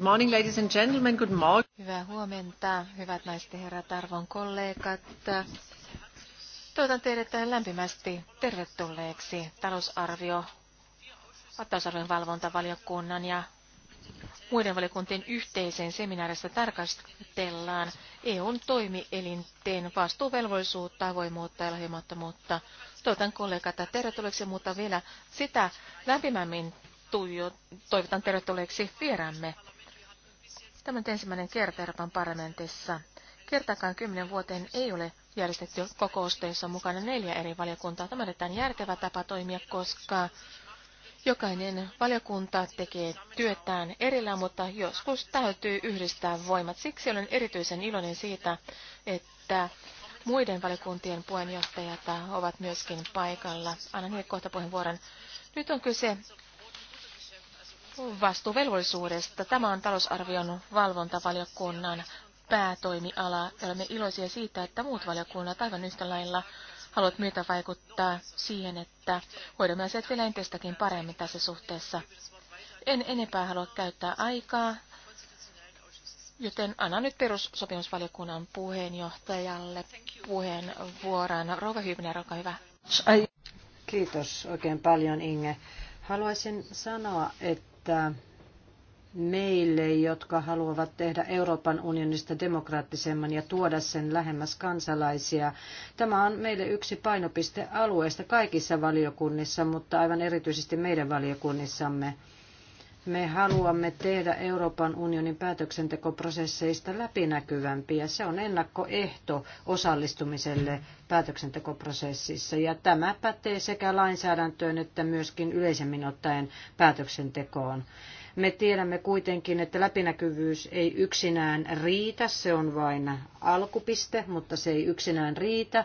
Good morning, ladies and gentlemen. Good morning. Hyvää huomenta, hyvät naiset ja herrat, arvon kollegat. Toivotan teidät lämpimästi tervetulleeksi talousarvio, talousarvion valvontavaliokunnan ja muiden valiokuntien yhteiseen seminaarissa tarkastellaan EUn toimielinten vastuuvelvollisuutta, avoimuutta ja lahjomattomuutta. Toivotan kollegat tervetulleeksi, mutta vielä sitä lämpimämmin toivotan tervetulleeksi vieraamme. Tämä on ensimmäinen kerta Euroopan parlamentissa. Kertaakaan kymmenen vuoteen ei ole järjestetty kokousta, jossa on mukana neljä eri valiokuntaa. Tämä on järkevä tapa toimia, koska jokainen valiokunta tekee työtään erillään, mutta joskus täytyy yhdistää voimat. Siksi olen erityisen iloinen siitä, että muiden valiokuntien puheenjohtajat ovat myöskin paikalla. Annan heille kohta puheenvuoron. Nyt on kyse vastuuvelvollisuudesta. Tämä on talousarvion valvontavaliokunnan päätoimiala. Olemme iloisia siitä, että muut valiokunnat aivan yhtä lailla haluat myötä vaikuttaa siihen, että hoidamme asiat vielä entistäkin paremmin tässä suhteessa. En enempää halua käyttää aikaa, joten annan nyt perussopimusvaliokunnan puheenjohtajalle puheenvuoron. Rouva Hybner, olkaa hyvä. Kiitos oikein paljon, Inge. Haluaisin sanoa, että että meille, jotka haluavat tehdä Euroopan unionista demokraattisemman ja tuoda sen lähemmäs kansalaisia. Tämä on meille yksi painopistealueista kaikissa valiokunnissa, mutta aivan erityisesti meidän valiokunnissamme. Me haluamme tehdä Euroopan unionin päätöksentekoprosesseista läpinäkyvämpiä. Se on ennakkoehto osallistumiselle päätöksentekoprosessissa ja tämä pätee sekä lainsäädäntöön että myöskin yleisemmin ottaen päätöksentekoon. Me tiedämme kuitenkin, että läpinäkyvyys ei yksinään riitä, se on vain alkupiste, mutta se ei yksinään riitä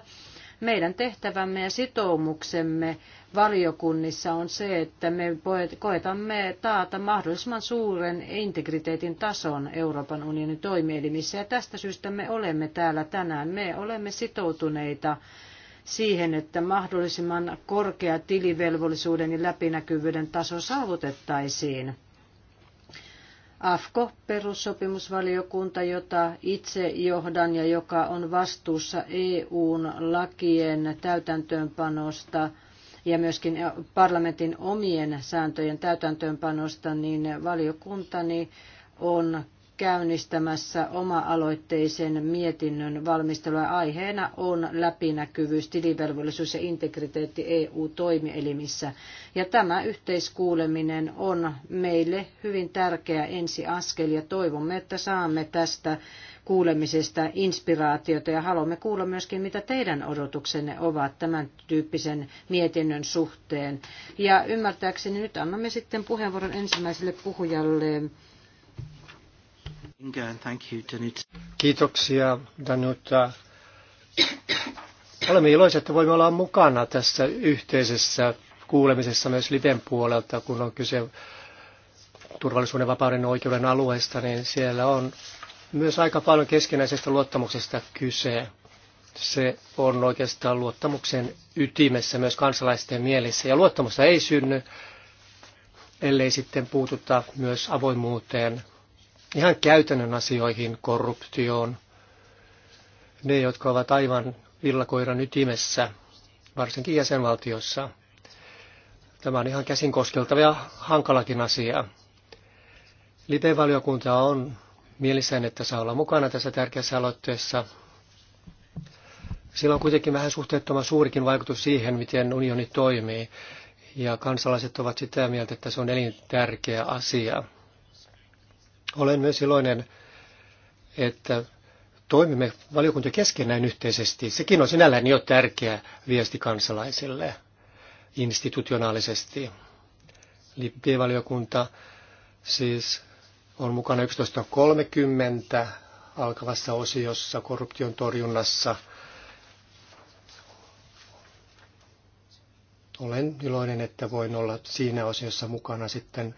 meidän tehtävämme ja sitoumuksemme valiokunnissa on se, että me koetamme taata mahdollisimman suuren integriteetin tason Euroopan unionin toimielimissä. Ja tästä syystä me olemme täällä tänään. Me olemme sitoutuneita siihen, että mahdollisimman korkea tilivelvollisuuden ja läpinäkyvyyden taso saavutettaisiin AFKO, perussopimusvaliokunta, jota itse johdan ja joka on vastuussa EUn lakien täytäntöönpanosta ja myöskin parlamentin omien sääntöjen täytäntöönpanosta, niin valiokuntani on käynnistämässä oma-aloitteisen mietinnön valmistelua. Aiheena on läpinäkyvyys, tilivelvollisuus ja integriteetti EU-toimielimissä. Ja tämä yhteiskuuleminen on meille hyvin tärkeä ensiaskel ja toivomme, että saamme tästä kuulemisesta inspiraatiota ja haluamme kuulla myöskin, mitä teidän odotuksenne ovat tämän tyyppisen mietinnön suhteen. Ja ymmärtääkseni nyt annamme sitten puheenvuoron ensimmäiselle puhujalle Kiitoksia, Danuta. Olemme iloisia, että voimme olla mukana tässä yhteisessä kuulemisessa myös Liven puolelta, kun on kyse turvallisuuden, vapauden oikeuden alueesta, niin siellä on myös aika paljon keskinäisestä luottamuksesta kyse. Se on oikeastaan luottamuksen ytimessä myös kansalaisten mielissä. Ja luottamusta ei synny, ellei sitten puututa myös avoimuuteen ihan käytännön asioihin, korruptioon. Ne, jotka ovat aivan villakoiran ytimessä, varsinkin jäsenvaltiossa. Tämä on ihan käsin koskeltava ja hankalakin asia. Lipevaliokunta on mielissään, että saa olla mukana tässä tärkeässä aloitteessa. Sillä on kuitenkin vähän suhteettoman suurikin vaikutus siihen, miten unioni toimii, ja kansalaiset ovat sitä mieltä, että se on elintärkeä asia. Olen myös iloinen, että toimimme valiokunta kesken näin yhteisesti. Sekin on sinällään jo tärkeä viesti kansalaisille institutionaalisesti. Lippievaliokunta siis on mukana 11.30 alkavassa osiossa korruption torjunnassa. Olen iloinen, että voin olla siinä osiossa mukana sitten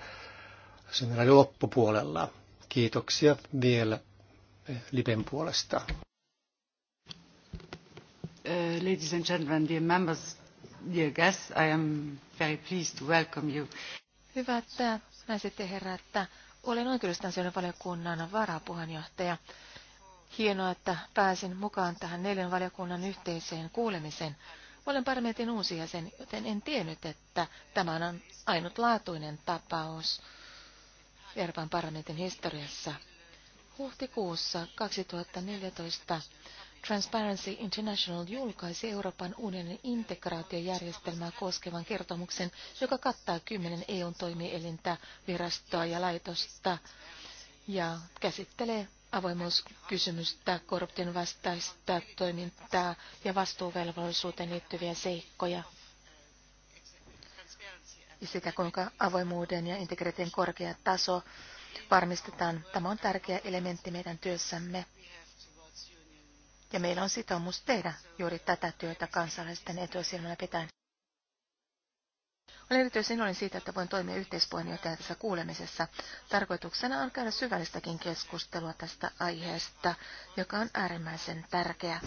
seminaarin loppupuolella. Kiitoksia vielä Liben puolesta. Uh, ladies and gentlemen, dear members, dear guests, I am very pleased to welcome you. Hyvät naiset ja herrat, olen oikeudestansioiden valiokunnan varapuheenjohtaja. Hienoa, että pääsin mukaan tähän neljän valiokunnan yhteiseen kuulemiseen. Olen parlamentin uusi jäsen, joten en tiennyt, että tämä on ainutlaatuinen tapaus Euroopan parlamentin historiassa. Huhtikuussa 2014 Transparency International julkaisi Euroopan unionin integraatiojärjestelmää koskevan kertomuksen, joka kattaa kymmenen EUn toimielintä, virastoa ja laitosta ja käsittelee avoimuuskysymystä, korruption vastaista toimintaa ja vastuuvelvollisuuteen liittyviä seikkoja sekä kuinka avoimuuden ja integriteetin korkea taso varmistetaan. Tämä on tärkeä elementti meidän työssämme. Ja meillä on sitoumus tehdä juuri tätä työtä kansalaisten etuosilmällä pitäen. Olen erityisen iloinen siitä, että voin toimia yhteispuheenjohtajana tässä kuulemisessa. Tarkoituksena on käydä syvällistäkin keskustelua tästä aiheesta, joka on äärimmäisen tärkeä.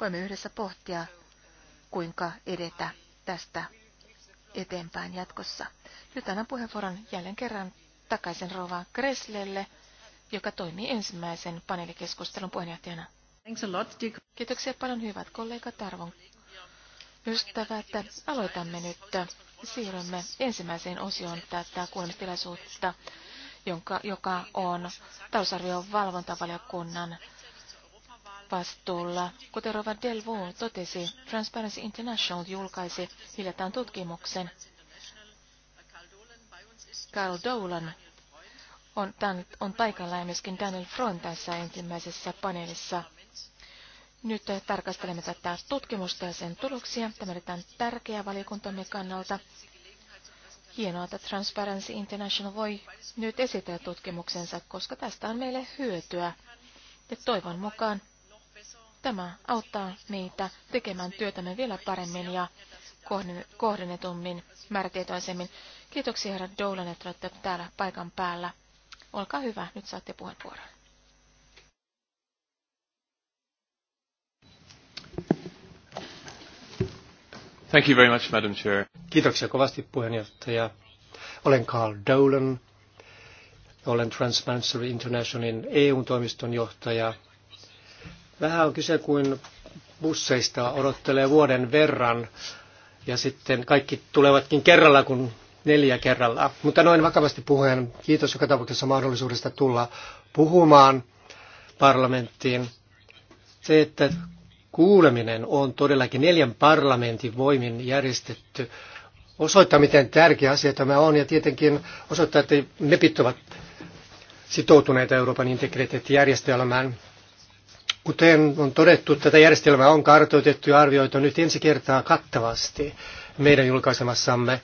Voimme yhdessä pohtia, kuinka edetä tästä eteenpäin jatkossa. Nyt annan puheenvuoron jälleen kerran takaisin Rova Kreslelle, joka toimii ensimmäisen paneelikeskustelun puheenjohtajana. Kiitoksia paljon hyvät kollegat arvon ystävät. Aloitamme nyt. Siirrymme ensimmäiseen osioon tätä kuulemistilaisuutta, jonka, joka on talousarvion valvontavaliokunnan vastuulla. Kuten Rova Delvaux totesi, Transparency International julkaisi hiljattain tutkimuksen. Carl Dolan on, tämän, on paikalla ja myöskin Daniel Front tässä ensimmäisessä paneelissa. Nyt tarkastelemme tätä tutkimusta ja sen tuloksia. Tämä on tärkeä valiokuntamme kannalta. Hienoa, että Transparency International voi nyt esitellä tutkimuksensa, koska tästä on meille hyötyä. Ja toivon mukaan Tämä auttaa meitä tekemään työtämme vielä paremmin ja kohdennetummin, määrätietoisemmin. Kiitoksia herra Doulan, että olette täällä paikan päällä. Olkaa hyvä, nyt saatte puheenvuoron. Thank you very much, Madam Chair. Kiitoksia kovasti puheenjohtaja. Olen Carl Dolan. Olen Transparency Internationalin EU-toimiston johtaja Vähän on kyse kuin busseista odottelee vuoden verran ja sitten kaikki tulevatkin kerralla, kun neljä kerralla. Mutta noin vakavasti puheen, kiitos joka tapauksessa mahdollisuudesta tulla puhumaan parlamenttiin. Se, että kuuleminen on todellakin neljän parlamentin voimin järjestetty, osoittaa miten tärkeä asia tämä on ja tietenkin osoittaa, että mepit ovat sitoutuneita Euroopan integriteettijärjestelmään. Kuten on todettu, tätä järjestelmää on kartoitettu ja arvioitu nyt ensi kertaa kattavasti meidän julkaisemassamme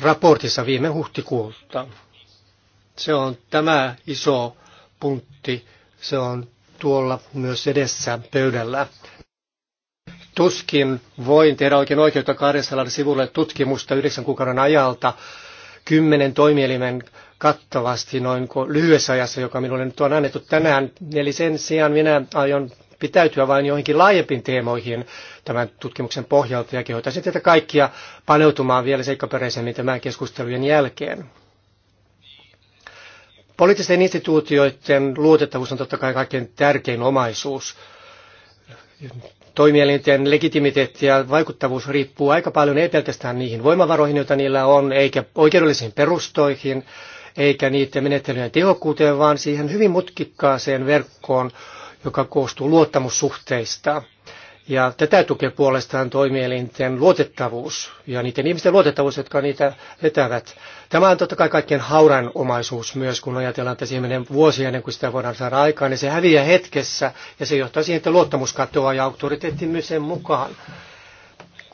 raportissa viime huhtikuulta. Se on tämä iso puntti, se on tuolla myös edessä pöydällä. Tuskin voin tehdä oikein oikeutta 200 sivulle tutkimusta yhdeksän kuukauden ajalta kymmenen toimielimen kattavasti noin lyhyessä ajassa, joka minulle nyt on annettu tänään. Eli sen sijaan minä aion pitäytyä vain joihinkin laajempiin teemoihin tämän tutkimuksen pohjalta ja kehoitaisin tätä kaikkia paneutumaan vielä seikkaperäisemmin tämän keskustelujen jälkeen. Poliittisten instituutioiden luotettavuus on totta kai kaikkein tärkein omaisuus. Toimielinten legitimiteetti ja vaikuttavuus riippuu aika paljon ei pelkästään niihin voimavaroihin, joita niillä on, eikä oikeudellisiin perustoihin, eikä niiden menettelyjen tehokkuuteen, vaan siihen hyvin mutkikkaaseen verkkoon, joka koostuu luottamussuhteista. Ja tätä tukee puolestaan toimielinten luotettavuus ja niiden ihmisten luotettavuus, jotka niitä vetävät. Tämä on totta kai kaikkien hauran omaisuus myös, kun ajatellaan, että siihen menee vuosia ennen kuin sitä voidaan saada aikaan, niin se häviää hetkessä ja se johtaa siihen, että luottamus katoaa ja auktoriteetti myös sen mukaan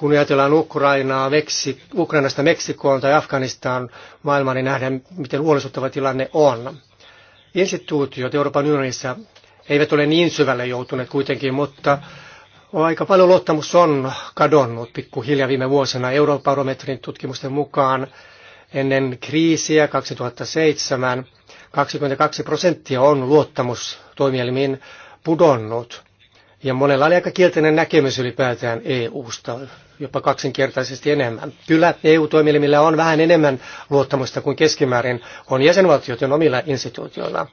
kun ajatellaan Ukrainaa, Meksi, Ukrainasta Meksikoon tai Afganistaan maailmaan, niin nähdään, miten huolestuttava tilanne on. Instituutiot Euroopan unionissa eivät ole niin syvälle joutuneet kuitenkin, mutta aika paljon luottamus on kadonnut pikkuhiljaa viime vuosina. Eurobarometrin tutkimusten mukaan ennen kriisiä 2007 22 prosenttia on luottamus toimielimiin pudonnut. Ja monella oli aika kielteinen näkemys ylipäätään EU-sta jopa kaksinkertaisesti enemmän. Kyllä EU-toimielimillä on vähän enemmän luottamusta kuin keskimäärin on jäsenvaltioiden omilla instituutioilla,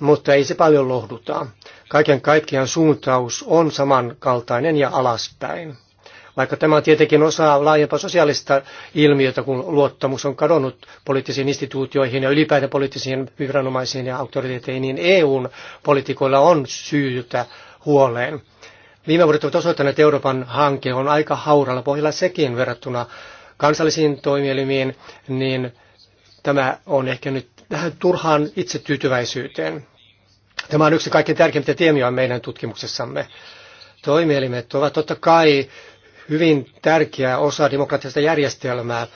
mutta ei se paljon lohduta. Kaiken kaikkiaan suuntaus on samankaltainen ja alaspäin. Vaikka tämä on tietenkin osa laajempaa sosiaalista ilmiötä, kun luottamus on kadonnut poliittisiin instituutioihin ja ylipäätään poliittisiin viranomaisiin ja auktoriteetteihin, niin EUn politiikoilla on syytä huoleen. Viime vuodet ovat osoittaneet, että Euroopan hanke on aika hauralla pohjalla sekin verrattuna kansallisiin toimielimiin, niin tämä on ehkä nyt vähän turhaan itsetyytyväisyyteen. Tämä on yksi kaikkein tärkeimmistä teemia meidän tutkimuksessamme. Toimielimet ovat totta kai hyvin tärkeä osa demokraattista järjestelmää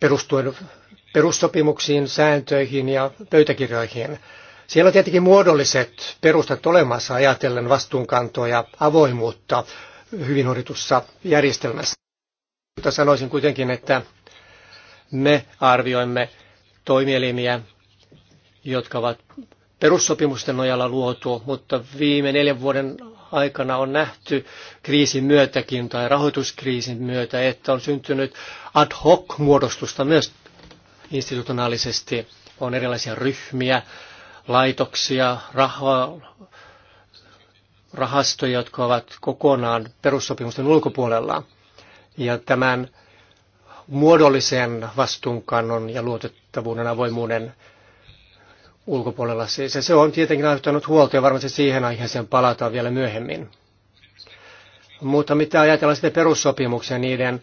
perustuen perussopimuksiin, sääntöihin ja pöytäkirjoihin. Siellä on tietenkin muodolliset perustat olemassa ajatellen vastuunkantoa ja avoimuutta hyvin hoidetussa järjestelmässä. Mutta sanoisin kuitenkin, että me arvioimme toimielimiä, jotka ovat perussopimusten nojalla luotu, mutta viime neljän vuoden aikana on nähty kriisin myötäkin tai rahoituskriisin myötä, että on syntynyt ad hoc muodostusta myös institutionaalisesti. On erilaisia ryhmiä, laitoksia, rahaa, rahastoja, jotka ovat kokonaan perussopimusten ulkopuolella. Ja tämän muodollisen vastuunkannon ja luotettavuuden avoimuuden ulkopuolella siis. se on tietenkin aiheuttanut huolta ja varmasti siihen aiheeseen palataan vielä myöhemmin. Mutta mitä ajatellaan sitten perussopimuksen niiden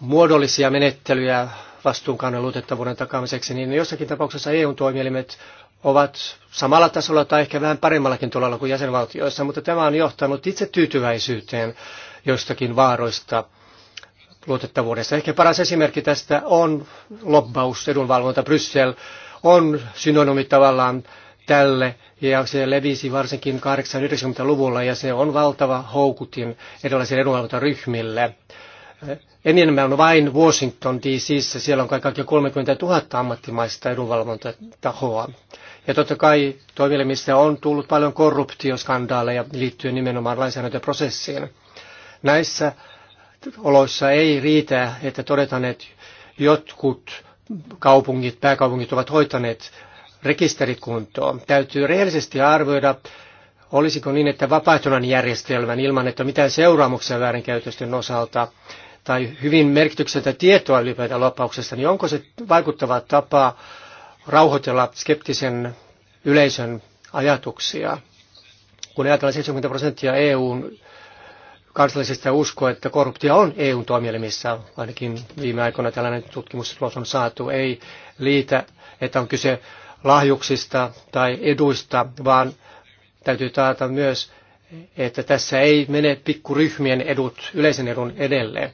muodollisia menettelyjä vastuunkannon luotettavuuden takaamiseksi, niin jossakin tapauksessa EU-toimielimet ovat samalla tasolla tai ehkä vähän paremmallakin tolalla kuin jäsenvaltioissa, mutta tämä on johtanut itse tyytyväisyyteen joistakin vaaroista luotettavuudessa. Ehkä paras esimerkki tästä on lobbaus, edunvalvonta Bryssel on synonymi tavallaan tälle, ja se levisi varsinkin 80-90-luvulla, ja se on valtava houkutin erilaisille edunvalvontaryhmille. Enemmän on vain Washington DC, siellä on kaikki 30 000 ammattimaista edunvalvontatahoa. Ja totta kai toimielimissä on tullut paljon korruptioskandaaleja liittyen nimenomaan lainsäädäntöprosessiin. Näissä oloissa ei riitä, että todetaan, että jotkut kaupungit, pääkaupungit ovat hoitaneet rekisterit kuntoon. Täytyy rehellisesti arvioida, olisiko niin, että vapaaehtoinen järjestelmän ilman, että mitään seuraamuksia väärinkäytösten osalta tai hyvin merkityksellistä tietoa ylipäätään lopauksesta, niin onko se vaikuttava tapa rauhoitella skeptisen yleisön ajatuksia. Kun ajatellaan 70 prosenttia EUn kansallisista uskoo, että korruptio on EUn toimielimissä, ainakin viime aikoina tällainen tutkimustulos on saatu, ei liitä, että on kyse lahjuksista tai eduista, vaan täytyy taata myös, että tässä ei mene pikkuryhmien edut yleisen edun edelleen.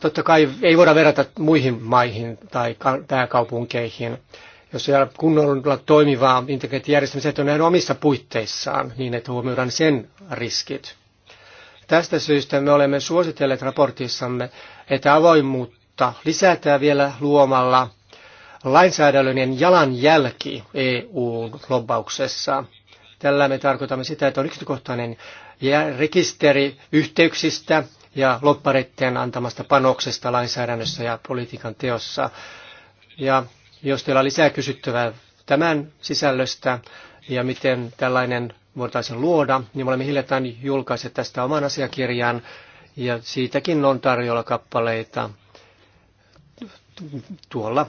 Totta kai ei voida verrata muihin maihin tai pääkaupunkeihin jos ei ole kunnolla toimivaa integraatiojärjestelmää, se on näin omissa puitteissaan niin, että huomioidaan sen riskit. Tästä syystä me olemme suositelleet raportissamme, että avoimuutta lisätään vielä luomalla lainsäädännön jalanjälki EU-lobbauksessa. Tällä me tarkoitamme sitä, että on yksityiskohtainen rekisteri yhteyksistä ja loppareiden antamasta panoksesta lainsäädännössä ja politiikan teossa. Ja jos teillä on lisää kysyttävää tämän sisällöstä ja miten tällainen voitaisiin luoda, niin me olemme hiljattain julkaiset tästä oman asiakirjan ja siitäkin on tarjolla kappaleita tuolla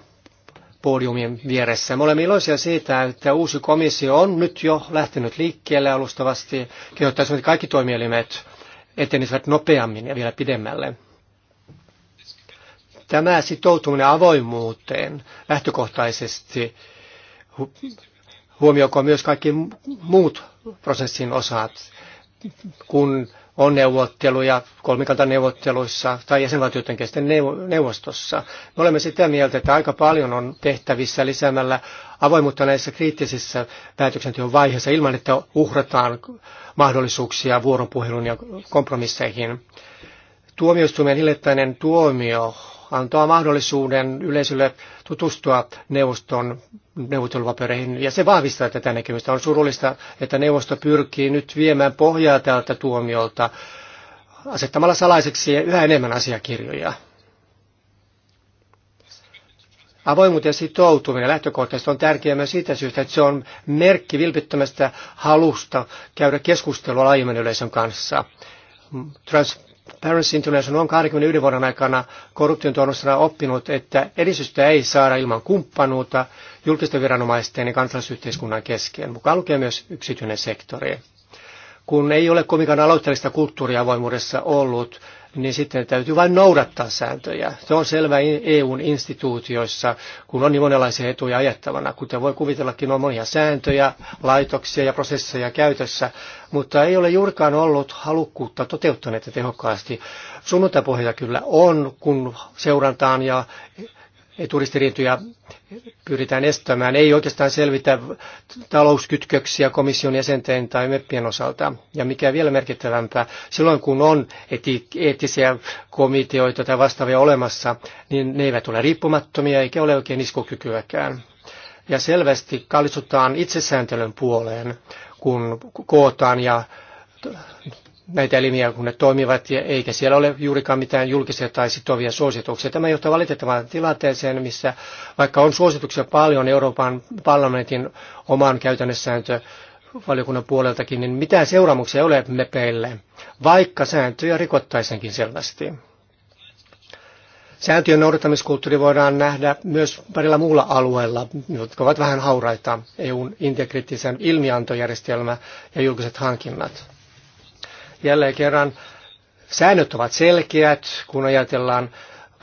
podiumien vieressä. Me olemme iloisia siitä, että uusi komissio on nyt jo lähtenyt liikkeelle alustavasti. Kehottaisimme, että kaikki toimielimet etenisivät nopeammin ja vielä pidemmälle. Tämä sitoutuminen avoimuuteen lähtökohtaisesti huomioiko myös kaikki muut prosessin osat, kun on neuvotteluja kolmikantaneuvotteluissa tai jäsenvaltioiden kesken neuvostossa. Me olemme sitä mieltä, että aika paljon on tehtävissä lisäämällä avoimuutta näissä kriittisissä päätöksenteon vaiheissa ilman, että uhrataan mahdollisuuksia vuoropuhelun ja kompromisseihin. Tuomioistuimen hiljattainen tuomio antaa mahdollisuuden yleisölle tutustua neuvoston neuvotteluvapereihin ja se vahvistaa tätä näkemystä. On surullista, että neuvosto pyrkii nyt viemään pohjaa tältä tuomiolta asettamalla salaiseksi yhä enemmän asiakirjoja. Avoimuuteen sitoutuminen lähtökohtaisesti on tärkeää myös siitä syystä, että se on merkki vilpittömästä halusta käydä keskustelua laajemman yleisön kanssa. Trans- Parents International on 21 vuoden aikana korruption torjunnassa oppinut, että edistystä ei saada ilman kumppanuutta julkisten viranomaisten ja kansalaisyhteiskunnan kesken, mukaan lukee myös yksityinen sektori. Kun ei ole komikan aloitteellista kulttuuria avoimuudessa ollut, niin sitten täytyy vain noudattaa sääntöjä. Se on selvä EUn instituutioissa, kun on niin monenlaisia etuja ajettavana. Kuten voi kuvitellakin, on monia sääntöjä, laitoksia ja prosesseja käytössä, mutta ei ole juurikaan ollut halukkuutta toteuttaa näitä tehokkaasti. Sunnuntapohja kyllä on, kun seurantaan ja turistiriitoja pyritään estämään. Ei oikeastaan selvitä talouskytköksiä komission jäsenten tai meppien osalta. Ja mikä vielä merkittävämpää, silloin kun on eti- eettisiä komiteoita tai vastaavia olemassa, niin ne eivät ole riippumattomia eikä ole oikein iskukykyäkään. Ja selvästi kallistutaan itsesääntelyn puoleen, kun kootaan ja näitä elimiä, kun ne toimivat, ja eikä siellä ole juurikaan mitään julkisia tai sitovia suosituksia. Tämä johtaa valitettavaan tilanteeseen, missä vaikka on suosituksia paljon Euroopan parlamentin oman käytännössääntö valiokunnan puoleltakin, niin mitään seuraamuksia ei ole mepeille, vaikka sääntöjä rikottaisinkin selvästi. Sääntöjen noudattamiskulttuuri voidaan nähdä myös parilla muulla alueella, jotka ovat vähän hauraita, EUn integriittisen ilmiantojärjestelmä ja julkiset hankinnat jälleen kerran säännöt ovat selkeät, kun ajatellaan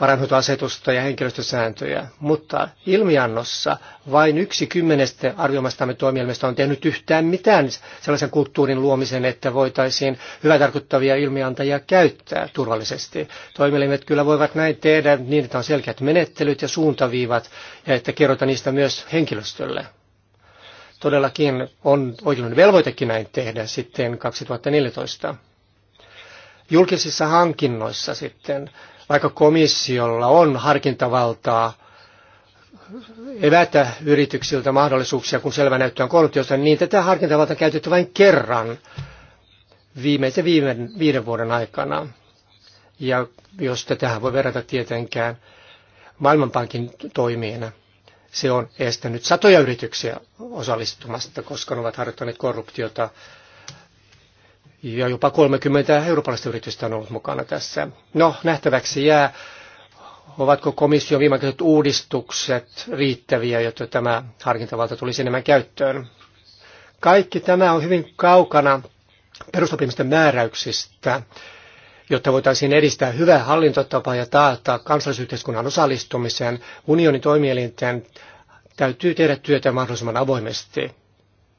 varainhoitoasetusta ja henkilöstösääntöjä, mutta ilmiannossa vain yksi kymmenestä arvioimastamme toimielimestä on tehnyt yhtään mitään sellaisen kulttuurin luomisen, että voitaisiin hyvä tarkoittavia ilmiantajia käyttää turvallisesti. Toimielimet kyllä voivat näin tehdä niin, että on selkeät menettelyt ja suuntaviivat ja että kerrotaan niistä myös henkilöstölle todellakin on oikeuden velvoitekin näin tehdä sitten 2014. Julkisissa hankinnoissa sitten, vaikka komissiolla on harkintavaltaa evätä yrityksiltä mahdollisuuksia, kun selvä näyttö on korruptiosta, niin tätä harkintavaltaa on käytetty vain kerran viimeisen viime, viiden vuoden aikana. Ja jos tähän voi verrata tietenkään Maailmanpankin toimiina se on estänyt satoja yrityksiä osallistumasta, koska ne ovat harjoittaneet korruptiota. Ja jopa 30 eurooppalaista yritystä on ollut mukana tässä. No, nähtäväksi jää, ovatko komission viimeaikaiset uudistukset riittäviä, jotta tämä harkintavalta tulisi enemmän käyttöön. Kaikki tämä on hyvin kaukana perusopimisten määräyksistä, jotta voitaisiin edistää hyvää hallintotapaa ja taata kansallisyhteiskunnan osallistumisen, unionin toimielinten täytyy tehdä työtä mahdollisimman avoimesti.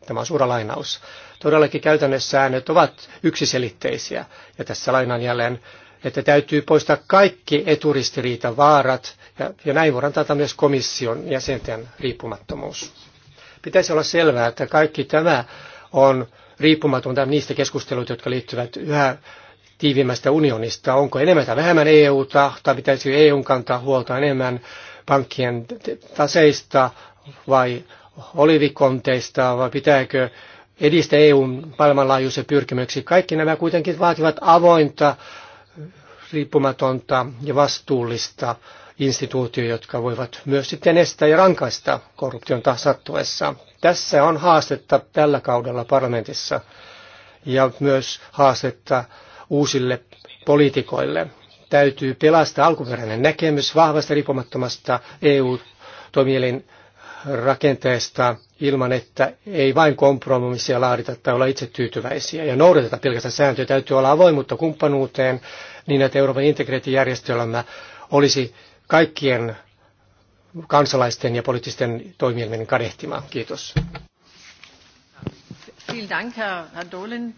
Tämä on suora lainaus. Todellakin käytännössä säännöt ovat yksiselitteisiä, ja tässä lainaan jälleen, että täytyy poistaa kaikki eturistiriitavaarat, vaarat, ja, ja näin voidaan taata myös komission jäsenten riippumattomuus. Pitäisi olla selvää, että kaikki tämä on riippumatonta niistä keskusteluista, jotka liittyvät yhä tiivimmästä unionista. Onko enemmän tai vähemmän EUta, tai pitäisikö EUn kantaa huolta enemmän pankkien taseista vai olivikonteista, vai pitääkö edistä EUn maailmanlaajuisen pyrkimyksiä. Kaikki nämä kuitenkin vaativat avointa, riippumatonta ja vastuullista instituutio, jotka voivat myös sitten estää ja rankaista korruption sattuessa. Tässä on haastetta tällä kaudella parlamentissa ja myös haastetta uusille poliitikoille. Täytyy pelastaa alkuperäinen näkemys vahvasta riippumattomasta EU-toimielin rakenteesta ilman, että ei vain kompromissia laadita tai olla itse tyytyväisiä ja noudateta pelkästään sääntöjä. Täytyy olla avoimuutta kumppanuuteen niin, että Euroopan integreettijärjestelmä olisi kaikkien kansalaisten ja poliittisten toimielimien kadehtima. Kiitos. Ähm,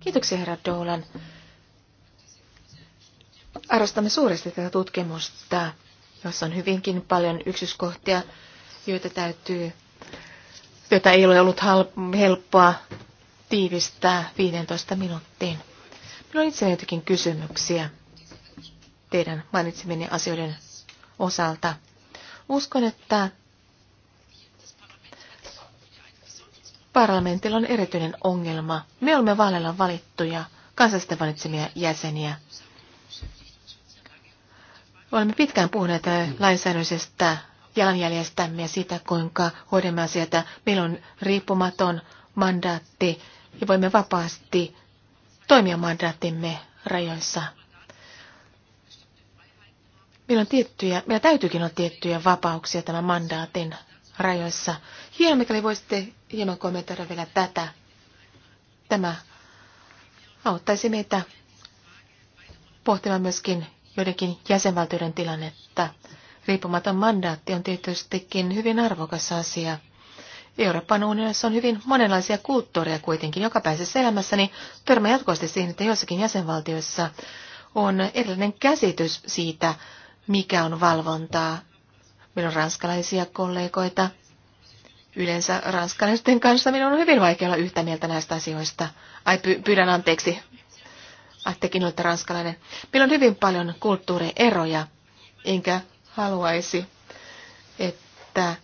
Kiitoksia, herra Dolan. Arvostamme suuresti tätä tutkimusta, jossa on hyvinkin paljon yksityiskohtia, joita täytyy, joita ei ole ollut helppoa tiivistää 15 minuuttiin. Minulla on itse jotakin kysymyksiä teidän mainitsemieni asioiden osalta. Uskon, että Parlamentilla on erityinen ongelma. Me olemme vaaleilla valittuja, kansallisten valitsemia jäseniä. Olemme pitkään puhuneet äh, lainsäädännöisestä jalanjäljestämme ja siitä, kuinka hoidamme sieltä. Meillä on riippumaton mandaatti ja voimme vapaasti toimia mandaattimme rajoissa. Meillä, on tiettyjä, meillä täytyykin olla tiettyjä vapauksia tämän mandaatin rajoissa. Hieno, mikäli voisitte hieman kommentoida vielä tätä. Tämä auttaisi meitä pohtimaan myöskin joidenkin jäsenvaltioiden tilannetta. Riippumaton mandaatti on tietystikin hyvin arvokas asia. Euroopan unionissa on hyvin monenlaisia kulttuureja kuitenkin. Joka päivässä elämässäni törmää jatkuvasti siihen, että joissakin jäsenvaltioissa on erilainen käsitys siitä, mikä on valvontaa. Meillä on ranskalaisia kollegoita, Yleensä ranskalaisten kanssa minun on hyvin vaikea olla yhtä mieltä näistä asioista. Ai py- pyydän anteeksi, Attekin ah, olette ranskalainen. Meillä on hyvin paljon kulttuurieroja, enkä haluaisi, että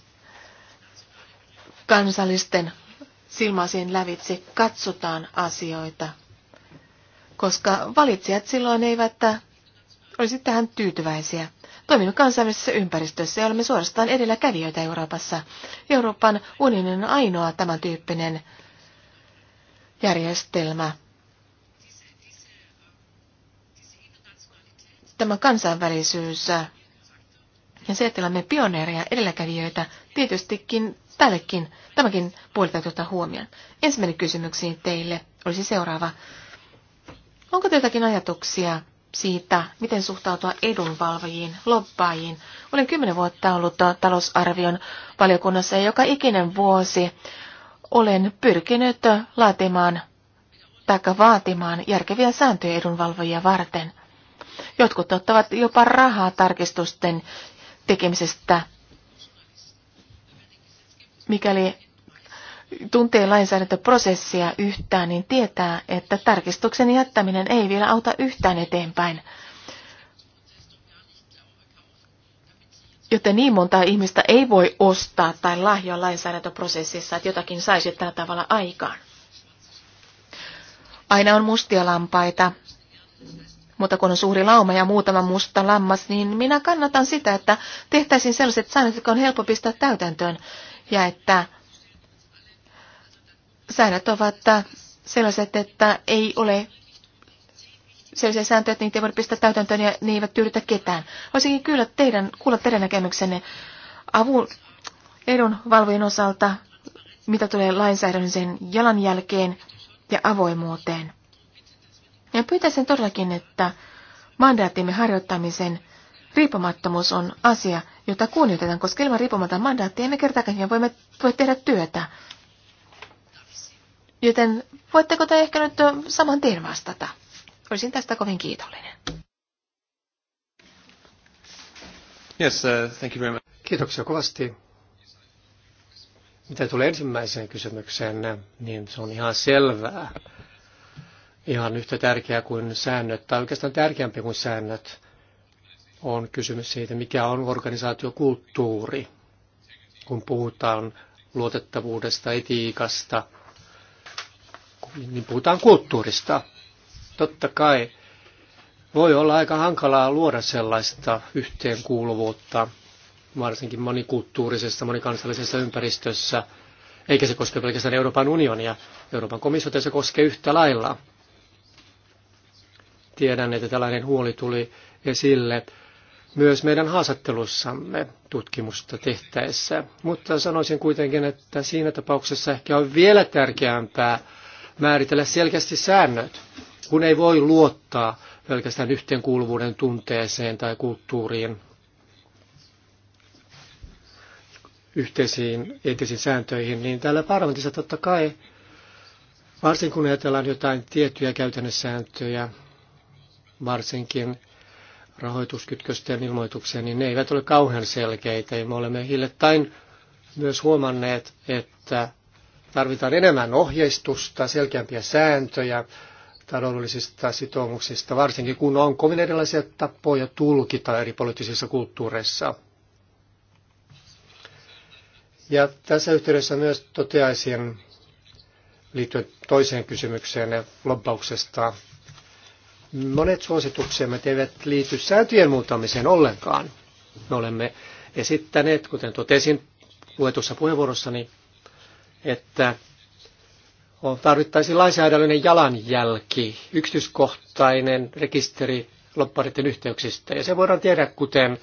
kansallisten silmäsiin lävitse katsotaan asioita, koska valitsijat silloin eivät olisi tähän tyytyväisiä toiminut kansainvälisessä ympäristössä ja olemme suorastaan edelläkävijöitä Euroopassa. Euroopan unionin on ainoa tämän tyyppinen järjestelmä. Tämä kansainvälisyys ja se, että olemme pioneereja edelläkävijöitä, tietystikin tällekin, tämäkin puoli tuota huomioon. Ensimmäinen kysymyksiin teille olisi seuraava. Onko teiltäkin ajatuksia siitä, miten suhtautua edunvalvojiin, lobbaajiin. Olen kymmenen vuotta ollut talousarvion valiokunnassa ja joka ikinen vuosi olen pyrkinyt laatimaan tai vaatimaan järkeviä sääntöjä edunvalvojia varten. Jotkut ottavat jopa rahaa tarkistusten tekemisestä, mikäli tuntee lainsäädäntöprosessia yhtään, niin tietää, että tarkistuksen jättäminen ei vielä auta yhtään eteenpäin. Joten niin monta ihmistä ei voi ostaa tai lahjoa lainsäädäntöprosessissa, että jotakin saisi tällä tavalla aikaan. Aina on mustia lampaita, mutta kun on suuri lauma ja muutama musta lammas, niin minä kannatan sitä, että tehtäisiin sellaiset säännöt, jotka on helppo pistää täytäntöön ja että säännöt ovat sellaiset, että ei ole sellaisia sääntöjä, että niitä ei voida pistää täytäntöön ja ne eivät tyydytä ketään. Olisinkin kyllä teidän, kuulla teidän näkemyksenne avun edunvalvojen osalta, mitä tulee lainsäädännön jalanjälkeen ja avoimuuteen. Ja pyytäisin todellakin, että mandaattimme harjoittamisen riippumattomuus on asia, jota kunnioitetaan, koska ilman riippumatta mandaattia emme kertaakaan voimme voi tehdä työtä. Joten voitteko te ehkä nyt saman tien vastata? Olisin tästä kovin kiitollinen. Yes, uh, thank you very much. Kiitoksia kovasti. Mitä tulee ensimmäiseen kysymykseen, niin se on ihan selvää. Ihan yhtä tärkeää kuin säännöt, tai oikeastaan tärkeämpi kuin säännöt, on kysymys siitä, mikä on organisaatiokulttuuri, kun puhutaan luotettavuudesta, etiikasta – niin puhutaan kulttuurista. Totta kai voi olla aika hankalaa luoda sellaista yhteenkuuluvuutta, varsinkin monikulttuurisessa, monikansallisessa ympäristössä, eikä se koske pelkästään Euroopan unionia. Euroopan komissiota se koskee yhtä lailla. Tiedän, että tällainen huoli tuli esille myös meidän haastattelussamme tutkimusta tehtäessä. Mutta sanoisin kuitenkin, että siinä tapauksessa ehkä on vielä tärkeämpää määritellä selkeästi säännöt, kun ei voi luottaa pelkästään yhteenkuuluvuuden tunteeseen tai kulttuuriin, yhteisiin eettisiin sääntöihin, niin täällä parlamentissa totta kai, varsinkin kun ajatellaan jotain tiettyjä sääntöjä, varsinkin rahoituskytkösten ilmoituksia, niin ne eivät ole kauhean selkeitä. Ja me olemme hiljattain myös huomanneet, että Tarvitaan enemmän ohjeistusta, selkeämpiä sääntöjä taloudellisista sitoumuksista, varsinkin kun on kovin erilaisia tapoja tulkita eri poliittisissa kulttuureissa. Ja tässä yhteydessä myös toteaisin liittyen toiseen kysymykseen lobbauksesta. Monet suosituksemme eivät liity sääntöjen muuttamiseen ollenkaan. Me olemme esittäneet, kuten totesin luetussa puheenvuorossani, että tarvittaisiin lainsäädännöllinen jalanjälki, yksityiskohtainen rekisteri loppareiden yhteyksistä. Ja se voidaan tehdä kuten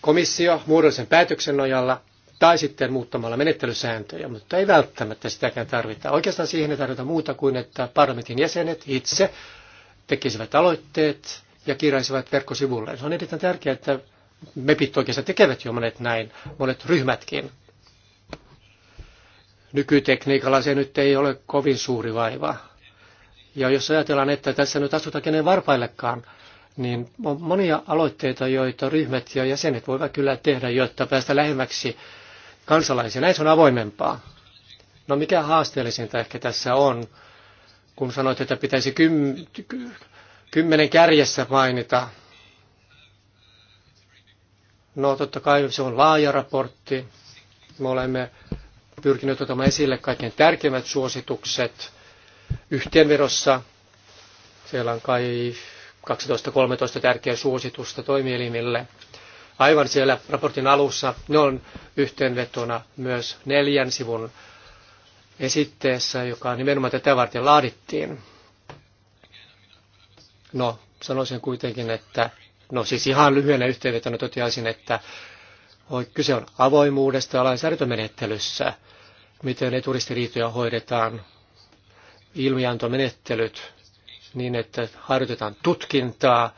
komissio muodollisen päätöksen nojalla tai sitten muuttamalla menettelysääntöjä, mutta ei välttämättä sitäkään tarvita. Oikeastaan siihen ei tarvita muuta kuin, että parlamentin jäsenet itse tekisivät aloitteet ja kirjaisivat verkkosivulle. Se on erittäin tärkeää, että mepit oikeastaan tekevät jo monet näin, monet ryhmätkin. Nykytekniikalla se nyt ei ole kovin suuri vaiva. Ja jos ajatellaan, että tässä nyt asuta kenen varpaillekaan, niin on monia aloitteita, joita ryhmät ja jäsenet voivat kyllä tehdä, jotta päästä lähemmäksi kansalaisia. Näin se on avoimempaa. No mikä haasteellisinta ehkä tässä on, kun sanoit, että pitäisi kym, kymmenen kärjessä mainita. No totta kai se on laaja raportti. Me olemme pyrkinyt ottamaan esille kaikkein tärkeimmät suositukset yhteenvedossa. Siellä on kai 12-13 tärkeää suositusta toimielimille. Aivan siellä raportin alussa ne on yhteenvetona myös neljän sivun esitteessä, joka nimenomaan tätä varten laadittiin. No, sanoisin kuitenkin, että no siis ihan lyhyenä yhteenvetona toteaisin, että kyse on avoimuudesta lainsäädäntömenettelyssä miten eturistiriitoja hoidetaan, ilmiantomenettelyt niin, että harjoitetaan tutkintaa,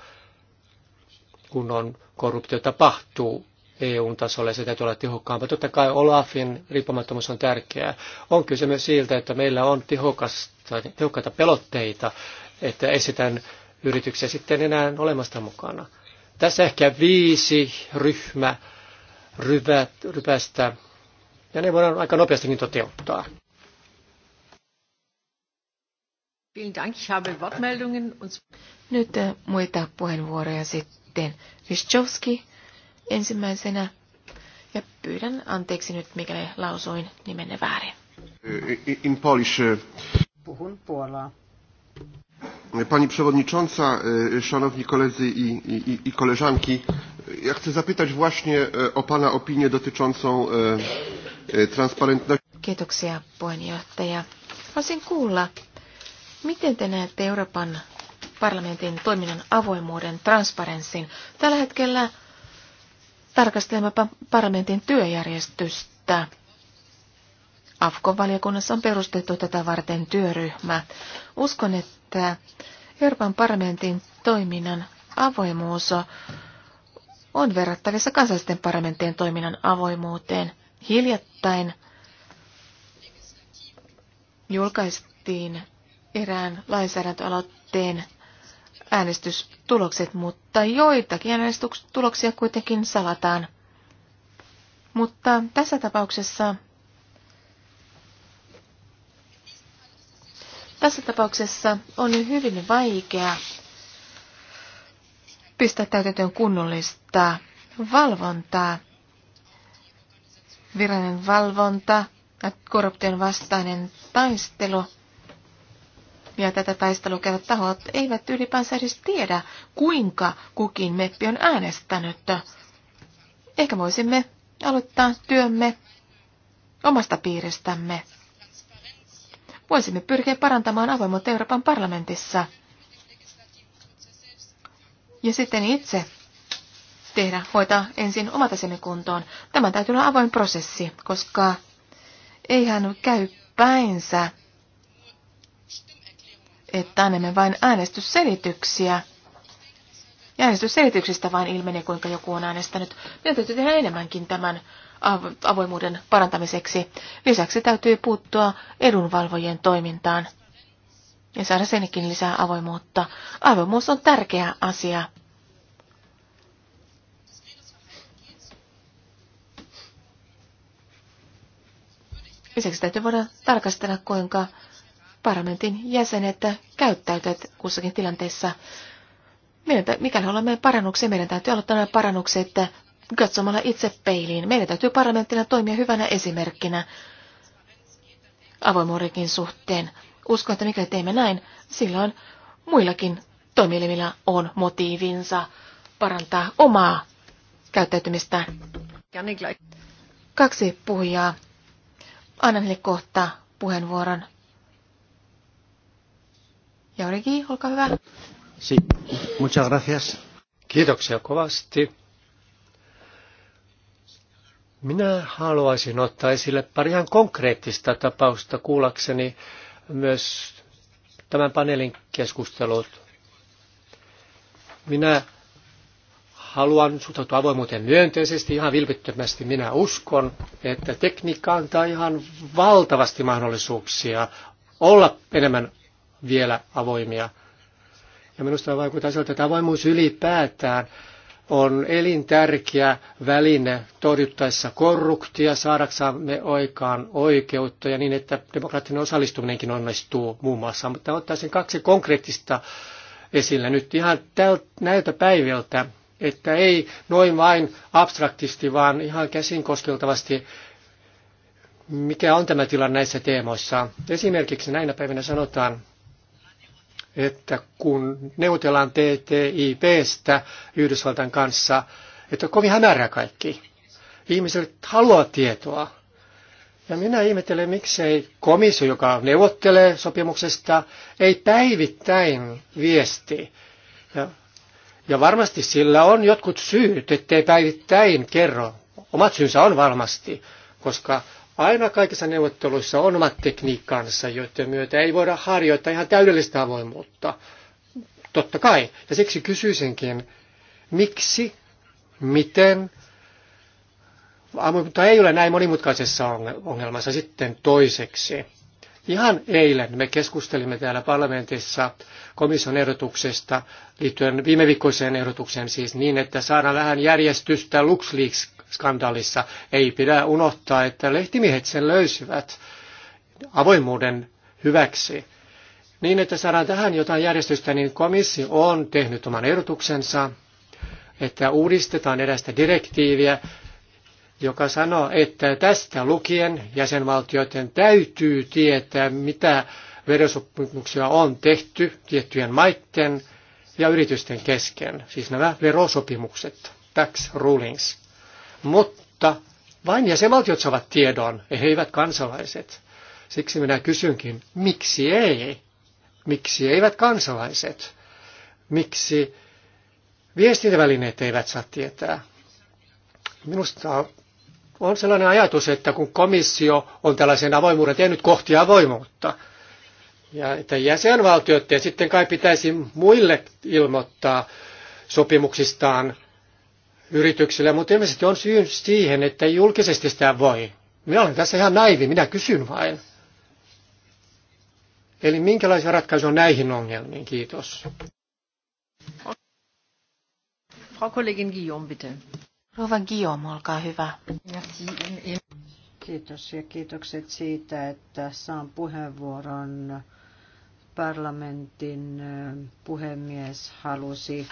kun on korruptio tapahtuu EU-tasolla ja se täytyy olla tehokkaampaa. Totta kai Olafin riippumattomuus on tärkeää. On kyse myös siltä, että meillä on tehokkaita pelotteita, että esitän yrityksiä sitten enää olemasta mukana. Tässä ehkä viisi ryhmä ryvät, rypästä ja ne voidaan aika nopeastikin toteuttaa. Nyt eh, muita puheenvuoroja sitten. Vistowski ensimmäisenä. Ja pyydän anteeksi nyt, mikäli lausuin nimenne väärin. Eh, in Polish. Eh, Puhun puolaa. Pani Przewodnicząca, Szanowni Koledzy i, i, i Koleżanki, ja chcę zapytać właśnie o Pana opinię dotyczącą Eh, Kiitoksia puheenjohtaja. Haluaisin kuulla, miten te näette Euroopan parlamentin toiminnan avoimuuden, transparenssin. Tällä hetkellä tarkastelemme parlamentin työjärjestystä. AFKO-valiokunnassa on perustettu tätä varten työryhmä. Uskon, että Euroopan parlamentin toiminnan avoimuus on verrattavissa kansallisten parlamenttien toiminnan avoimuuteen – Hiljattain julkaistiin erään lainsäädäntöaloitteen äänestystulokset, mutta joitakin äänestystuloksia kuitenkin salataan. Mutta tässä tapauksessa tässä tapauksessa on hyvin vaikea pistää täytäntöön kunnollista valvontaa virallinen valvonta ja korruption vastainen taistelu ja tätä taistelua käyvät tahot eivät ylipäänsä edes tiedä, kuinka kukin meppi on äänestänyt. Ehkä voisimme aloittaa työmme omasta piiristämme. Voisimme pyrkiä parantamaan avoimuutta Euroopan parlamentissa. Ja sitten itse tehdä, hoitaa ensin omat asiamme kuntoon. Tämä täytyy olla avoin prosessi, koska ei hän käy päinsä, että annamme vain äänestysselityksiä. Ja äänestysselityksistä vain ilmenee, kuinka joku on äänestänyt. Meidän täytyy tehdä enemmänkin tämän avoimuuden parantamiseksi. Lisäksi täytyy puuttua edunvalvojien toimintaan ja saada senkin lisää avoimuutta. Avoimuus on tärkeä asia Lisäksi täytyy voida tarkastella, kuinka parlamentin jäsenet käyttäytyvät kussakin tilanteessa. Meidän, mikäli olemme parannuksia, meidän täytyy aloittaa nämä parannukset katsomalla itse peiliin. Meidän täytyy parlamenttina toimia hyvänä esimerkkinä avoimuudenkin suhteen. Uskon, että mikä teemme näin, silloin muillakin toimielimillä on motiivinsa parantaa omaa käyttäytymistään. Kaksi puhujaa Annan heille kohta puheenvuoron. Jauregi, olkaa hyvä. Si, muchas gracias. Kiitoksia kovasti. Minä haluaisin ottaa esille pari ihan konkreettista tapausta kuullakseni myös tämän paneelin keskustelut. Minä haluan suhtautua avoimuuteen myönteisesti, ihan vilpittömästi minä uskon, että tekniikka antaa ihan valtavasti mahdollisuuksia olla enemmän vielä avoimia. Ja minusta vaikuttaa siltä, että avoimuus ylipäätään on elintärkeä väline torjuttaessa korruptia, saadaksamme oikaan oikeutta ja niin, että demokraattinen osallistuminenkin onnistuu muun muassa. Mutta ottaisin kaksi konkreettista esille nyt ihan tältä näiltä päiviltä että ei noin vain abstraktisti, vaan ihan käsin koskeltavasti, mikä on tämä tilanne näissä teemoissa. Esimerkiksi näinä päivinä sanotaan, että kun neuvotellaan TTIPstä Yhdysvaltain kanssa, että on kovin hämärä kaikki. Ihmiset haluavat tietoa. Ja minä ihmettelen, miksei komissio, joka neuvottelee sopimuksesta, ei päivittäin viesti ja ja varmasti sillä on jotkut syyt, ettei päivittäin kerro. Omat syynsä on varmasti, koska aina kaikissa neuvotteluissa on omat tekniikkansa, joiden myötä ei voida harjoittaa ihan täydellistä avoimuutta. Totta kai. Ja siksi kysyisinkin, miksi, miten, mutta ei ole näin monimutkaisessa ongelmassa sitten toiseksi. Ihan eilen me keskustelimme täällä parlamentissa komission ehdotuksesta liittyen viime viikkoiseen ehdotukseen siis niin, että saadaan vähän järjestystä LuxLeaks-skandaalissa. Ei pidä unohtaa, että lehtimiehet sen löysivät avoimuuden hyväksi. Niin, että saadaan tähän jotain järjestystä, niin komissio on tehnyt oman ehdotuksensa, että uudistetaan erästä direktiiviä joka sanoo, että tästä lukien jäsenvaltioiden täytyy tietää, mitä verosopimuksia on tehty tiettyjen maiden ja yritysten kesken, siis nämä verosopimukset, tax rulings. Mutta vain jäsenvaltiot saavat tiedon, eivät kansalaiset. Siksi minä kysynkin, miksi ei? Miksi eivät kansalaiset? Miksi viestintävälineet eivät saa tietää? Minusta on sellainen ajatus, että kun komissio on tällaisen avoimuuden tehnyt kohti avoimuutta, ja että jäsenvaltiot ja sitten kai pitäisi muille ilmoittaa sopimuksistaan yrityksille, mutta ilmeisesti on syy siihen, että julkisesti sitä voi. Minä olen tässä ihan naivi, minä kysyn vain. Eli minkälaisia ratkaisuja on näihin ongelmiin? Kiitos. Frau Kollegin Guillaume, bitte. Rovan Guillaume, olkaa hyvä. Kiitos ja kiitokset siitä, että saan puheenvuoron parlamentin puhemies halusi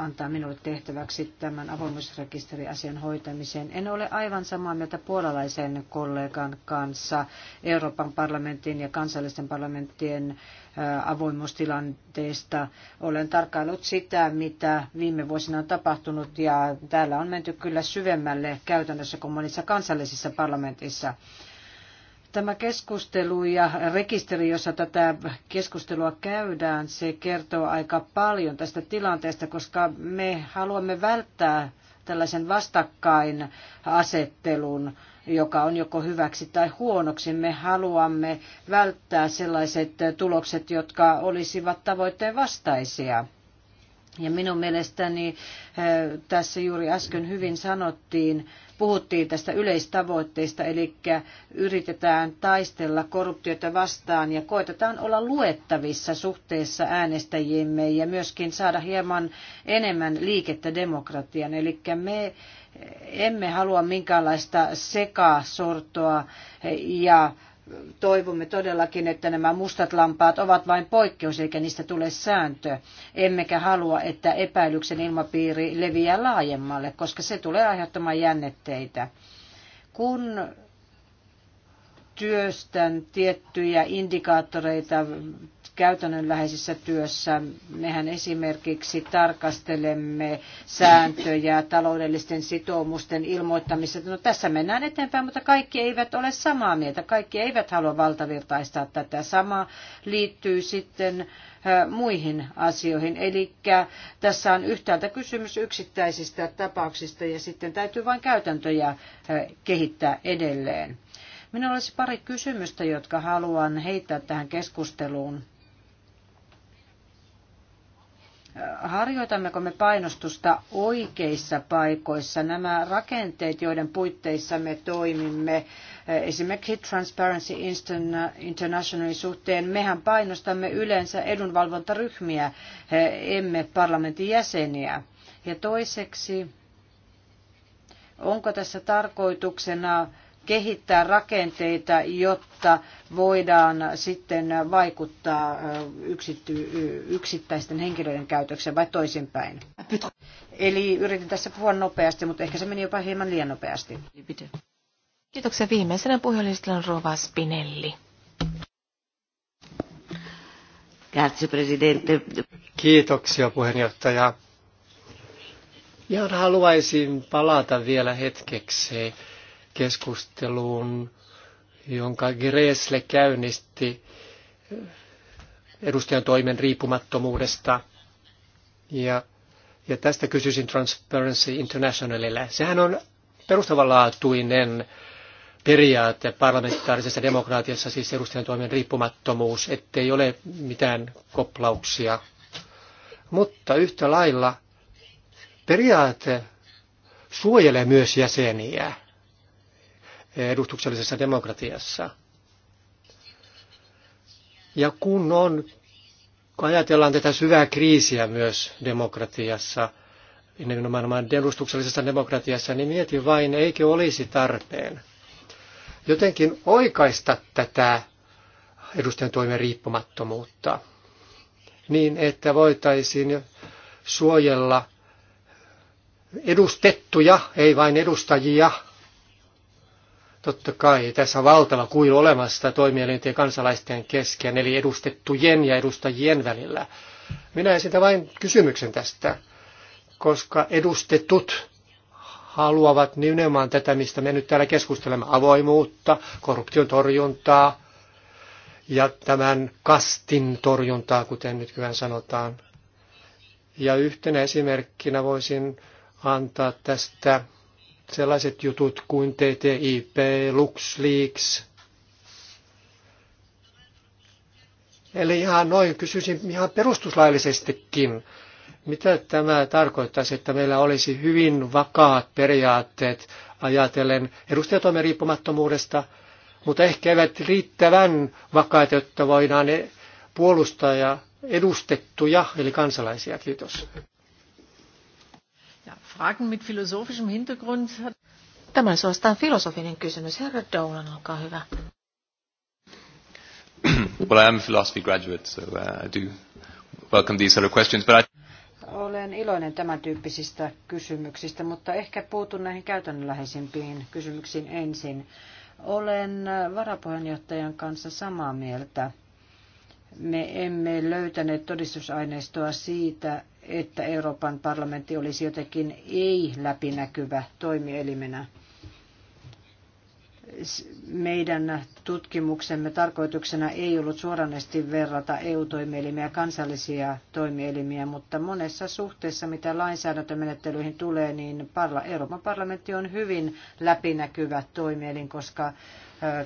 antaa minulle tehtäväksi tämän avoimuusrekisteriasian hoitamisen. En ole aivan samaa mieltä puolalaisen kollegan kanssa Euroopan parlamentin ja kansallisten parlamenttien avoimuustilanteesta. Olen tarkkaillut sitä, mitä viime vuosina on tapahtunut ja täällä on menty kyllä syvemmälle käytännössä kuin monissa kansallisissa parlamentissa. Tämä keskustelu ja rekisteri, jossa tätä keskustelua käydään, se kertoo aika paljon tästä tilanteesta, koska me haluamme välttää tällaisen vastakkainasettelun, joka on joko hyväksi tai huonoksi. Me haluamme välttää sellaiset tulokset, jotka olisivat tavoitteen vastaisia. Ja minun mielestäni eh, tässä juuri äsken hyvin sanottiin, puhuttiin tästä yleistavoitteesta, eli yritetään taistella korruptiota vastaan ja koitetaan olla luettavissa suhteessa äänestäjiimme ja myöskin saada hieman enemmän liikettä demokratian. Eli me emme halua minkäänlaista sekasortoa ja toivomme todellakin, että nämä mustat lampaat ovat vain poikkeus eikä niistä tule sääntö. Emmekä halua, että epäilyksen ilmapiiri leviää laajemmalle, koska se tulee aiheuttamaan jännitteitä. Kun työstän tiettyjä indikaattoreita käytännönläheisessä työssä. Mehän esimerkiksi tarkastelemme sääntöjä taloudellisten sitoumusten ilmoittamisesta. No tässä mennään eteenpäin, mutta kaikki eivät ole samaa mieltä. Kaikki eivät halua valtavirtaistaa tätä. Sama liittyy sitten muihin asioihin. Eli tässä on yhtäältä kysymys yksittäisistä tapauksista ja sitten täytyy vain käytäntöjä kehittää edelleen. Minulla olisi pari kysymystä, jotka haluan heittää tähän keskusteluun harjoitammeko me painostusta oikeissa paikoissa. Nämä rakenteet, joiden puitteissa me toimimme, esimerkiksi Transparency Internationalin suhteen, mehän painostamme yleensä edunvalvontaryhmiä, emme parlamentin jäseniä. Ja toiseksi, onko tässä tarkoituksena kehittää rakenteita, jotta voidaan sitten vaikuttaa yksittäisten henkilöiden käytökseen vai toisinpäin. Eli yritin tässä puhua nopeasti, mutta ehkä se meni jopa hieman liian nopeasti. Kiitoksia. Viimeisenä puheenjohtajana on Rova Spinelli. Kiitoksia puheenjohtaja. Ja haluaisin palata vielä hetkeksi keskusteluun, jonka Gresle käynnisti edustajan toimen riippumattomuudesta. Ja, ja tästä kysyisin Transparency Internationalille. Sehän on perustavanlaatuinen periaate parlamentaarisessa demokraatiassa, siis edustajan toimen riippumattomuus, ettei ole mitään koplauksia. Mutta yhtä lailla periaate suojelee myös jäseniä edustuksellisessa demokratiassa. Ja kun on, kun ajatellaan tätä syvää kriisiä myös demokratiassa, nimenomaan edustuksellisessa demokratiassa, niin mieti vain, eikö olisi tarpeen jotenkin oikaista tätä edustajan toimen riippumattomuutta, niin että voitaisiin suojella edustettuja, ei vain edustajia, Totta kai, tässä on valtava kuilu olemassa toimielinten ja kansalaisten kesken, eli edustettujen ja edustajien välillä. Minä esitän vain kysymyksen tästä, koska edustetut haluavat nimenomaan tätä, mistä me nyt täällä keskustelemme, avoimuutta, korruption torjuntaa ja tämän kastin torjuntaa, kuten nyt nykyään sanotaan. Ja yhtenä esimerkkinä voisin antaa tästä sellaiset jutut kuin TTIP, LuxLeaks. Eli ihan noin kysyisin ihan perustuslaillisestikin, mitä tämä tarkoittaisi, että meillä olisi hyvin vakaat periaatteet ajatellen edustajatoimen riippumattomuudesta, mutta ehkä eivät riittävän vakaita, jotta voidaan puolustaa ja edustettuja, eli kansalaisia. Kiitos. Fragen mit philosophischem Hintergrund. Tämä on suorastaan filosofinen kysymys. Herra Dolan, olkaa hyvä. well, I am a philosophy graduate, so uh, I do welcome these sort of questions, but I... Olen iloinen tämän tyyppisistä kysymyksistä, mutta ehkä puutun näihin käytännönläheisimpiin kysymyksiin ensin. Olen varapuheenjohtajan kanssa samaa mieltä me emme löytäneet todistusaineistoa siitä, että Euroopan parlamentti olisi jotenkin ei-läpinäkyvä toimielimenä. Meidän tutkimuksemme tarkoituksena ei ollut suoranesti verrata EU-toimielimiä kansallisia toimielimiä, mutta monessa suhteessa, mitä lainsäädäntömenettelyihin tulee, niin Euroopan parlamentti on hyvin läpinäkyvä toimielin, koska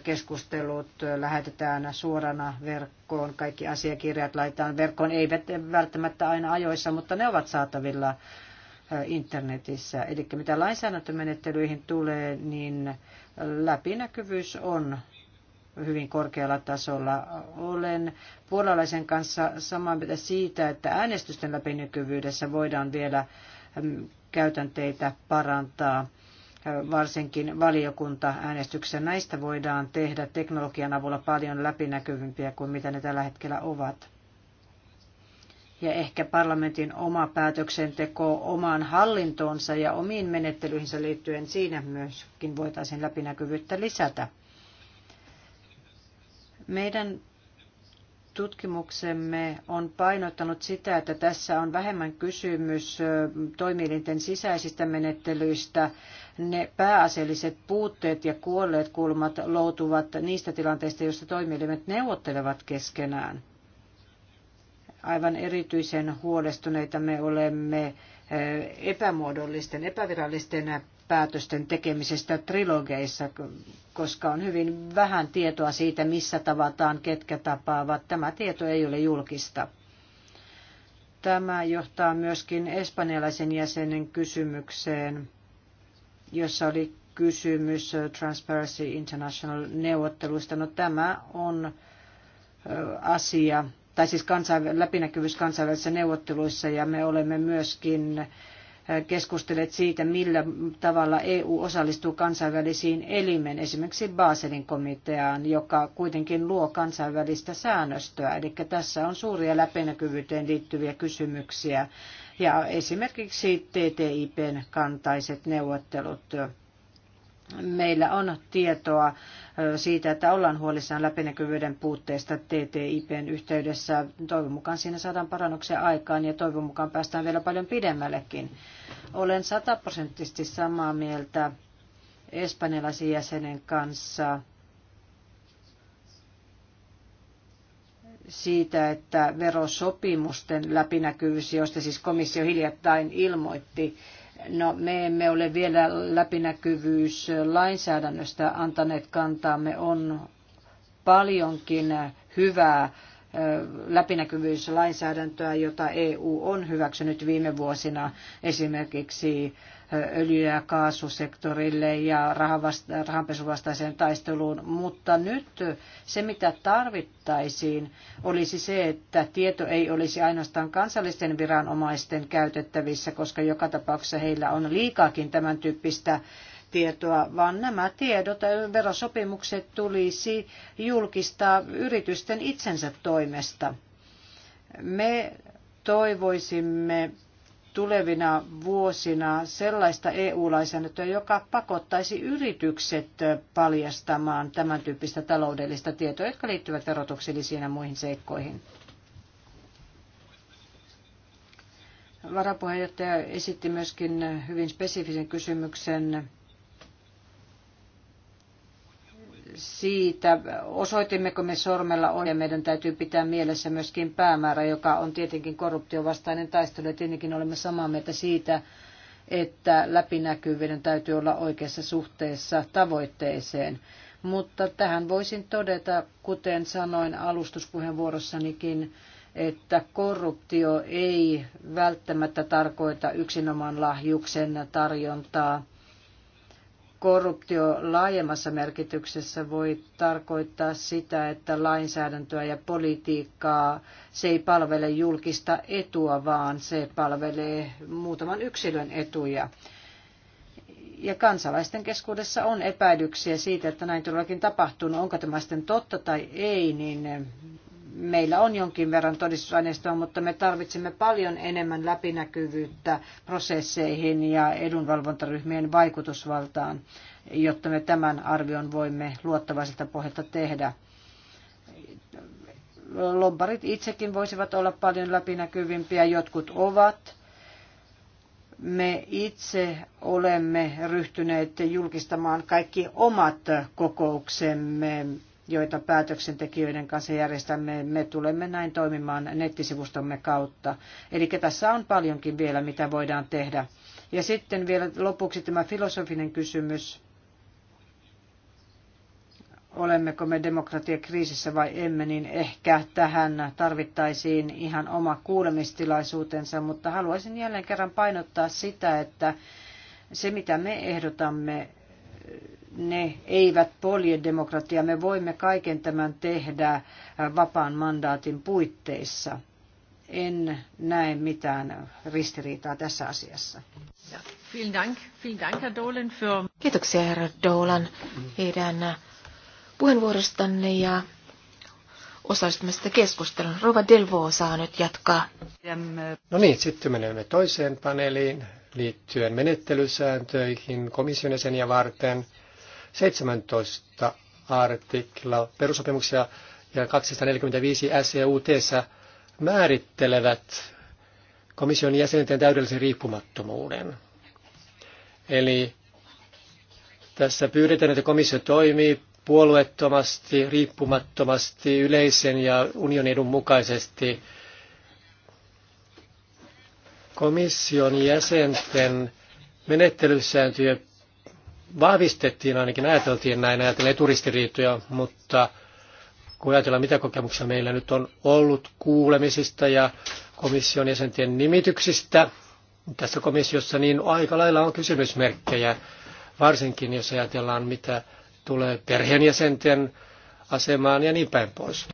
keskustelut lähetetään suorana verkkoon, kaikki asiakirjat laitetaan verkkoon, eivät välttämättä aina ajoissa, mutta ne ovat saatavilla eh, internetissä. Eli mitä lainsäädäntömenettelyihin tulee, niin läpinäkyvyys on hyvin korkealla tasolla. Olen puolalaisen kanssa samaa mieltä siitä, että äänestysten läpinäkyvyydessä voidaan vielä mm, käytänteitä parantaa varsinkin valiokuntaäänestyksessä. Näistä voidaan tehdä teknologian avulla paljon läpinäkyvimpiä kuin mitä ne tällä hetkellä ovat. Ja ehkä parlamentin oma päätöksenteko omaan hallintoonsa ja omiin menettelyihinsä liittyen siinä myöskin voitaisiin läpinäkyvyyttä lisätä. Meidän tutkimuksemme on painottanut sitä, että tässä on vähemmän kysymys toimielinten sisäisistä menettelyistä. Ne pääasialliset puutteet ja kuolleet kulmat loutuvat niistä tilanteista, joissa toimielimet neuvottelevat keskenään. Aivan erityisen huolestuneita me olemme epämuodollisten, epävirallisten päätösten tekemisestä trilogeissa, koska on hyvin vähän tietoa siitä, missä tavataan, ketkä tapaavat. Tämä tieto ei ole julkista. Tämä johtaa myöskin espanjalaisen jäsenen kysymykseen, jossa oli kysymys Transparency International neuvotteluista. No tämä on asia, tai siis kansainvä, läpinäkyvyys kansainvälisissä neuvotteluissa, ja me olemme myöskin keskustelleet siitä, millä tavalla EU osallistuu kansainvälisiin elimen, esimerkiksi Baselin komiteaan, joka kuitenkin luo kansainvälistä säännöstöä. Eli tässä on suuria läpinäkyvyyteen liittyviä kysymyksiä ja esimerkiksi TTIPn kantaiset neuvottelut. Meillä on tietoa siitä, että ollaan huolissaan läpinäkyvyyden puutteesta TTIPn yhteydessä. Toivon mukaan siinä saadaan parannuksia aikaan ja toivon mukaan päästään vielä paljon pidemmällekin. Olen sataprosenttisesti samaa mieltä espanjalaisen jäsenen kanssa siitä, että verosopimusten läpinäkyvyys, joista siis komissio hiljattain ilmoitti, No, me emme ole vielä läpinäkyvyys lainsäädännöstä antaneet kantaamme. On paljonkin hyvää läpinäkyvyyslainsäädäntöä, jota EU on hyväksynyt viime vuosina esimerkiksi öljy- ja kaasusektorille ja rahanpesuvastaiseen taisteluun, mutta nyt se mitä tarvittaisiin olisi se, että tieto ei olisi ainoastaan kansallisten viranomaisten käytettävissä, koska joka tapauksessa heillä on liikaakin tämän tyyppistä tietoa, vaan nämä tiedot, äh, verosopimukset tulisi julkistaa yritysten itsensä toimesta. Me toivoisimme tulevina vuosina sellaista EU-lainsäädäntöä, joka pakottaisi yritykset paljastamaan tämän tyyppistä taloudellista tietoa, jotka liittyvät verotuksellisiin ja muihin seikkoihin. Varapuheenjohtaja esitti myöskin hyvin spesifisen kysymyksen siitä, osoitimmeko me sormella on, ja meidän täytyy pitää mielessä myöskin päämäärä, joka on tietenkin korruptiovastainen taistelu, ja tietenkin olemme samaa mieltä siitä, että läpinäkyvyyden täytyy olla oikeassa suhteessa tavoitteeseen. Mutta tähän voisin todeta, kuten sanoin alustuspuheenvuorossanikin, että korruptio ei välttämättä tarkoita yksinomaan lahjuksen tarjontaa korruptio laajemmassa merkityksessä voi tarkoittaa sitä, että lainsäädäntöä ja politiikkaa se ei palvele julkista etua, vaan se palvelee muutaman yksilön etuja. Ja kansalaisten keskuudessa on epäilyksiä siitä, että näin todellakin tapahtuu. No onko tämä sitten totta tai ei, niin meillä on jonkin verran todistusaineistoa, mutta me tarvitsemme paljon enemmän läpinäkyvyyttä prosesseihin ja edunvalvontaryhmien vaikutusvaltaan, jotta me tämän arvion voimme luottavaiselta pohjalta tehdä. Lobbarit itsekin voisivat olla paljon läpinäkyvimpiä, jotkut ovat – me itse olemme ryhtyneet julkistamaan kaikki omat kokouksemme joita päätöksentekijöiden kanssa järjestämme. Me tulemme näin toimimaan nettisivustomme kautta. Eli tässä on paljonkin vielä, mitä voidaan tehdä. Ja sitten vielä lopuksi tämä filosofinen kysymys. Olemmeko me demokratiakriisissä vai emme, niin ehkä tähän tarvittaisiin ihan oma kuulemistilaisuutensa, mutta haluaisin jälleen kerran painottaa sitä, että se mitä me ehdotamme ne eivät polje demokratiaa. Me voimme kaiken tämän tehdä vapaan mandaatin puitteissa. En näe mitään ristiriitaa tässä asiassa. Kiitoksia herra Dolan heidän puheenvuorostanne ja osallistumista keskusteluun. Rova Delvo saa nyt jatkaa. No niin, sitten menemme toiseen paneeliin liittyen menettelysääntöihin komission jäseniä varten – 17 artikla perusopimuksia ja 245 SEUT määrittelevät komission jäsenten täydellisen riippumattomuuden. Eli tässä pyydetään, että komissio toimii puolueettomasti, riippumattomasti, yleisen ja unionin edun mukaisesti. Komission jäsenten menettelysääntöjen vahvistettiin, ainakin ajateltiin näin, ajatellen turistiriitoja, mutta kun ajatellaan, mitä kokemuksia meillä nyt on ollut kuulemisista ja komission jäsentien nimityksistä tässä komissiossa, niin aika lailla on kysymysmerkkejä, varsinkin jos ajatellaan, mitä tulee perheenjäsenten asemaan ja niin päin pois.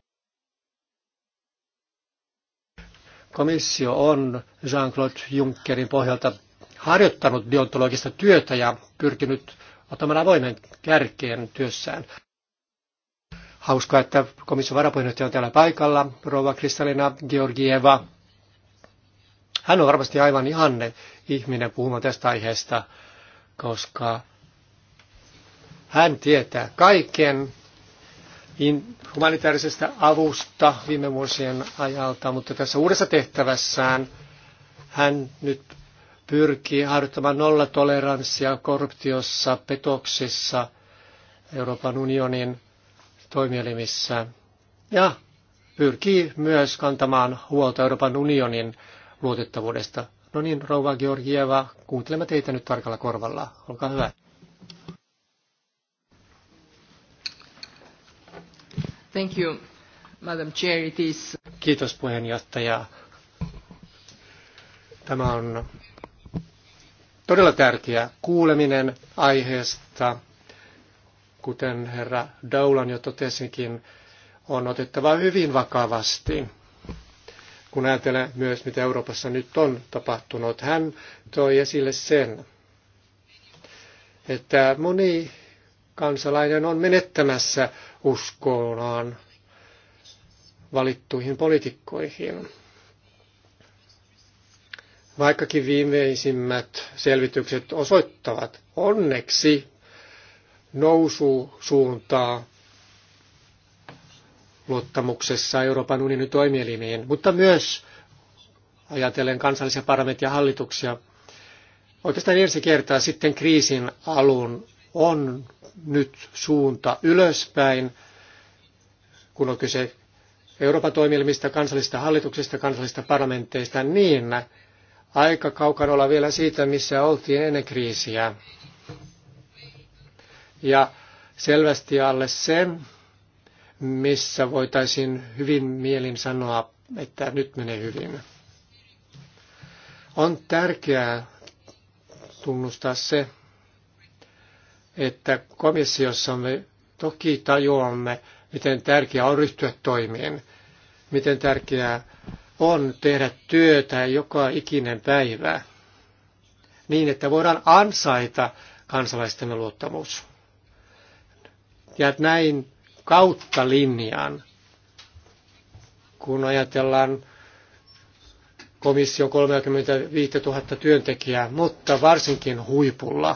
Komissio on Jean-Claude Junckerin pohjalta harjoittanut deontologista työtä ja pyrkinyt ottamaan avoimen kärkeen työssään. Hauskaa, että komission varapuheenjohtaja on täällä paikalla, rouva Kristalina Georgieva. Hän on varmasti aivan ihanne ihminen puhumaan tästä aiheesta, koska hän tietää kaiken humanitaarisesta avusta viime vuosien ajalta, mutta tässä uudessa tehtävässään hän nyt pyrkii harjoittamaan nollatoleranssia korruptiossa, petoksissa, Euroopan unionin toimielimissä ja pyrkii myös kantamaan huolta Euroopan unionin luotettavuudesta. No niin, rouva Georgieva, kuuntelemme teitä nyt tarkalla korvalla. Olkaa hyvä. Thank you, Madam Chair. It is... Kiitos puheenjohtaja. Tämä on Todella tärkeä kuuleminen aiheesta, kuten herra Daulan jo totesinkin, on otettava hyvin vakavasti kun ajatellaan myös, mitä Euroopassa nyt on tapahtunut. Hän toi esille sen, että moni kansalainen on menettämässä uskoonaan valittuihin poliitikkoihin. Vaikkakin viimeisimmät selvitykset osoittavat onneksi noususuuntaa luottamuksessa Euroopan unionin toimielimiin, mutta myös ajatellen kansallisia parlamenttia ja hallituksia. Oikeastaan ensi kertaa sitten kriisin alun on nyt suunta ylöspäin, kun on kyse Euroopan toimielimistä, kansallisista hallituksista, kansallisista parlamenteista, niin aika kaukana olla vielä siitä, missä oltiin ennen kriisiä. Ja selvästi alle sen, missä voitaisiin hyvin mielin sanoa, että nyt menee hyvin. On tärkeää tunnustaa se, että komissiossa me toki tajuamme, miten tärkeää on ryhtyä toimiin, miten tärkeää on tehdä työtä joka ikinen päivä niin, että voidaan ansaita kansalaistemme luottamus. Ja näin kautta linjan, kun ajatellaan komission 35 000 työntekijää, mutta varsinkin huipulla,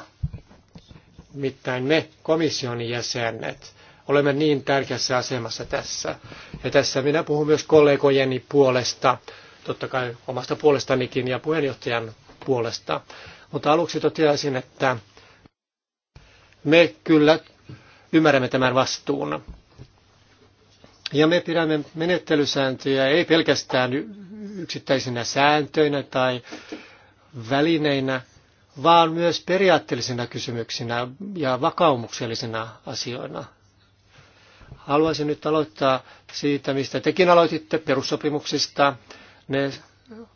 mitään me komission jäsenet, olemme niin tärkeässä asemassa tässä. Ja tässä minä puhun myös kollegojeni puolesta, totta kai omasta puolestanikin ja puheenjohtajan puolesta. Mutta aluksi toteaisin, että me kyllä ymmärrämme tämän vastuun. Ja me pidämme menettelysääntöjä ei pelkästään yksittäisinä sääntöinä tai välineinä, vaan myös periaatteellisina kysymyksinä ja vakaumuksellisina asioina. Haluaisin nyt aloittaa siitä, mistä tekin aloititte, perussopimuksista. Ne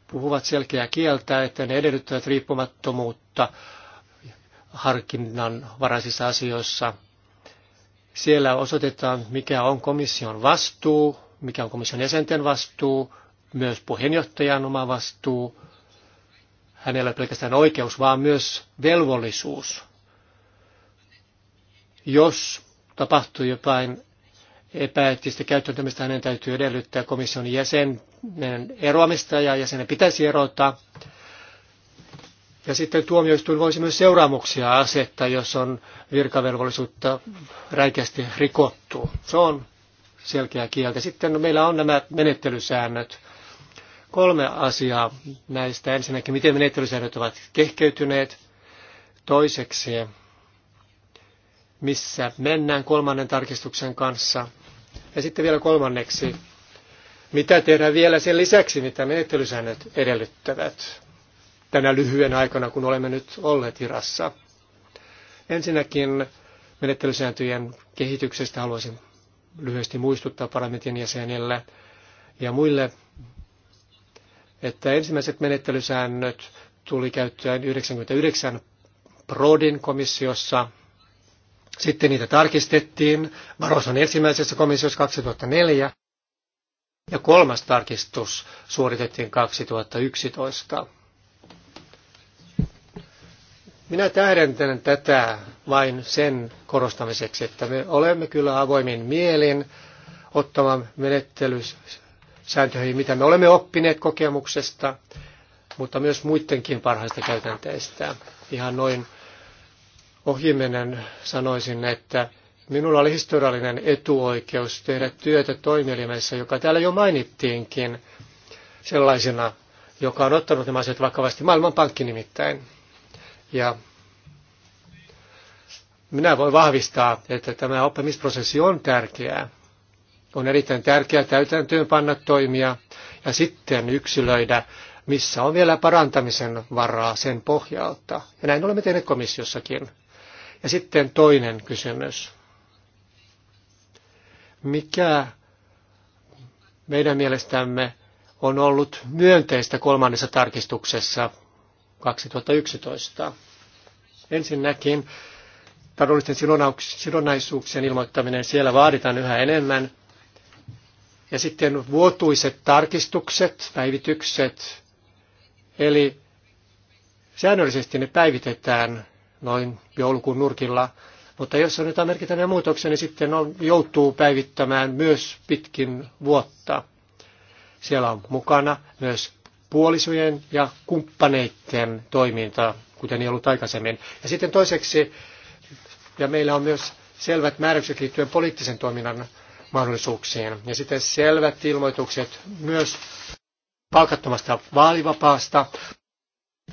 puhuvat selkeää kieltä, että ne edellyttävät riippumattomuutta harkinnan varaisissa asioissa. Siellä osoitetaan, mikä on komission vastuu, mikä on komission jäsenten vastuu, myös puheenjohtajan oma vastuu. Hänellä ei pelkästään oikeus, vaan myös velvollisuus. Jos tapahtuu jotain epäeettistä käyttäytymistä hänen täytyy edellyttää komission jäsenen eroamista ja jäsenen pitäisi erota. Ja sitten tuomioistuin voisi myös seuraamuksia asettaa, jos on virkavelvollisuutta räikeästi rikottu. Se on selkeä kieltä. Sitten meillä on nämä menettelysäännöt. Kolme asiaa näistä. Ensinnäkin, miten menettelysäännöt ovat kehkeytyneet. Toiseksi, missä mennään kolmannen tarkistuksen kanssa. Ja sitten vielä kolmanneksi, mitä tehdään vielä sen lisäksi, mitä menettelysäännöt edellyttävät tänä lyhyen aikana, kun olemme nyt olleet virassa. Ensinnäkin menettelysääntöjen kehityksestä haluaisin lyhyesti muistuttaa parlamentin jäsenille ja muille, että ensimmäiset menettelysäännöt tuli käyttöön 99 Prodin komissiossa – sitten niitä tarkistettiin Baroson ensimmäisessä komissiossa 2004 ja kolmas tarkistus suoritettiin 2011. Minä tähdentän tätä vain sen korostamiseksi, että me olemme kyllä avoimin mielin ottamaan menettelysääntöihin, mitä me olemme oppineet kokemuksesta, mutta myös muidenkin parhaista käytänteistä. Ihan noin ohimenen sanoisin, että minulla oli historiallinen etuoikeus tehdä työtä toimielimessä, joka täällä jo mainittiinkin sellaisena, joka on ottanut nämä asiat vakavasti, Maailmanpankki nimittäin. Ja minä voin vahvistaa, että tämä oppimisprosessi on tärkeää. On erittäin tärkeää täytäntöön panna toimia ja sitten yksilöidä, missä on vielä parantamisen varaa sen pohjalta. Ja näin olemme tehneet komissiossakin. Ja sitten toinen kysymys. Mikä meidän mielestämme on ollut myönteistä kolmannessa tarkistuksessa 2011? Ensinnäkin taloudellisten sidonnaisuuksien ilmoittaminen siellä vaaditaan yhä enemmän. Ja sitten vuotuiset tarkistukset, päivitykset, eli säännöllisesti ne päivitetään noin joulukuun nurkilla. Mutta jos on jotain merkittäviä muutoksia, niin sitten on, joutuu päivittämään myös pitkin vuotta. Siellä on mukana myös puolisojen ja kumppaneiden toiminta, kuten ei ollut aikaisemmin. Ja sitten toiseksi, ja meillä on myös selvät määräykset liittyen poliittisen toiminnan mahdollisuuksiin. Ja sitten selvät ilmoitukset myös palkattomasta vaalivapaasta,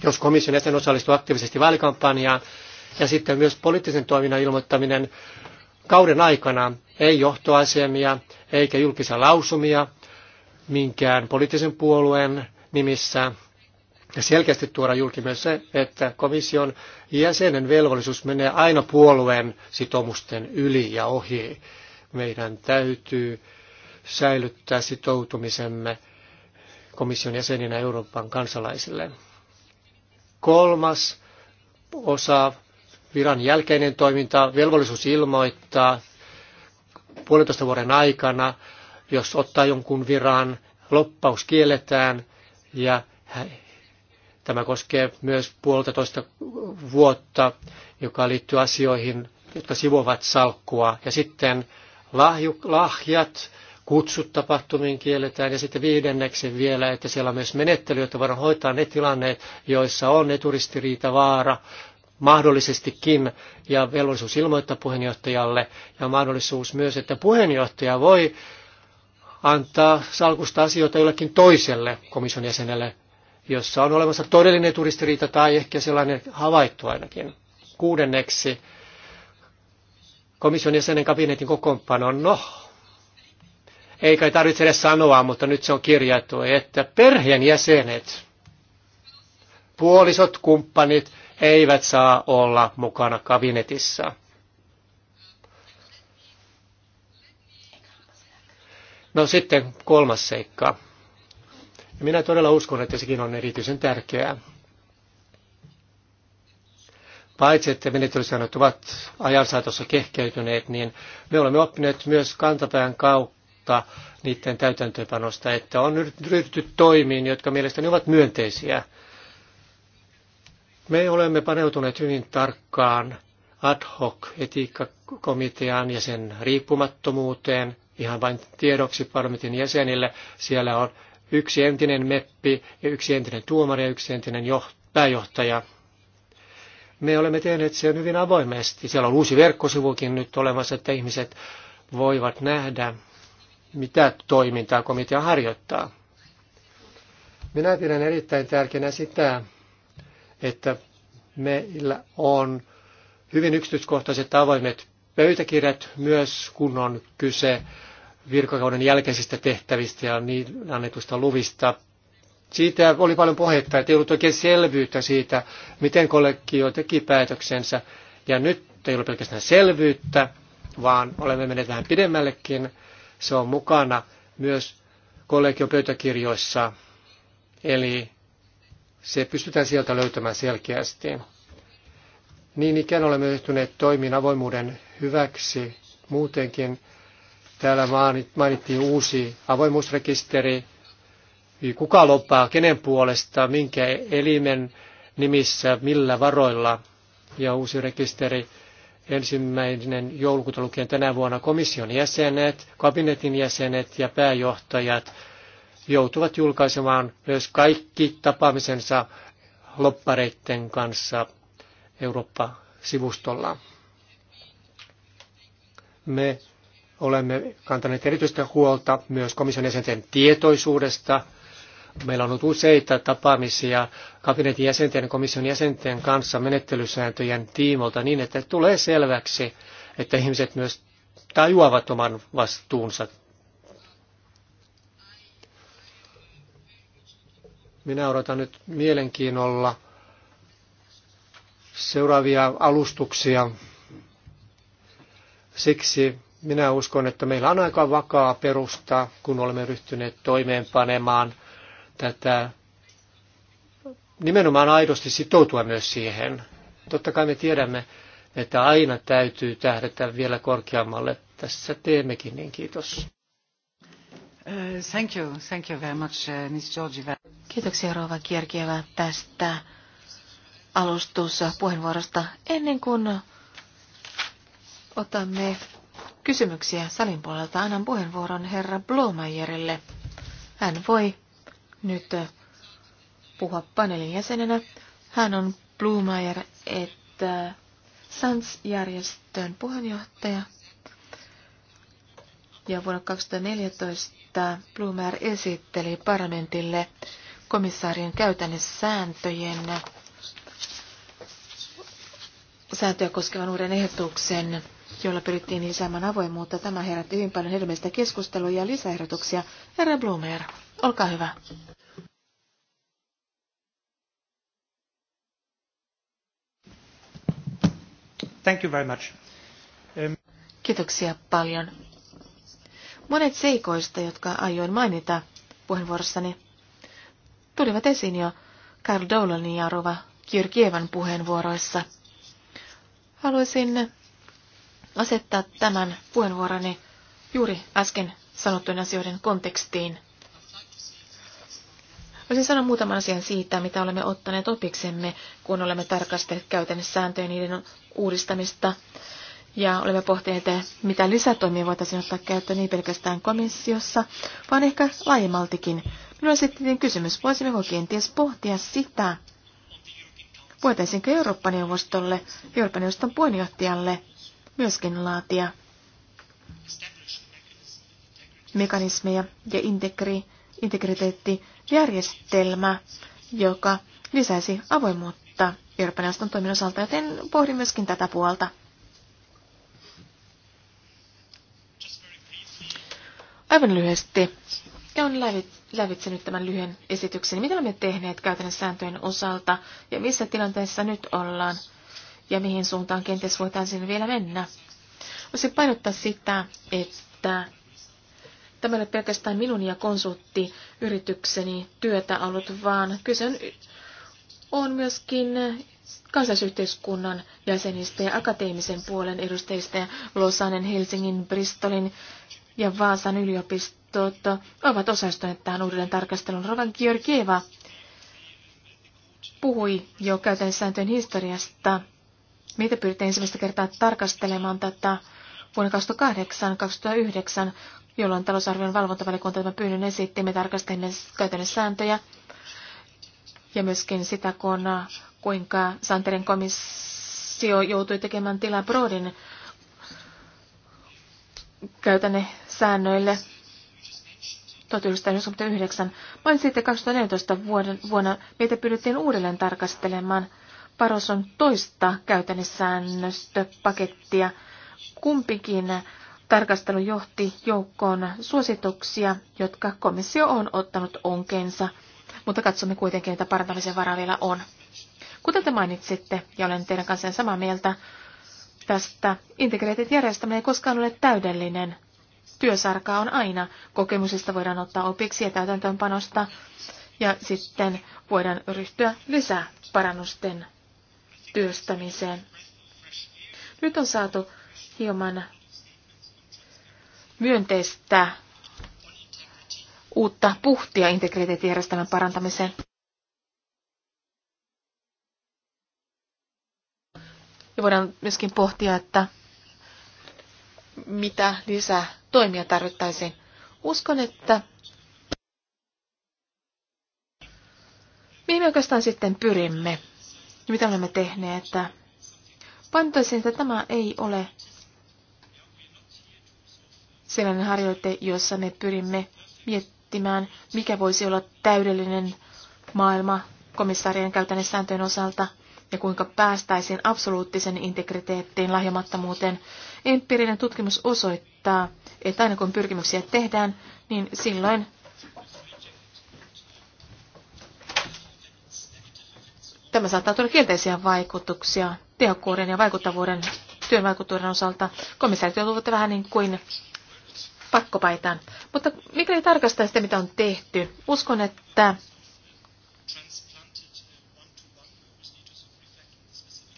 jos komission jäsen osallistuu aktiivisesti vaalikampanjaan, ja sitten myös poliittisen toiminnan ilmoittaminen kauden aikana ei johtoasemia eikä julkisia lausumia minkään poliittisen puolueen nimissä. Ja selkeästi tuoda julki myös se, että komission jäsenen velvollisuus menee aina puolueen sitoumusten yli ja ohi. Meidän täytyy säilyttää sitoutumisemme komission jäseninä Euroopan kansalaisille. Kolmas osa, viran jälkeinen toiminta, velvollisuus ilmoittaa puolentoista vuoden aikana, jos ottaa jonkun viran, loppaus kielletään ja tämä koskee myös puolitoista vuotta, joka liittyy asioihin, jotka sivuvat salkkua. Ja sitten lahjat, kutsut tapahtumiin kielletään ja sitten viidenneksi vielä, että siellä on myös menettely, jotta voidaan hoitaa ne tilanneet, joissa on eturistiriita, vaara, mahdollisestikin ja velvollisuus ilmoittaa puheenjohtajalle ja mahdollisuus myös, että puheenjohtaja voi antaa salkusta asioita jollekin toiselle komission jäsenelle, jossa on olemassa todellinen turistiriita tai ehkä sellainen havaittu ainakin. Kuudenneksi komission jäsenen kabinetin kokoonpano, No, ei kai tarvitse edes sanoa, mutta nyt se on kirjattu, että perheen jäsenet, puolisot, kumppanit eivät saa olla mukana kabinetissa. No sitten kolmas seikka. Minä todella uskon, että sekin on erityisen tärkeää. Paitsi, että menetelysäännöt ovat ajan saatossa kehkeytyneet, niin me olemme oppineet myös kantapään kautta varmuutta niiden täytäntöönpanosta, että on ryhdytty toimiin, jotka mielestäni ovat myönteisiä. Me olemme paneutuneet hyvin tarkkaan ad hoc etiikkakomiteaan ja sen riippumattomuuteen, ihan vain tiedoksi parlamentin jäsenille. Siellä on yksi entinen meppi ja yksi entinen tuomari ja yksi entinen pääjohtaja. Me olemme tehneet sen hyvin avoimesti. Siellä on uusi verkkosivukin nyt olemassa, että ihmiset voivat nähdä, mitä toimintaa komitea harjoittaa. Minä pidän erittäin tärkeänä sitä, että meillä on hyvin yksityiskohtaiset avoimet pöytäkirjat myös, kun on kyse virkakauden jälkeisistä tehtävistä ja niin annetusta luvista. Siitä oli paljon pohjetta, että ei ollut oikein selvyyttä siitä, miten kollegio teki päätöksensä. Ja nyt ei ole pelkästään selvyyttä, vaan olemme menneet vähän pidemmällekin se on mukana myös kollegiopöytäkirjoissa, eli se pystytään sieltä löytämään selkeästi. Niin ikään olemme yhtyneet toimiin avoimuuden hyväksi muutenkin. Täällä mainittiin uusi avoimuusrekisteri. Kuka lopaa, kenen puolesta, minkä elimen nimissä, millä varoilla. Ja uusi rekisteri ensimmäinen joulukuuta lukien tänä vuonna komission jäsenet, kabinetin jäsenet ja pääjohtajat joutuvat julkaisemaan myös kaikki tapaamisensa loppareitten kanssa Eurooppa-sivustolla. Me olemme kantaneet erityistä huolta myös komission jäsenten tietoisuudesta – Meillä on ollut useita tapaamisia kabinetin jäsenten ja komission jäsenten kanssa menettelysääntöjen tiimolta niin, että tulee selväksi, että ihmiset myös tajuavat oman vastuunsa. Minä odotan nyt mielenkiinnolla seuraavia alustuksia. Siksi minä uskon, että meillä on aika vakaa perusta, kun olemme ryhtyneet toimeenpanemaan tätä nimenomaan aidosti sitoutua myös siihen. Totta kai me tiedämme, että aina täytyy tähdätä vielä korkeammalle. Tässä teemmekin, niin kiitos. Uh, thank you, thank you very much, uh, Ms. Georgieva. Kiitoksia Rova Kierkievä tästä alustuspuheenvuorosta. Ennen kuin otamme kysymyksiä salin puolelta, annan puheenvuoron herra Blomajerille. Hän voi nyt puhua paneelin jäsenenä. Hän on Blumeyer, että SANS-järjestön puheenjohtaja. Ja vuonna 2014 Blumer esitteli parlamentille komissaarien käytännössääntöjen sääntöjä koskevan uuden ehdotuksen, jolla pyrittiin lisäämään avoimuutta. Tämä herätti hyvin paljon hedelmällistä keskustelua ja lisäehdotuksia. Herra Blumer. Olkaa hyvä. Thank you very much. Um... Kiitoksia paljon. Monet seikoista, jotka aioin mainita puheenvuorossani, tulivat esiin jo Karl Dolanin ja Rova Kyrkievan puheenvuoroissa. Haluaisin asettaa tämän puheenvuoroni juuri äsken sanottujen asioiden kontekstiin – Voisin sanoa muutaman asian siitä, mitä olemme ottaneet opiksemme, kun olemme tarkastelleet käytännön sääntöjä niiden uudistamista. Ja olemme pohtineet, mitä lisätoimia voitaisiin ottaa käyttöön niin pelkästään komissiossa, vaan ehkä laajemmaltikin. Minulla sitten kysymys, voisimmeko kenties pohtia sitä, voitaisiinko Eurooppa-neuvostolle, Eurooppa-neuvoston puheenjohtajalle myöskin laatia mekanismeja ja integri, integriteetti järjestelmä, joka lisäisi avoimuutta Euroopan neuvoston toiminnan osalta, joten pohdin myöskin tätä puolta. Aivan lyhyesti. Käyn lävitse nyt tämän lyhyen esityksen. Mitä olemme tehneet käytännön sääntöjen osalta ja missä tilanteessa nyt ollaan ja mihin suuntaan kenties voitaisiin vielä mennä? Voisin painottaa sitä, että Tämä ei ole pelkästään minun ja konsulttiyritykseni työtä ollut, vaan kyse on, on myöskin kansallisyhteiskunnan jäsenistä ja akateemisen puolen edustajista. Losanen, Helsingin, Bristolin ja Vaasan yliopistot ovat osastuneet tähän uudelleen tarkastelun. Rovan Georgieva puhui jo käytännössä sääntöjen historiasta. Meitä pyrittiin ensimmäistä kertaa tarkastelemaan tätä vuonna 2008-2009 jolloin talousarvion valvontavalikunta tämän pyynnön esitti. Me tarkastimme käytännön sääntöjä ja myöskin sitä, kun, kuinka Santerin komissio joutui tekemään tilaa Broadin käytännön säännöille 1999. sitten 2014 vuoden, vuonna, meitä pyydettiin uudelleen tarkastelemaan Paroson toista käytännössäännöstöpakettia. Kumpikin tarkastelu johti joukkoon suosituksia, jotka komissio on ottanut onkensa, mutta katsomme kuitenkin, että parantamisen varaa vielä on. Kuten te mainitsitte, ja olen teidän kanssanne samaa mieltä tästä, integreetit järjestäminen ei koskaan ole täydellinen. Työsarkaa on aina. Kokemusista voidaan ottaa opiksi ja täytäntöönpanosta, ja sitten voidaan ryhtyä lisää parannusten työstämiseen. Nyt on saatu hieman myönteistä uutta puhtia integriteettijärjestelmän parantamiseen. Ja voidaan myöskin pohtia, että mitä lisää toimia tarvittaisiin. Uskon, että mihin me oikeastaan sitten pyrimme ja mitä olemme tehneet, että pantoisin, että tämä ei ole sellainen harjoite, jossa me pyrimme miettimään, mikä voisi olla täydellinen maailma komissaarien käytännön sääntöjen osalta ja kuinka päästäisiin absoluuttisen integriteettiin lahjomattomuuteen. Empiirinen tutkimus osoittaa, että aina kun pyrkimyksiä tehdään, niin silloin tämä saattaa tulla kielteisiä vaikutuksia tehokkuuden ja vaikuttavuuden työn vaikuttavuuden osalta. Komissaarit joutuvat vähän niin kuin pakkopaitaan. Mutta mikäli tarkastaa sitä, mitä on tehty, uskon, että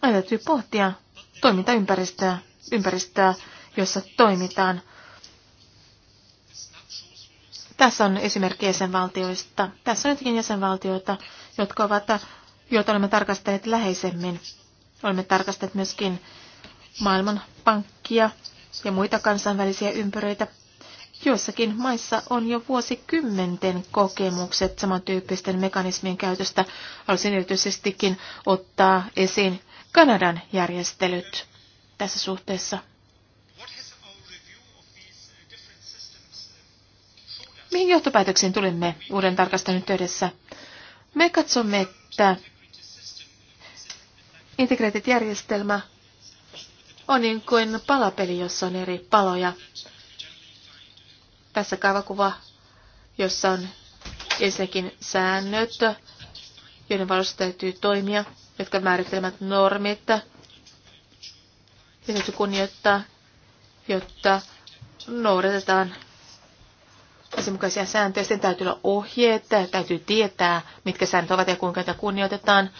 aina täytyy pohtia toimintaympäristöä, ympäristöä, jossa toimitaan. Tässä on esimerkki jäsenvaltioista. Tässä on jotakin jäsenvaltioita, jotka ovat, joita olemme tarkastelleet läheisemmin. Olemme tarkastelleet myöskin maailmanpankkia ja muita kansainvälisiä ympyröitä. Joissakin maissa on jo vuosikymmenten kokemukset samantyyppisten mekanismien käytöstä. Haluaisin erityisestikin ottaa esiin Kanadan järjestelyt tässä suhteessa. Mihin johtopäätöksiin tulimme uuden tarkastelun yhteydessä? Me katsomme, että järjestelmä on niin kuin palapeli, jossa on eri paloja. Tässä kaavakuva, jossa on ensinnäkin säännöt, joiden valossa täytyy toimia, jotka määrittelevät normit, ja täytyy kunnioittaa, jotta noudatetaan asianmukaisia sääntöjä. Sitten täytyy olla ohjeet, täytyy tietää, mitkä säännöt ovat ja kuinka niitä kunnioitetaan.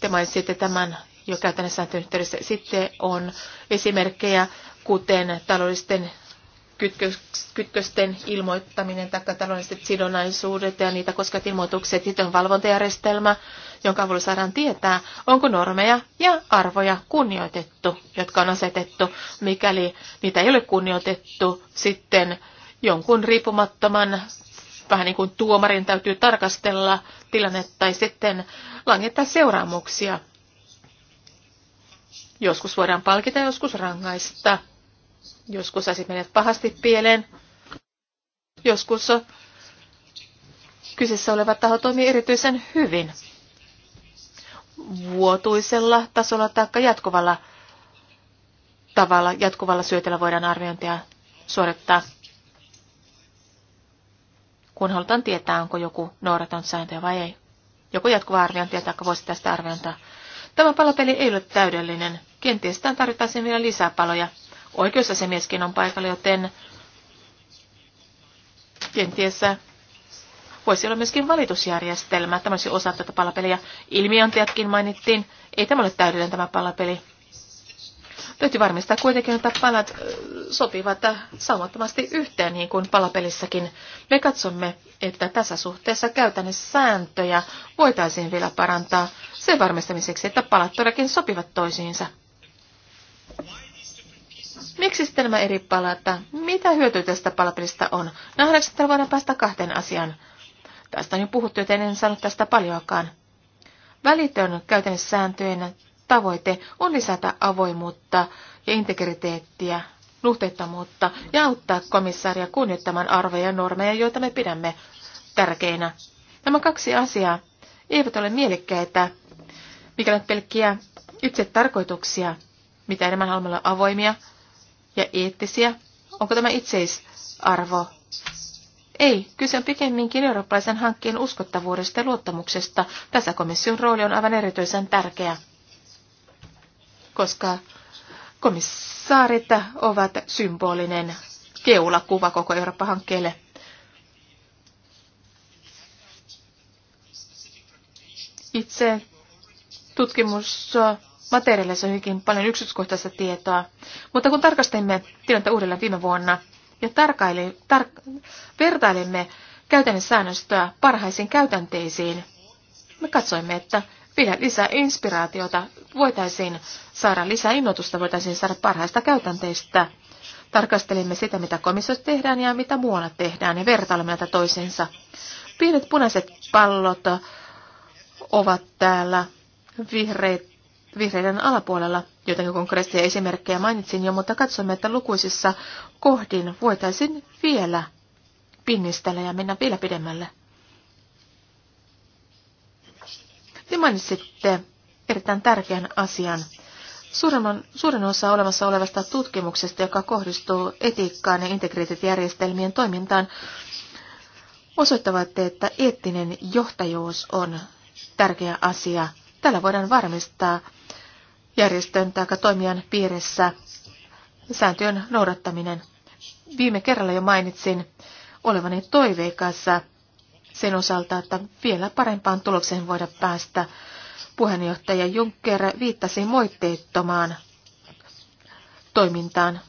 Te mainitsitte tämän jo käytännössä sääntöyhteydessä. Sitten on esimerkkejä, kuten taloudellisten kytkösten ilmoittaminen tai taloudelliset sidonnaisuudet ja niitä koskevat ilmoitukset, sitten on valvontajärjestelmä, jonka avulla saadaan tietää, onko normeja ja arvoja kunnioitettu, jotka on asetettu. Mikäli niitä ei ole kunnioitettu, sitten jonkun riippumattoman, vähän niin kuin tuomarin täytyy tarkastella tilannetta tai sitten langettaa seuraamuksia. Joskus voidaan palkita, joskus rangaista Joskus asiat menevät pahasti pieleen. Joskus kyseessä oleva taho toimii erityisen hyvin vuotuisella tasolla tai jatkuvalla tavalla, jatkuvalla syötellä voidaan arviointia suorittaa, kun halutaan tietää, onko joku noudaton sääntöjä vai ei. Joku jatkuva arviointia tai voisi tästä arviointaa. Tämä palapeli ei ole täydellinen. Kenties tämän tarvittaisiin vielä lisää paloja oikeusasemieskin on paikalla, joten kenties voisi olla myöskin valitusjärjestelmä. Tämä olisi osa tätä palapeliä. Ilmiantajatkin mainittiin. Ei tämä ole täydellinen tämä palapeli. Täytyy varmistaa kuitenkin, että palat sopivat saumattomasti yhteen, niin kuin palapelissäkin. Me katsomme, että tässä suhteessa käytännössä sääntöjä voitaisiin vielä parantaa sen varmistamiseksi, että palat todellakin sopivat toisiinsa. Miksi sitten nämä eri palat? Mitä hyötyä tästä palapelistä on? Nähdäkseni että voidaan päästä kahteen asiaan. Tästä on jo puhuttu, joten en sano tästä paljoakaan. Välitön käytännössä sääntöjen tavoite on lisätä avoimuutta ja integriteettiä, nuhteettomuutta ja auttaa komissaaria kunnioittamaan arvoja ja normeja, joita me pidämme tärkeinä. Nämä kaksi asiaa eivät ole mielekkäitä, mikä on pelkkiä itse tarkoituksia, mitä enemmän haluamme olla avoimia, ja eettisiä? Onko tämä itseisarvo? Ei, kyse on pikemminkin eurooppalaisen hankkeen uskottavuudesta ja luottamuksesta. Tässä komission rooli on aivan erityisen tärkeä, koska komissaarit ovat symbolinen keulakuva koko Eurooppa-hankkeelle. Itse tutkimus materiaalissa on hyvinkin paljon yksityiskohtaista tietoa. Mutta kun tarkastimme tilannetta uudelleen viime vuonna ja tarkaili, tar- vertailimme käytännön säännöstöä parhaisiin käytänteisiin, me katsoimme, että vielä lisää inspiraatiota voitaisiin saada, lisää innoitusta voitaisiin saada parhaista käytänteistä. Tarkastelimme sitä, mitä komissiossa tehdään ja mitä muualla tehdään ja vertailemme näitä toisiinsa. Pienet punaiset pallot ovat täällä vihreät vihreiden alapuolella. Joitakin konkreettisia esimerkkejä mainitsin jo, mutta katsomme, että lukuisissa kohdin voitaisiin vielä pinnistellä ja mennä vielä pidemmälle. Te mainitsitte erittäin tärkeän asian. Suurin, suurin osa olemassa olevasta tutkimuksesta, joka kohdistuu etiikkaan ja integriteettijärjestelmien toimintaan, osoittavat, että eettinen johtajuus on tärkeä asia. Tällä voidaan varmistaa järjestön tai toimijan piirissä sääntöjen noudattaminen. Viime kerralla jo mainitsin olevani toiveikassa sen osalta, että vielä parempaan tulokseen voida päästä. Puheenjohtaja Juncker viittasi moitteettomaan toimintaan.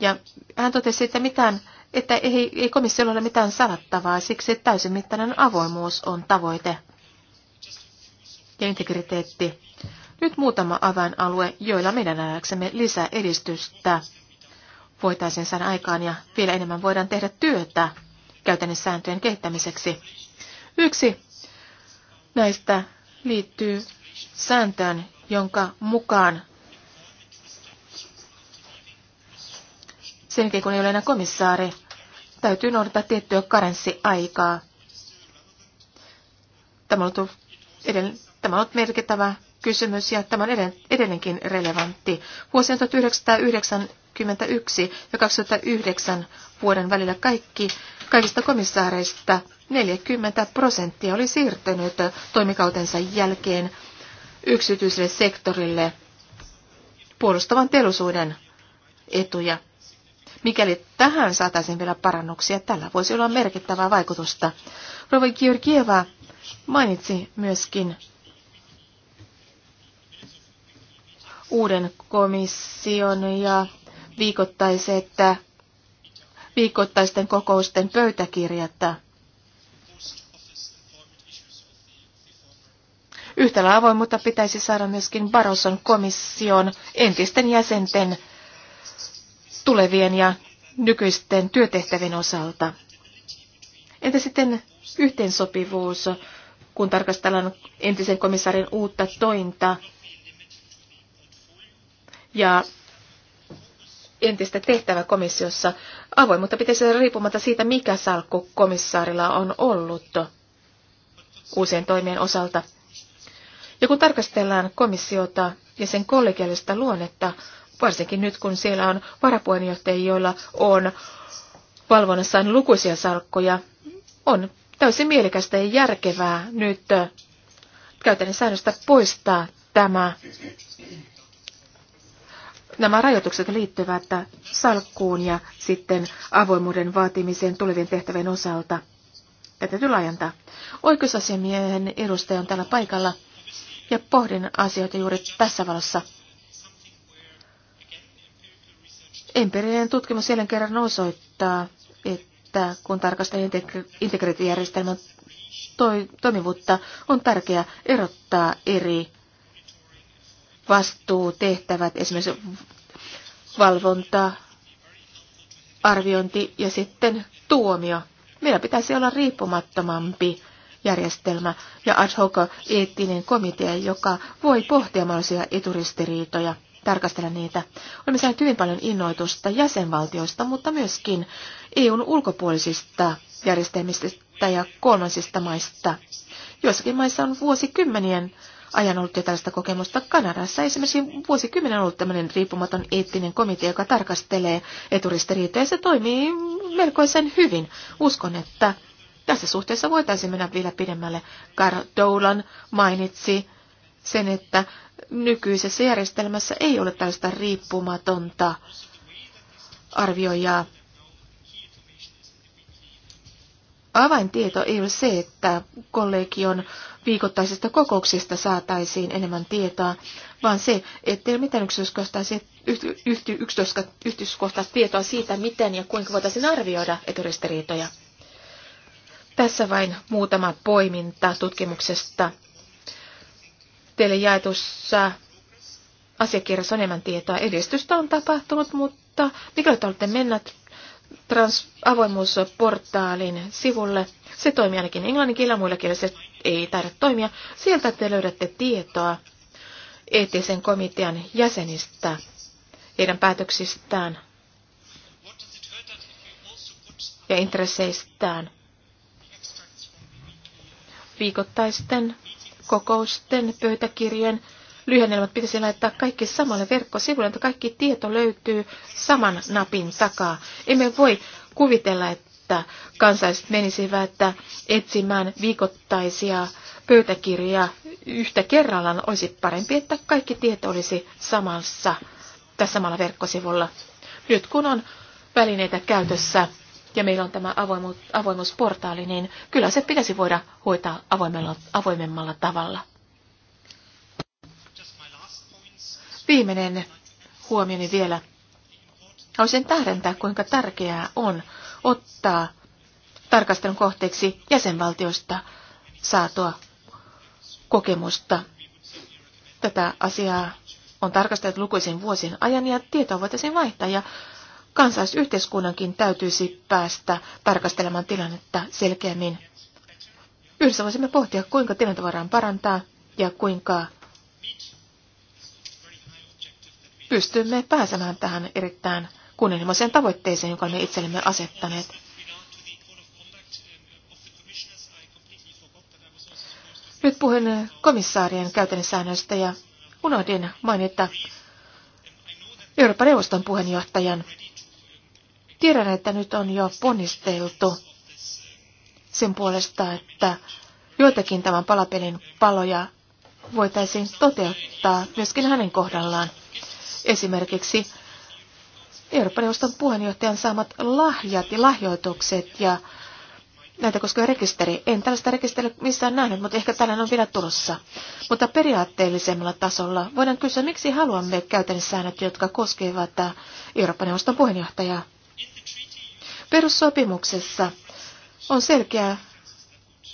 Ja hän totesi, että, mitään, että ei, ei komissiolla ole mitään salattavaa, siksi täysimittainen avoimuus on tavoite ja integriteetti. Nyt muutama avainalue, joilla meidän nähdäksemme lisää edistystä voitaisiin saada aikaan ja vielä enemmän voidaan tehdä työtä käytännön sääntöjen kehittämiseksi. Yksi näistä liittyy sääntöön, jonka mukaan sen kun ei ole enää komissaari, täytyy noudattaa tiettyä karenssiaikaa. Tämä on ollut, edellä, tämä on ollut merkittävä kysymys ja tämä on edelleenkin relevantti. Vuosien 1991 ja 2009 vuoden välillä kaikki, kaikista komissaareista 40 prosenttia oli siirtynyt toimikautensa jälkeen yksityiselle sektorille puolustavan teollisuuden etuja. Mikäli tähän saataisiin vielä parannuksia, tällä voisi olla merkittävää vaikutusta. Rova Georgieva mainitsi myöskin uuden komission ja viikoittaiset, viikoittaisten kokousten pöytäkirjat. Yhtällä avoimuutta pitäisi saada myöskin Barroson komission entisten jäsenten tulevien ja nykyisten työtehtävien osalta. Entä sitten yhteensopivuus, kun tarkastellaan entisen komissaarin uutta tointa ja entistä tehtävä komissiossa avoimuutta pitäisi olla riippumatta siitä, mikä salkku komissaarilla on ollut uusien toimien osalta. Ja kun tarkastellaan komissiota ja sen kollegiaalista luonnetta, varsinkin nyt kun siellä on varapuheenjohtajia, joilla on valvonnassaan lukuisia salkkoja, on täysin mielekästä ja järkevää nyt käytännön säännöstä poistaa tämä nämä rajoitukset liittyvät salkkuun ja sitten avoimuuden vaatimiseen tulevien tehtävien osalta. Tätä täytyy laajentaa. Oikeusasiamiehen edustaja on täällä paikalla ja pohdin asioita juuri tässä valossa. Empiirinen tutkimus jälleen kerran osoittaa, että kun tarkastaa integrointijärjestelmän toimivuutta, on tärkeää erottaa eri vastuutehtävät, esimerkiksi valvonta, arviointi ja sitten tuomio. Meillä pitäisi olla riippumattomampi järjestelmä ja ad hoc eettinen komitea, joka voi pohtia mahdollisia eturistiriitoja, tarkastella niitä. Olemme saaneet hyvin paljon innoitusta jäsenvaltioista, mutta myöskin EUn ulkopuolisista järjestelmistä ja kolmansista maista. Joissakin maissa on vuosikymmenien ajan ollut jo tällaista kokemusta. Kanadassa esimerkiksi vuosikymmenen on ollut tämmöinen riippumaton eettinen komitea, joka tarkastelee eturistiriitoja ja se toimii melkoisen hyvin. Uskon, että tässä suhteessa voitaisiin mennä vielä pidemmälle. Carl Doulan mainitsi sen, että nykyisessä järjestelmässä ei ole tällaista riippumatonta arvioijaa Avaintieto ei ole se, että kollegion viikoittaisesta kokouksesta saataisiin enemmän tietoa, vaan se, että ei ole mitään yksityiskohtaista tietoa siitä, miten ja kuinka voitaisiin arvioida eturistiriitoja. Tässä vain muutama poiminta tutkimuksesta. Teille jaetussa asiakirjassa on enemmän tietoa. Edistystä on tapahtunut, mutta mikä olette mennät trans- avoimuusportaalin sivulle. Se toimii ainakin englannin kielellä, muilla kielillä se ei taida toimia. Sieltä te löydätte tietoa eettisen komitean jäsenistä, heidän päätöksistään ja intresseistään. Viikoittaisten kokousten pöytäkirjojen lyhennelmät pitäisi laittaa kaikki samalle verkkosivulle, että kaikki tieto löytyy saman napin takaa. Emme voi kuvitella, että kansalaiset menisivät etsimään viikoittaisia pöytäkirjaa yhtä kerrallaan. Olisi parempi, että kaikki tieto olisi samassa tai samalla verkkosivulla. Nyt kun on välineitä käytössä ja meillä on tämä avoimuusportaali, niin kyllä se pitäisi voida hoitaa avoimemmalla tavalla. Viimeinen huomioni vielä. Haluaisin tähdentää, kuinka tärkeää on ottaa tarkastelun kohteeksi jäsenvaltioista saatua kokemusta. Tätä asiaa on tarkasteltu lukuisin vuosien ajan ja tietoa voitaisiin vaihtaa ja kansalaisyhteiskunnankin täytyisi päästä tarkastelemaan tilannetta selkeämmin. Yhdessä voisimme pohtia, kuinka tilannetta voidaan parantaa ja kuinka pystymme pääsemään tähän erittäin kunnianhimoiseen tavoitteeseen, jonka me itsellemme asettaneet. Nyt puhun komissaarien käytännössäännöistä ja unohdin mainita Euroopan neuvoston puheenjohtajan. Tiedän, että nyt on jo ponnisteltu sen puolesta, että joitakin tämän palapelin paloja voitaisiin toteuttaa myöskin hänen kohdallaan. Esimerkiksi Euroopan neuvoston puheenjohtajan saamat lahjat ja lahjoitukset ja näitä koskeva rekisteri. En tällaista rekisteriä missään nähnyt, mutta ehkä tällainen on vielä tulossa. Mutta periaatteellisemmalla tasolla voidaan kysyä, miksi haluamme käytännössä säännöt, jotka koskevat Euroopan neuvoston puheenjohtajaa. Perussopimuksessa on selkeä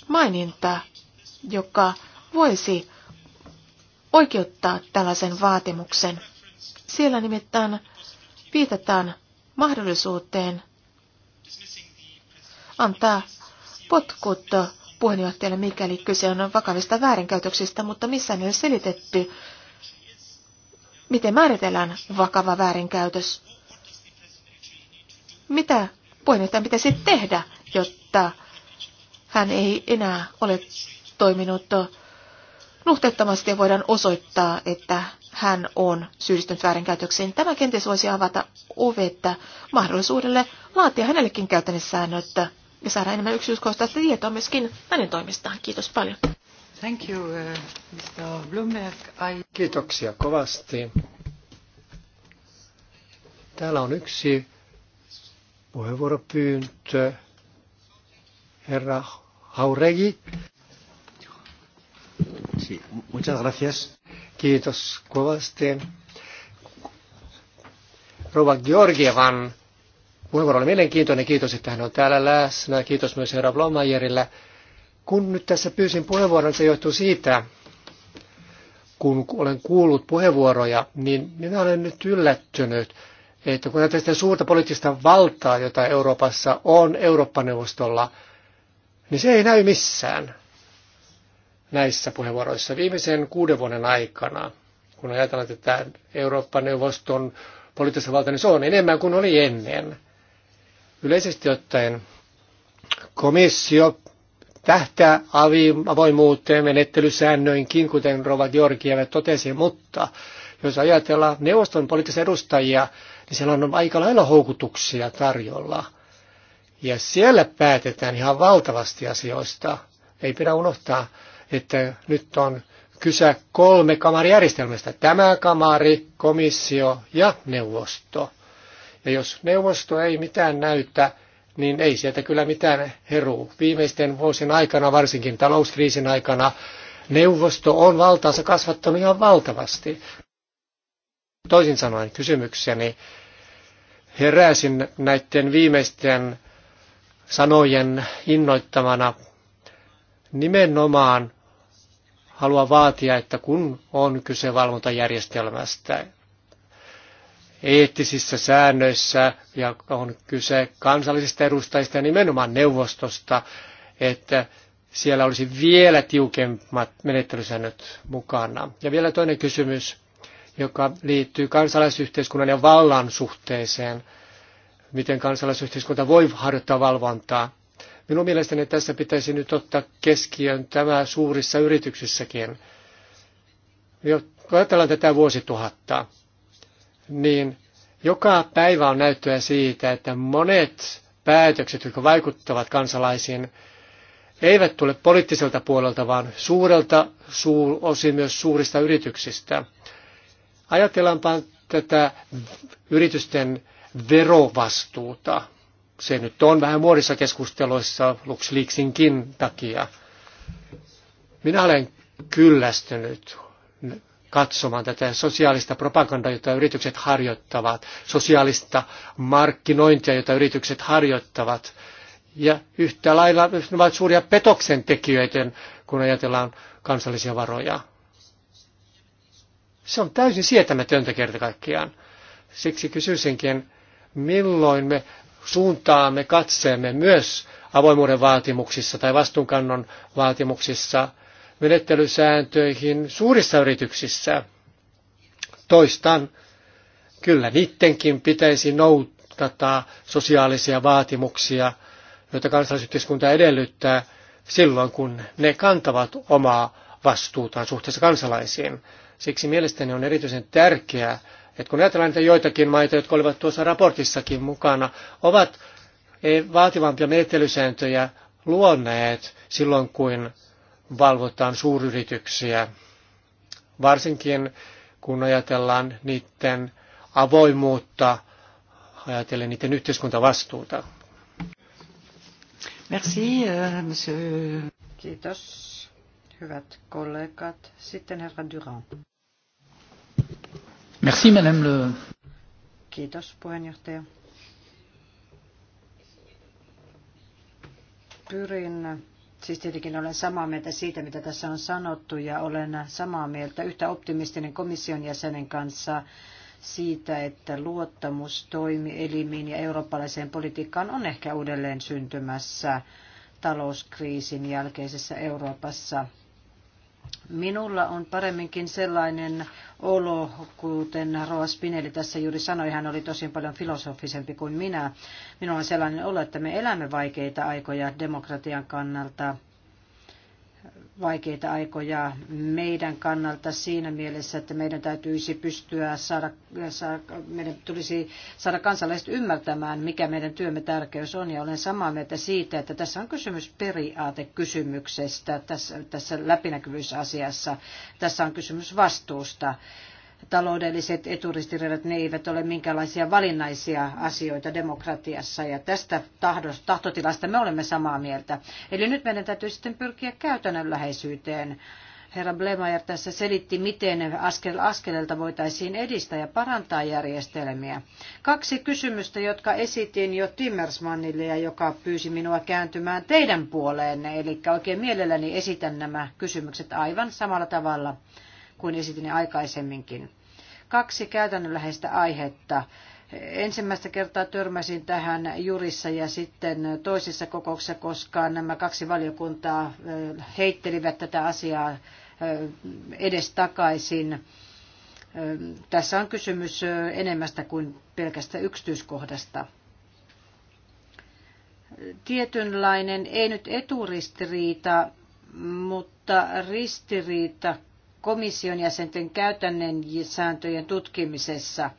maininta, joka voisi oikeuttaa tällaisen vaatimuksen. Siellä nimittäin viitataan mahdollisuuteen antaa potkut puheenjohtajalle, mikäli kyse on vakavista väärinkäytöksistä, mutta missään ei ole selitetty, miten määritellään vakava väärinkäytös. Mitä puheenjohtajan pitäisi tehdä, jotta hän ei enää ole toiminut nuhteettomasti ja voidaan osoittaa, että hän on syyllistynyt väärinkäytöksiin. Tämä kenties voisi avata ovetta mahdollisuudelle laatia hänellekin käytännössäännöt ja saada enemmän yksityiskohtaista tietoa myöskin hänen toimistaan. Kiitos paljon. Thank you, uh, Mr. Blumberg. I... Kiitoksia kovasti. Täällä on yksi puheenvuoropyyntö. Herra Hauregi. Sí, muchas gracias. Kiitos kovasti. Rova Georgievan puheenvuoro oli mielenkiintoinen. Kiitos, että hän on täällä läsnä. Kiitos myös herra Blomajerille. Kun nyt tässä pyysin puheenvuoron, se johtuu siitä, kun olen kuullut puheenvuoroja, niin minä olen nyt yllättynyt, että kun tästä suurta poliittista valtaa, jota Euroopassa on Eurooppa-neuvostolla, niin se ei näy missään näissä puheenvuoroissa viimeisen kuuden vuoden aikana, kun ajatellaan että Eurooppa-neuvoston poliittista valta, niin se on enemmän kuin oli ennen. Yleisesti ottaen komissio tähtää avoimuuteen menettelysäännöinkin, kuten Rova Georgieva totesi, mutta jos ajatellaan neuvoston poliittisia edustajia, niin siellä on aika lailla houkutuksia tarjolla. Ja siellä päätetään ihan valtavasti asioista. Ei pidä unohtaa, että nyt on kyse kolme kamarijärjestelmästä. Tämä kamari, komissio ja neuvosto. Ja jos neuvosto ei mitään näytä, niin ei sieltä kyllä mitään heru. Viimeisten vuosien aikana, varsinkin talouskriisin aikana, neuvosto on valtaansa kasvattanut ihan valtavasti. Toisin sanoen kysymykseni heräsin näiden viimeisten sanojen innoittamana nimenomaan halua vaatia, että kun on kyse valvontajärjestelmästä, eettisissä säännöissä ja on kyse kansallisista edustajista ja nimenomaan neuvostosta, että siellä olisi vielä tiukemmat menettelysäännöt mukana. Ja vielä toinen kysymys, joka liittyy kansalaisyhteiskunnan ja vallan suhteeseen. Miten kansalaisyhteiskunta voi harjoittaa valvontaa? Minun mielestäni tässä pitäisi nyt ottaa keskiön tämä suurissa yrityksissäkin. Kun ajatellaan tätä vuosituhatta, niin joka päivä on näyttöä siitä, että monet päätökset, jotka vaikuttavat kansalaisiin, eivät tule poliittiselta puolelta, vaan suurelta suur, osin myös suurista yrityksistä. Ajatellaanpa tätä yritysten verovastuuta se nyt on vähän muodissa keskusteluissa LuxLeaksinkin takia. Minä olen kyllästynyt katsomaan tätä sosiaalista propagandaa, jota yritykset harjoittavat, sosiaalista markkinointia, jota yritykset harjoittavat. Ja yhtä lailla ne ovat suuria petoksen tekijöitä, kun ajatellaan kansallisia varoja. Se on täysin sietämätöntä kerta kaikkiaan. Siksi kysyisinkin, milloin me suuntaamme katseemme myös avoimuuden vaatimuksissa tai vastuunkannon vaatimuksissa menettelysääntöihin suurissa yrityksissä. Toistan, kyllä niidenkin pitäisi noudattaa sosiaalisia vaatimuksia, joita kansalaisyhteiskunta edellyttää silloin, kun ne kantavat omaa vastuutaan suhteessa kansalaisiin. Siksi mielestäni on erityisen tärkeää, että kun ajatellaan niitä joitakin maita, jotka olivat tuossa raportissakin mukana, ovat eh, vaativampia menettelysääntöjä luonneet silloin, kun valvotaan suuryrityksiä. Varsinkin kun ajatellaan niiden avoimuutta, ajatellen niiden yhteiskuntavastuuta. Merci, euh, monsieur. Kiitos, hyvät kollegat. Sitten herra Durand. Merci, madame le... Kiitos, puheenjohtaja. Pyrin, siis tietenkin olen samaa mieltä siitä, mitä tässä on sanottu, ja olen samaa mieltä yhtä optimistinen komission jäsenen kanssa siitä, että luottamus toimielimiin ja eurooppalaiseen politiikkaan on ehkä uudelleen syntymässä talouskriisin jälkeisessä Euroopassa – Minulla on paremminkin sellainen olo, kuten Roa Spinelli tässä juuri sanoi, hän oli tosin paljon filosofisempi kuin minä. Minulla on sellainen olo, että me elämme vaikeita aikoja demokratian kannalta, vaikeita aikoja meidän kannalta siinä mielessä, että meidän täytyisi pystyä saada, meidän tulisi saada kansalaiset ymmärtämään, mikä meidän työmme tärkeys on. Ja olen samaa mieltä siitä, että tässä on kysymys periaatekysymyksestä tässä, tässä läpinäkyvyysasiassa. Tässä on kysymys vastuusta taloudelliset eturistiriidat, ne eivät ole minkäänlaisia valinnaisia asioita demokratiassa ja tästä tahtotilasta me olemme samaa mieltä. Eli nyt meidän täytyy sitten pyrkiä käytännönläheisyyteen. Herra Blemajer tässä selitti, miten askel askeleelta voitaisiin edistää ja parantaa järjestelmiä. Kaksi kysymystä, jotka esitin jo Timmersmannille ja joka pyysi minua kääntymään teidän puoleenne. Eli oikein mielelläni esitän nämä kysymykset aivan samalla tavalla kuin esitin aikaisemminkin. Kaksi käytännönläheistä aihetta. Ensimmäistä kertaa törmäsin tähän jurissa ja sitten toisessa kokouksessa, koska nämä kaksi valiokuntaa heittelivät tätä asiaa edestakaisin. Tässä on kysymys enemmästä kuin pelkästä yksityiskohdasta tietynlainen, ei nyt eturistiriita, mutta ristiriita komission jäsenten käytännön sääntöjen tutkimisessa.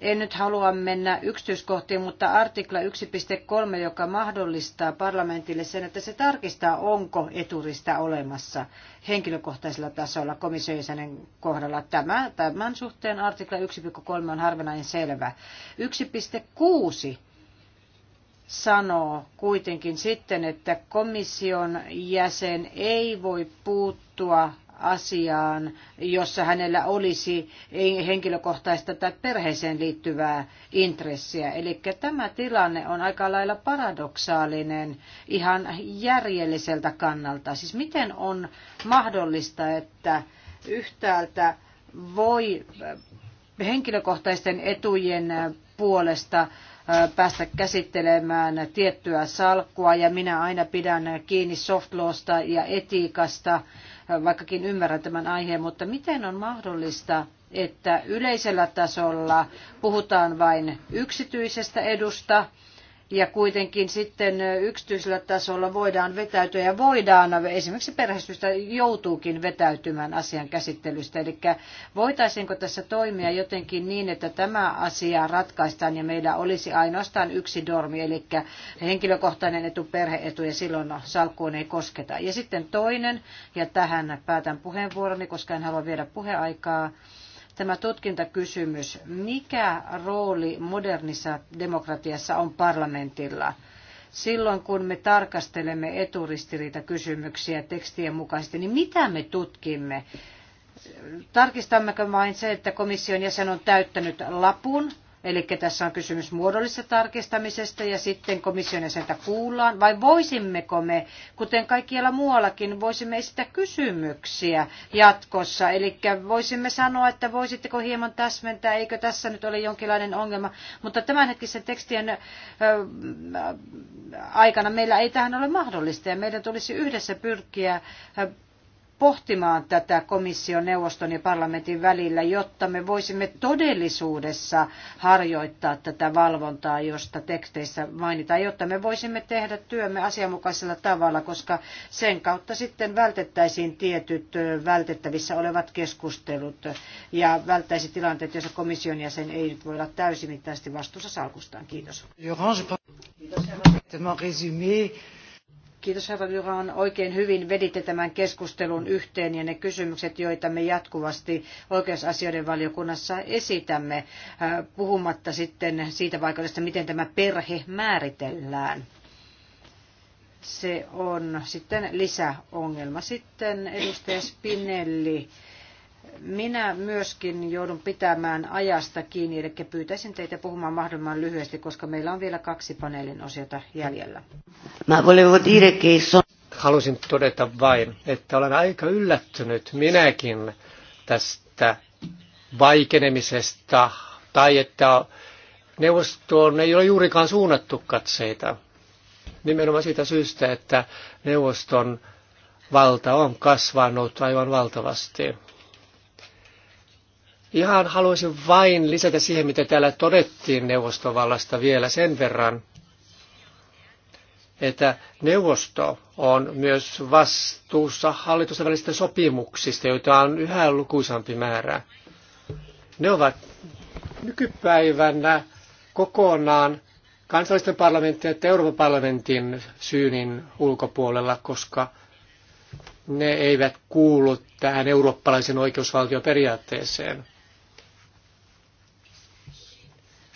En nyt halua mennä yksityiskohtiin, mutta artikla 1.3, joka mahdollistaa parlamentille sen, että se tarkistaa, onko eturista olemassa henkilökohtaisella tasolla komission jäsenen kohdalla. Tämä, tämän suhteen artikla 1.3 on harvinainen selvä. 1.6 sanoo kuitenkin sitten, että komission jäsen ei voi puuttua asiaan, jossa hänellä olisi henkilökohtaista tai perheeseen liittyvää intressiä. Eli tämä tilanne on aika lailla paradoksaalinen ihan järjelliseltä kannalta. Siis miten on mahdollista, että yhtäältä voi henkilökohtaisten etujen puolesta päästä käsittelemään tiettyä salkkua ja minä aina pidän kiinni softlawsta ja etiikasta vaikkakin ymmärrän tämän aiheen, mutta miten on mahdollista, että yleisellä tasolla puhutaan vain yksityisestä edusta, ja kuitenkin sitten yksityisellä tasolla voidaan vetäytyä ja voidaan, esimerkiksi perheistä joutuukin vetäytymään asian käsittelystä. Eli voitaisiinko tässä toimia jotenkin niin, että tämä asia ratkaistaan ja meillä olisi ainoastaan yksi dormi, eli henkilökohtainen etu, perheetu ja silloin salkkuun ei kosketa. Ja sitten toinen, ja tähän päätän puheenvuoroni, koska en halua viedä puheaikaa tämä tutkintakysymys. Mikä rooli modernissa demokratiassa on parlamentilla? Silloin kun me tarkastelemme eturistiriitakysymyksiä tekstien mukaisesti, niin mitä me tutkimme? Tarkistammeko vain se, että komission jäsen on täyttänyt lapun Eli tässä on kysymys muodollisesta tarkistamisesta ja sitten komission jäsentä kuullaan. Vai voisimmeko me, kuten kaikkialla muuallakin, voisimme esittää kysymyksiä jatkossa? Eli voisimme sanoa, että voisitteko hieman täsmentää, eikö tässä nyt ole jonkinlainen ongelma. Mutta tämänhetkisen tekstien aikana meillä ei tähän ole mahdollista ja meidän tulisi yhdessä pyrkiä pohtimaan tätä komission, neuvoston ja parlamentin välillä, jotta me voisimme todellisuudessa harjoittaa tätä valvontaa, josta teksteissä mainitaan, jotta me voisimme tehdä työmme asianmukaisella tavalla, koska sen kautta sitten vältettäisiin tietyt vältettävissä olevat keskustelut ja välttäisi tilanteet, joissa komission jäsen ei voi olla täysimittaisesti vastuussa salkustaan. Kiitos. Kiitos. Kiitos Hava Duran. Oikein hyvin veditte tämän keskustelun yhteen ja ne kysymykset, joita me jatkuvasti oikeusasioiden valiokunnassa esitämme, äh, puhumatta sitten siitä vaikutusta, miten tämä perhe määritellään. Se on sitten lisäongelma. Sitten edustaja Spinelli minä myöskin joudun pitämään ajasta kiinni, eli pyytäisin teitä puhumaan mahdollisimman lyhyesti, koska meillä on vielä kaksi paneelin osiota jäljellä. Halusin todeta vain, että olen aika yllättynyt minäkin tästä vaikenemisesta, tai että neuvostoon ei ole juurikaan suunnattu katseita. Nimenomaan siitä syystä, että neuvoston valta on kasvanut aivan valtavasti. Ihan haluaisin vain lisätä siihen, mitä täällä todettiin neuvostovallasta vielä sen verran, että neuvosto on myös vastuussa hallitusten välisistä sopimuksista, joita on yhä lukuisampi määrä. Ne ovat nykypäivänä kokonaan kansallisten parlamenttien ja Euroopan parlamentin syynin ulkopuolella, koska ne eivät kuulu tähän eurooppalaisen oikeusvaltioperiaatteeseen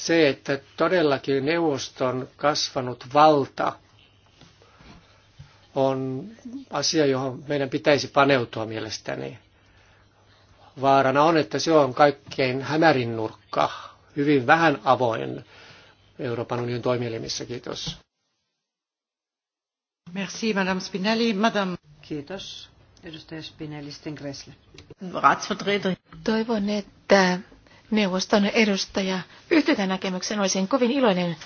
se, että todellakin neuvoston kasvanut valta on asia, johon meidän pitäisi paneutua mielestäni. Vaarana on, että se on kaikkein hämärin nurkka, hyvin vähän avoin Euroopan unionin toimielimissä. Kiitos. Merci, Madame Spinelli. Madame. Kiitos, edustaja Spinelli Stengressle. Toivon, että neuvoston edustaja yhtyy tämän näkemykseen. Olisin kovin iloinen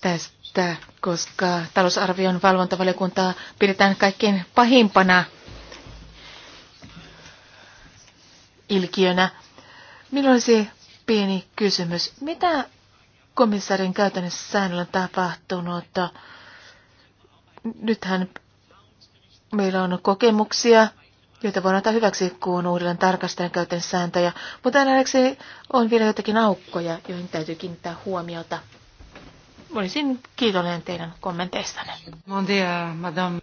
tästä, koska talousarvion valvontavaliokuntaa pidetään kaikkein pahimpana ilkiönä. Minulla olisi pieni kysymys. Mitä komissaarin käytännössä säännöllä tapahtunut? Nythän meillä on kokemuksia joita voidaan ottaa hyväksi, kun uudelleen tarkastajan käytön sääntöjä, mutta nähdäkseni on vielä jotakin aukkoja, joihin täytyy kiinnittää huomiota. Olisin kiitollinen teidän kommenteistanne. Bon dia, madame.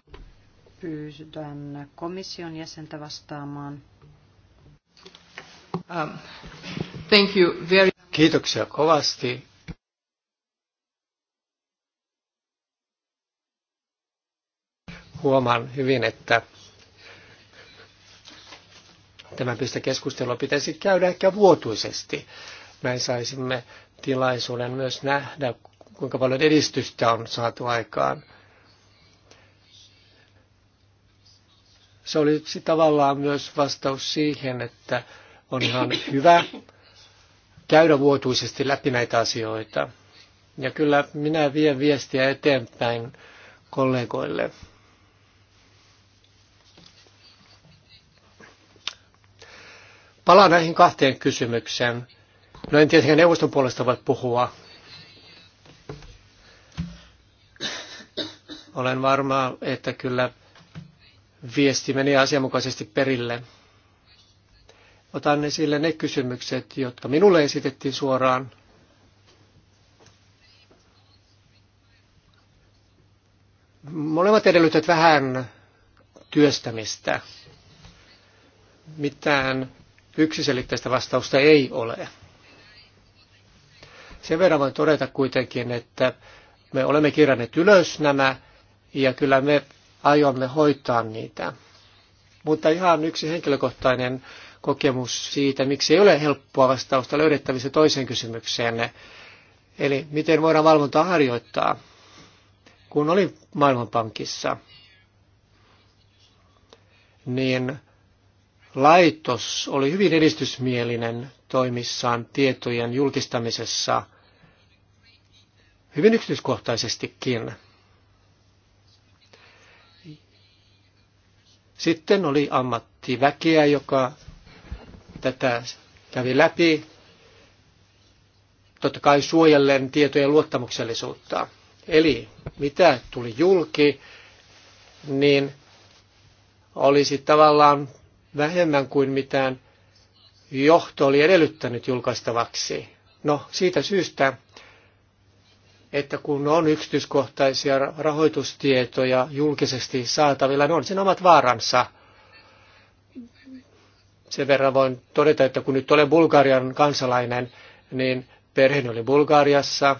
Pyydän komission jäsentä vastaamaan. Um, thank you very... Kiitoksia kovasti. Huomaan hyvin, että Tämän pistä keskustelua pitäisi käydä ehkä vuotuisesti. Näin saisimme tilaisuuden myös nähdä, kuinka paljon edistystä on saatu aikaan. Se oli tavallaan myös vastaus siihen, että on ihan hyvä käydä vuotuisesti läpi näitä asioita. Ja kyllä minä vien viestiä eteenpäin kollegoille. Palaan näihin kahteen kysymykseen. No en tietenkään neuvoston puolesta voi puhua. Olen varma, että kyllä viesti meni asianmukaisesti perille. Otan esille ne kysymykset, jotka minulle esitettiin suoraan. Molemmat edellyttävät vähän työstämistä. Mitään Yksiselitteistä vastausta ei ole. Sen verran voin todeta kuitenkin, että me olemme kirjanneet ylös nämä ja kyllä me aiomme hoitaa niitä. Mutta ihan yksi henkilökohtainen kokemus siitä, miksi ei ole helppoa vastausta löydettävissä toiseen kysymykseen. Eli miten voidaan valvontaa harjoittaa? Kun olin Maailmanpankissa, niin laitos oli hyvin edistysmielinen toimissaan tietojen julkistamisessa hyvin yksityiskohtaisestikin. Sitten oli ammattiväkeä, joka tätä kävi läpi, totta kai suojellen tietojen luottamuksellisuutta. Eli mitä tuli julki, niin olisi tavallaan vähemmän kuin mitään johto oli edellyttänyt julkaistavaksi. No siitä syystä, että kun on yksityiskohtaisia rahoitustietoja julkisesti saatavilla, niin on sen omat vaaransa. Sen verran voin todeta, että kun nyt olen Bulgarian kansalainen, niin perheeni oli Bulgariassa.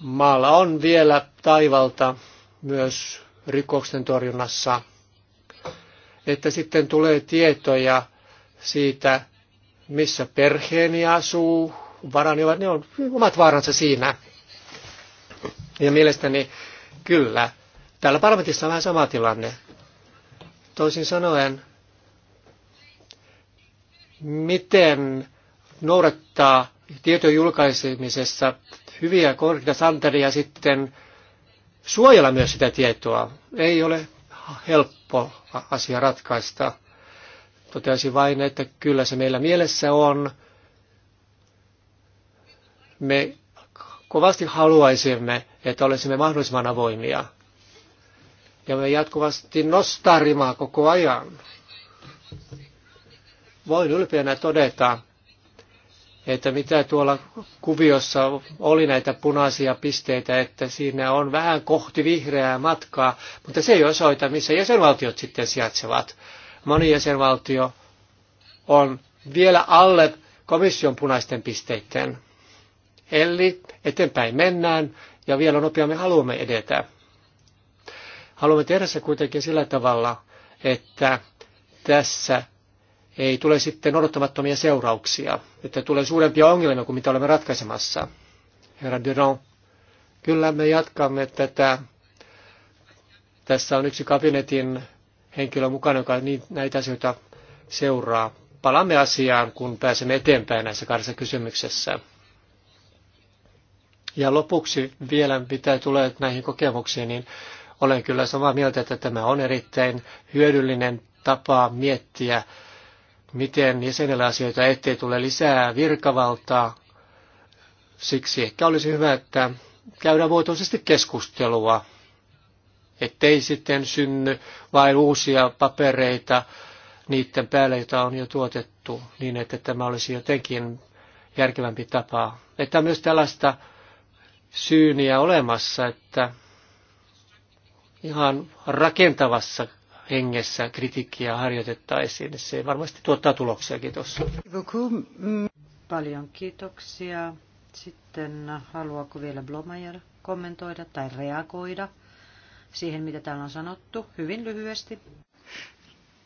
Maalla on vielä taivalta myös rikoksen torjunnassa että sitten tulee tietoja siitä, missä perheeni asuu, varani ovat, ne on omat vaaransa siinä. Ja mielestäni kyllä, täällä parlamentissa on vähän sama tilanne. Toisin sanoen, miten noudattaa tietojen julkaisemisessa hyviä korkeita standardeja sitten suojella myös sitä tietoa. Ei ole helppo asia ratkaista. Toteaisin vain, että kyllä se meillä mielessä on. Me kovasti haluaisimme, että olisimme mahdollisimman avoimia. Ja me jatkuvasti nostaa rimaa koko ajan. Voin ylpeänä todeta, että mitä tuolla kuviossa oli näitä punaisia pisteitä, että siinä on vähän kohti vihreää matkaa, mutta se ei osoita, missä jäsenvaltiot sitten sijaitsevat. Moni jäsenvaltio on vielä alle komission punaisten pisteiden. Eli eteenpäin mennään ja vielä nopeammin haluamme edetä. Haluamme tehdä se kuitenkin sillä tavalla, että tässä ei tule sitten odottamattomia seurauksia, että tulee suurempia ongelmia kuin mitä olemme ratkaisemassa. Herra Durand, kyllä me jatkamme tätä. Tässä on yksi kabinetin henkilö mukana, joka näitä asioita seuraa. Palaamme asiaan, kun pääsemme eteenpäin näissä kahdessa kysymyksessä. Ja lopuksi vielä pitää tulla näihin kokemuksiin, niin olen kyllä samaa mieltä, että tämä on erittäin hyödyllinen tapa miettiä miten jäsenellä asioita, ettei tule lisää virkavaltaa. Siksi ehkä olisi hyvä, että käydään voitoisesti keskustelua, ettei sitten synny vain uusia papereita niiden päälle, joita on jo tuotettu, niin että tämä olisi jotenkin järkevämpi tapa. Että myös tällaista syyniä olemassa, että ihan rakentavassa hengessä kritiikkiä harjoitettaisiin. Se varmasti tuottaa tuloksia. Kiitos. Paljon kiitoksia. Sitten haluaako vielä Blomajer kommentoida tai reagoida siihen, mitä täällä on sanottu, hyvin lyhyesti?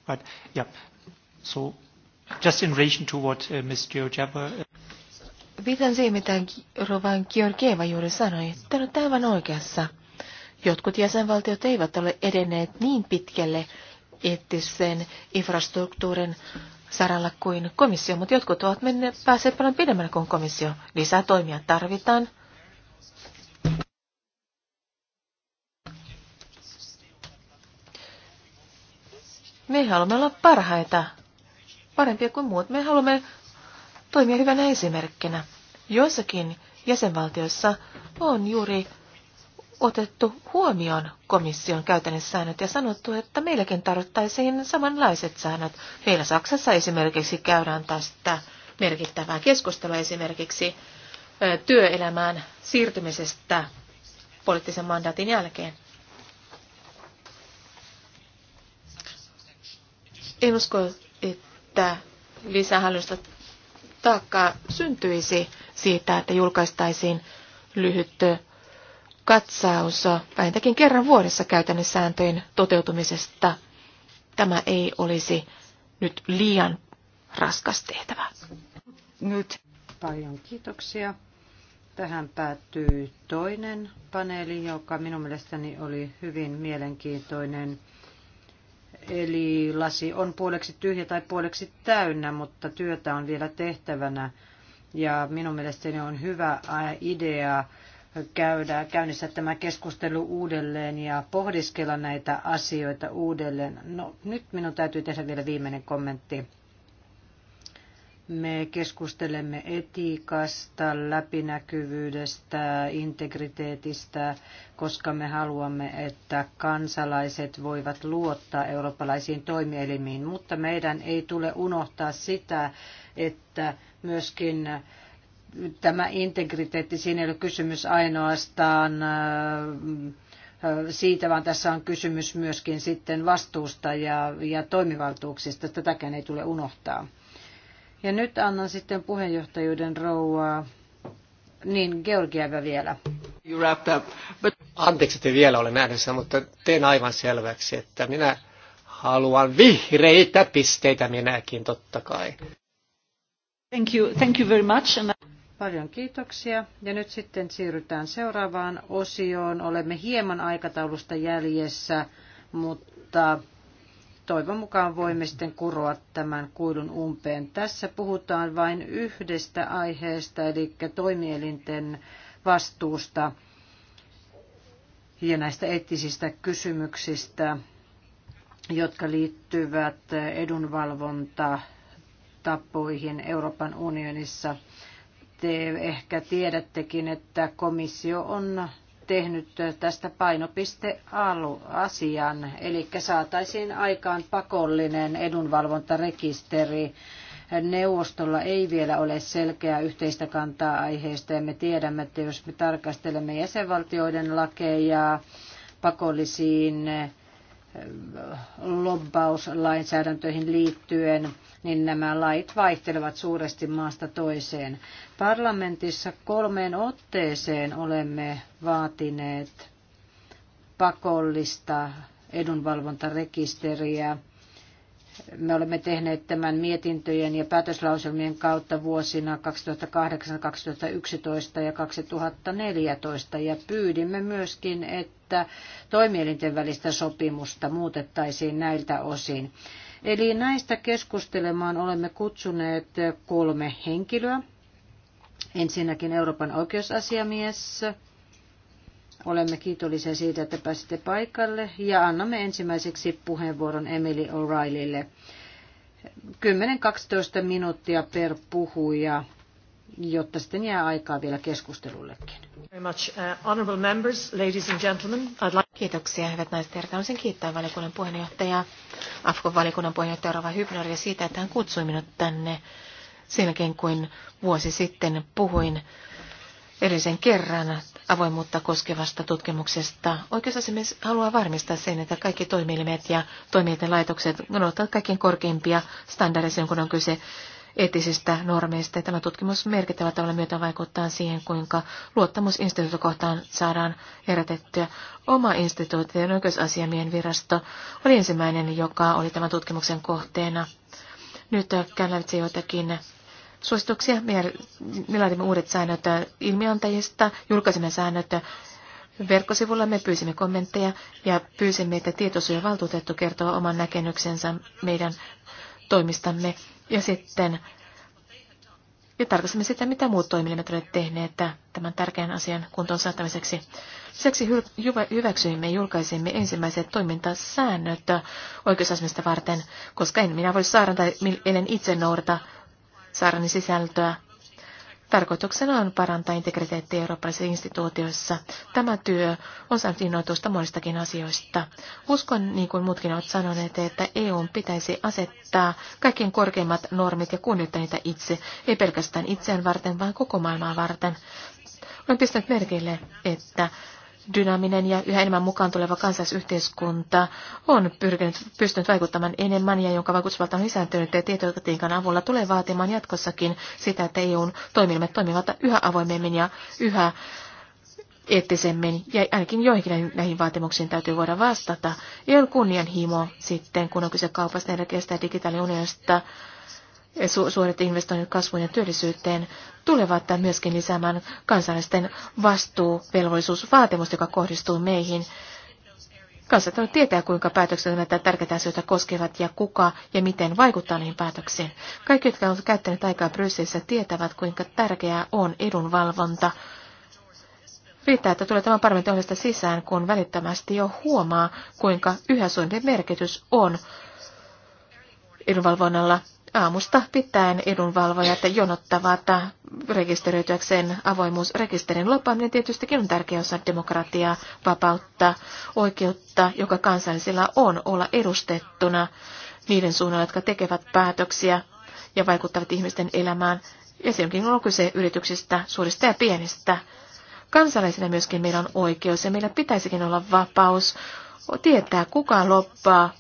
Right. Yeah. So, just in relation to what uh, Ms. Georgieva... Uh, Viitan siihen, mitä Rovan Georgieva juuri sanoi. Tämä on aivan oikeassa. Jotkut jäsenvaltiot eivät ole edenneet niin pitkälle eettisen infrastruktuurin saralla kuin komissio, mutta jotkut ovat menneet, päässeet paljon pidemmälle kuin komissio. Lisää toimia tarvitaan. Me haluamme olla parhaita, parempia kuin muut. Me haluamme toimia hyvänä esimerkkinä. Joissakin jäsenvaltioissa on juuri otettu huomioon komission käytännössä säännöt ja sanottu, että meilläkin tarvittaisiin samanlaiset säännöt. Meillä Saksassa esimerkiksi käydään tästä merkittävää keskustelua esimerkiksi työelämään siirtymisestä poliittisen mandaatin jälkeen. En usko, että lisähälystä taakkaa syntyisi siitä, että julkaistaisiin lyhyt katsaus vähintäänkin kerran vuodessa käytännön sääntöjen toteutumisesta. Tämä ei olisi nyt liian raskas tehtävä. Nyt paljon kiitoksia. Tähän päättyy toinen paneeli, joka minun mielestäni oli hyvin mielenkiintoinen. Eli lasi on puoleksi tyhjä tai puoleksi täynnä, mutta työtä on vielä tehtävänä. Ja minun mielestäni on hyvä idea käydä, käynnissä tämä keskustelu uudelleen ja pohdiskella näitä asioita uudelleen. No, nyt minun täytyy tehdä vielä viimeinen kommentti. Me keskustelemme etiikasta, läpinäkyvyydestä, integriteetistä, koska me haluamme, että kansalaiset voivat luottaa eurooppalaisiin toimielimiin, mutta meidän ei tule unohtaa sitä, että myöskin tämä integriteetti, siinä ei ole kysymys ainoastaan äh, äh, siitä, vaan tässä on kysymys myöskin sitten vastuusta ja, ja toimivaltuuksista. Tätäkään ei tule unohtaa. Ja nyt annan sitten puheenjohtajuuden rouvaa. Niin, Georgieva vielä. You up. But... Anteeksi, että vielä olen äänessä, mutta teen aivan selväksi, että minä haluan vihreitä pisteitä minäkin, totta kai. Thank you, thank you very much. Paljon kiitoksia. Ja nyt sitten siirrytään seuraavaan osioon. Olemme hieman aikataulusta jäljessä, mutta toivon mukaan voimme sitten kuroa tämän kuilun umpeen. Tässä puhutaan vain yhdestä aiheesta, eli toimielinten vastuusta ja näistä eettisistä kysymyksistä, jotka liittyvät edunvalvonta Euroopan unionissa – te ehkä tiedättekin, että komissio on tehnyt tästä painopisteasian, eli saataisiin aikaan pakollinen edunvalvontarekisteri. Neuvostolla ei vielä ole selkeää yhteistä kantaa aiheesta ja me tiedämme, että jos me tarkastelemme jäsenvaltioiden lakeja pakollisiin lobbauslainsäädäntöihin liittyen, niin nämä lait vaihtelevat suuresti maasta toiseen. Parlamentissa kolmeen otteeseen olemme vaatineet pakollista edunvalvontarekisteriä me olemme tehneet tämän mietintöjen ja päätöslauselmien kautta vuosina 2008, 2011 ja 2014 ja pyydimme myöskin, että toimielinten välistä sopimusta muutettaisiin näiltä osin. Eli näistä keskustelemaan olemme kutsuneet kolme henkilöä. Ensinnäkin Euroopan oikeusasiamies, Olemme kiitollisia siitä, että pääsitte paikalle ja annamme ensimmäiseksi puheenvuoron Emily O'Reillylle. 10-12 minuuttia per puhuja, jotta sitten jää aikaa vielä keskustelullekin. Uh, Kiitoksia, hyvät naiset ja herrat. Haluaisin kiittää valiokunnan puheenjohtajaa, Afkon valiokunnan puheenjohtaja Rova Hybneria siitä, että hän kutsui minut tänne sen jälkeen, kuin vuosi sitten puhuin edellisen kerran avoimuutta koskevasta tutkimuksesta. Oikeusasiamies haluaa varmistaa sen, että kaikki toimielimet ja toimijoiden laitokset noudattavat kaikkien korkeimpia standardeja, kun on kyse eettisistä normeista. Tämä tutkimus merkittävä tavalla myötä vaikuttaa siihen, kuinka luottamus instituutiokohtaan saadaan herätettyä. Oma instituution oikeusasiamien virasto oli ensimmäinen, joka oli tämän tutkimuksen kohteena. Nyt käyn joitakin suosituksia. Me, laadimme uudet säännöt ilmiantajista, julkaisimme säännöt Verkkosivulla me pyysimme kommentteja ja pyysimme, että tietosuojavaltuutettu kertoo oman näkemyksensä meidän toimistamme ja sitten ja tarkastamme sitä, mitä muut toimilimet olivat tehneet tämän tärkeän asian kuntoon saattamiseksi. Lisäksi hyväksyimme ja julkaisimme ensimmäiset toimintasäännöt oikeusasemista varten, koska en minä voi saada tai en itse noudata saarani sisältöä. Tarkoituksena on parantaa integriteettiä eurooppalaisissa instituutioissa. Tämä työ on saanut innoitusta monistakin asioista. Uskon, niin kuin muutkin ovat sanoneet, että EU pitäisi asettaa kaikkien korkeimmat normit ja kunnioittaa niitä itse, ei pelkästään itseään varten, vaan koko maailmaa varten. Olen pistänyt merkille, että dynaaminen ja yhä enemmän mukaan tuleva kansalaisyhteiskunta on pyrkinyt, pystynyt vaikuttamaan enemmän ja jonka vaikutusvalta on lisääntynyt ja tietotekniikan avulla tulee vaatimaan jatkossakin sitä, että EUn toimielimet toimivat yhä avoimemmin ja yhä eettisemmin ja ainakin joihinkin näihin vaatimuksiin täytyy voida vastata. EUn kunnianhimo sitten, kun on kyse kaupasta, energiasta ja digitaaliunionista, su- suuret investoinnit kasvuun ja työllisyyteen tulevat myöskin lisäämään kansalaisten vastuuvelvollisuusvaatimusta, joka kohdistuu meihin. Kansalaiset tietää, kuinka päätökset näitä tärkeitä asioita koskevat ja kuka ja miten vaikuttaa niihin päätöksiin. Kaikki, jotka ovat käyttäneet aikaa Brysselissä, tietävät, kuinka tärkeää on edunvalvonta. Riittää, että tulee tämän parlamentin ohjelmasta sisään, kun välittömästi jo huomaa, kuinka yhä suurempi merkitys on edunvalvonnalla aamusta pitäen edunvalvojat jonottavat rekisteröityäkseen avoimuusrekisterin lopaminen niin tietystikin on tärkeä osa demokratiaa, vapautta, oikeutta, joka kansallisilla on olla edustettuna niiden suunnalla, jotka tekevät päätöksiä ja vaikuttavat ihmisten elämään. Ja silloinkin on kyse yrityksistä, suurista ja pienistä. Kansalaisina myöskin meillä on oikeus ja meillä pitäisikin olla vapaus tietää, kuka loppaa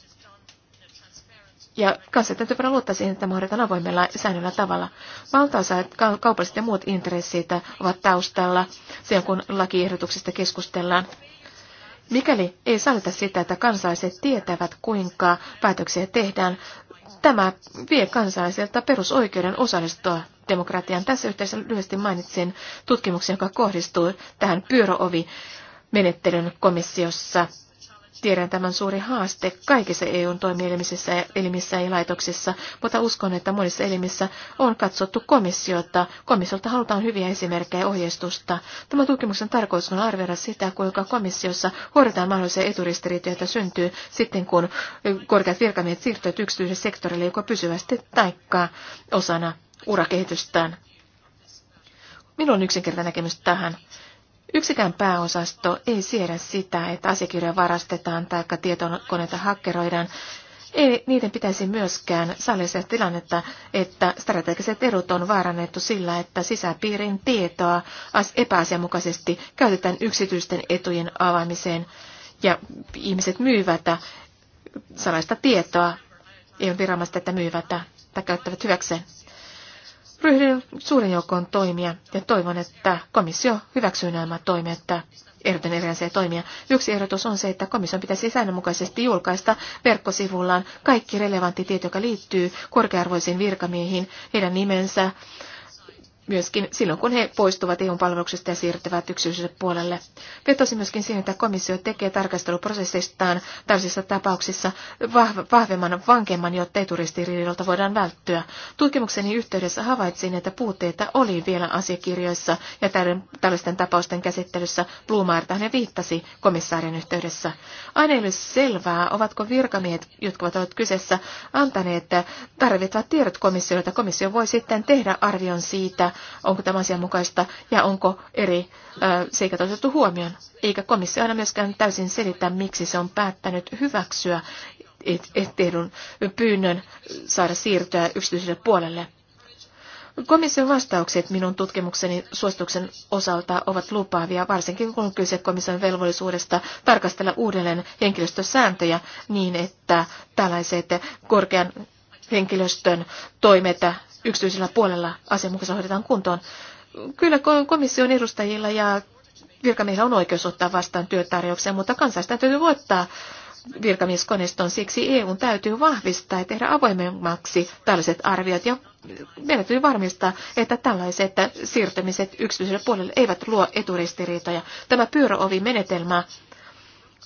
ja kanssa täytyy voida luottaa siihen, että mahdotaan avoimella säännöllä tavalla. Valtaosa kaupalliset ja muut intressit ovat taustalla silloin, kun lakiehdotuksesta keskustellaan. Mikäli ei sallita sitä, että kansalaiset tietävät, kuinka päätöksiä tehdään, tämä vie kansalaisilta perusoikeuden osallistua demokratian Tässä yhteydessä lyhyesti mainitsin tutkimuksen, joka kohdistuu tähän pyöröovi menettelyn komissiossa Tiedän tämän suuri haaste kaikissa EUn toimielimissä elimissä ja laitoksissa, mutta uskon, että monissa elimissä on katsottu komissiota. Komissiolta halutaan hyviä esimerkkejä ja ohjeistusta. Tämä tutkimuksen tarkoitus on arvioida sitä, kuinka komissiossa hoidetaan mahdollisia eturistiriitoja, joita syntyy sitten, kun korkeat virkamiehet siirtyvät yksityiselle sektorille joko pysyvästi taikka osana urakehitystään. Minulla on yksinkertainen näkemys tähän. Yksikään pääosasto ei siedä sitä, että asiakirjoja varastetaan tai tietokoneita hakkeroidaan. Ei niiden pitäisi myöskään sallia sitä tilannetta, että strategiset edut on vaarannettu sillä, että sisäpiirin tietoa epäasianmukaisesti käytetään yksityisten etujen avaamiseen ja ihmiset myyvät salaista tietoa, ei ole viranomaista, että myyvät tai käyttävät hyväkseen ryhdyn suuren joukkoon toimia ja toivon, että komissio hyväksyy nämä toimet, ehdotan erilaisia toimia. Yksi ehdotus on se, että komission pitäisi säännönmukaisesti julkaista verkkosivullaan kaikki relevantti tieto, joka liittyy korkearvoisiin virkamiehiin, heidän nimensä, myöskin silloin, kun he poistuvat EU:n palveluksesta ja siirtyvät yksityiselle puolelle. Vetosi myöskin siihen, että komissio tekee tarkasteluprosessistaan tällaisissa tapauksissa vahvemman, vankemman, jotta turistiriidolta voidaan välttyä. Tutkimukseni yhteydessä havaitsin, että puutteita oli vielä asiakirjoissa ja tällaisten tapausten käsittelyssä Blumaer tähän viittasi komissaarin yhteydessä. Aina ei ole selvää, ovatko virkamiehet, jotka ovat olleet kyseessä, antaneet tarvittavat tiedot komissiolle, että komissio voi sitten tehdä arvion siitä, onko tämä asian mukaista ja onko eri seikat otettu huomioon. Eikä komissio aina myöskään täysin selitä, miksi se on päättänyt hyväksyä tehdyn pyynnön saada siirtyä yksityiselle puolelle. Komission vastaukset minun tutkimukseni suosituksen osalta ovat lupaavia, varsinkin kun on kyse komission velvollisuudesta tarkastella uudelleen henkilöstösääntöjä niin, että tällaiset korkean henkilöstön toimet yksityisellä puolella asianmukaisesti hoidetaan kuntoon. Kyllä komission edustajilla ja virkamiehillä on oikeus ottaa vastaan työtarjouksia, mutta kansalaisten täytyy voittaa virkamieskoneiston. Siksi EU täytyy vahvistaa ja tehdä avoimemmaksi tällaiset arviot ja meidän täytyy varmistaa, että tällaiset siirtymiset yksityiselle puolelle eivät luo eturistiriitoja. Tämä pyöröovi-menetelmä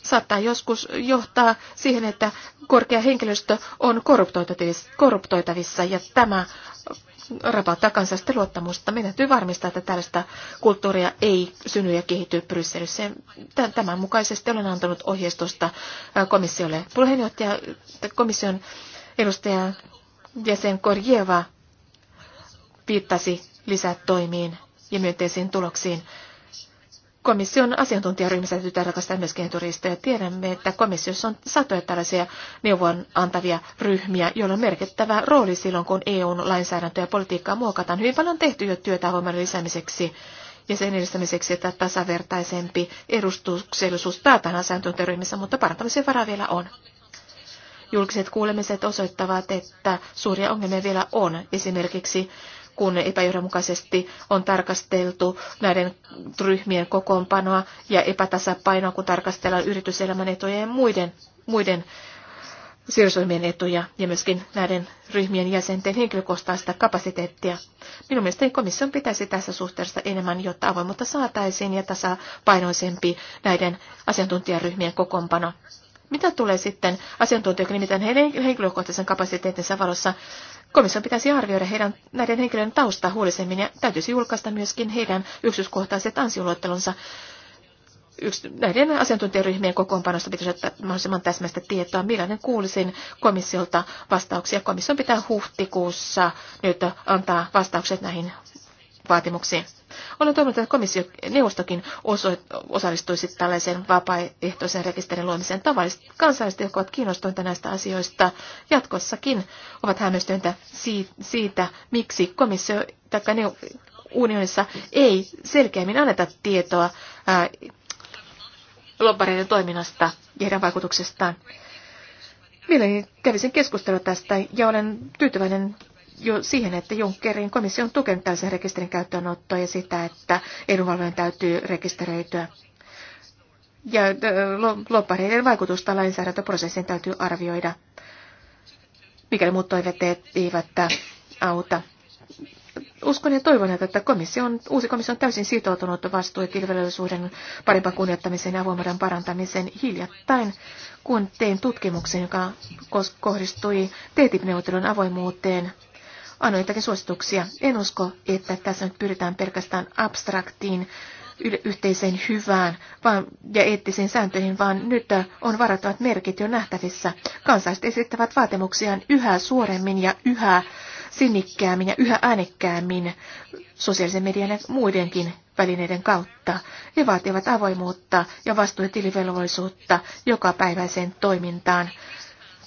saattaa joskus johtaa siihen, että korkea henkilöstö on korruptoitavissa ja tämä rapauttaa kansallista luottamusta. Meidän täytyy varmistaa, että tällaista kulttuuria ei synny ja kehity Brysselissä. Tämän mukaisesti olen antanut ohjeistusta komissiolle. Puheenjohtaja, komission edustaja jäsen Korjeva viittasi lisätoimiin ja myönteisiin tuloksiin. Komission asiantuntijaryhmässä täytyy tarkastaa myös turisteja. Tiedämme, että komissiossa on satoja tällaisia neuvon antavia ryhmiä, joilla on merkittävä rooli silloin, kun EUn lainsäädäntöä ja politiikkaa muokataan. Hyvin paljon on tehty jo työtä avoimen lisäämiseksi ja sen edistämiseksi, että tasavertaisempi edustuksellisuus päätään asiantuntijaryhmissä, mutta parantamisen varaa vielä on. Julkiset kuulemiset osoittavat, että suuria ongelmia vielä on. Esimerkiksi kun epäjohdonmukaisesti on tarkasteltu näiden ryhmien kokoonpanoa ja epätasapainoa, kun tarkastellaan yrityselämän etuja ja muiden, muiden sirsoimien etuja ja myöskin näiden ryhmien jäsenten henkilökohtaista kapasiteettia. Minun mielestäni komission pitäisi tässä suhteessa enemmän, jotta avoimuutta saataisiin ja tasapainoisempi näiden asiantuntijaryhmien kokoonpano. Mitä tulee sitten asiantuntijoiden, nimittäin niin heidän henkilökohtaisen kapasiteettinsa valossa Komission pitäisi arvioida heidän, näiden henkilöiden taustaa huolisemmin ja täytyisi julkaista myöskin heidän yksityiskohtaiset ansioluettelonsa. Yksi, näiden asiantuntijaryhmien kokoonpanosta pitäisi ottaa mahdollisimman täsmäistä tietoa. Millainen kuulisin komissiolta vastauksia? Komission pitää huhtikuussa nyt antaa vastaukset näihin vaatimuksiin. Olen toivonut, että komissio, neuvostokin osallistuisi tällaiseen vapaaehtoisen rekisterin luomiseen. Tavalliset kansalaiset, jotka ovat kiinnostuneita näistä asioista jatkossakin, ovat hämmästyneitä siitä, miksi komissio tai unionissa ei selkeämmin anneta tietoa lobbareiden toiminnasta ja heidän vaikutuksestaan. Mielelläni kävisin keskustelua tästä ja olen tyytyväinen jo siihen, että Junckerin komissio on tukenut tällaisen rekisterin käyttöönottoa ja sitä, että edunvalvojen täytyy rekisteröityä. Ja lobbareiden vaikutusta lainsäädäntöprosessin täytyy arvioida, mikäli muut toiveet eivät auta. Uskon ja toivon, että komissio on uusi komissio on täysin sitoutunut vastuu- ja parempaan kunnioittamiseen ja avoimuuden parantamiseen hiljattain, kun tein tutkimuksen, joka kohdistui TTIP-neuvottelun avoimuuteen annoin jotakin suosituksia. En usko, että tässä nyt pyritään pelkästään abstraktiin yhteiseen hyvään vaan, ja eettisiin sääntöihin, vaan nyt äh, on varattavat merkit jo nähtävissä. Kansalaiset esittävät vaatimuksiaan yhä suoremmin ja yhä sinnikkäämmin ja yhä äänekkäämmin sosiaalisen median ja muidenkin välineiden kautta. He vaativat avoimuutta ja vastuutilivelvollisuutta päiväiseen toimintaan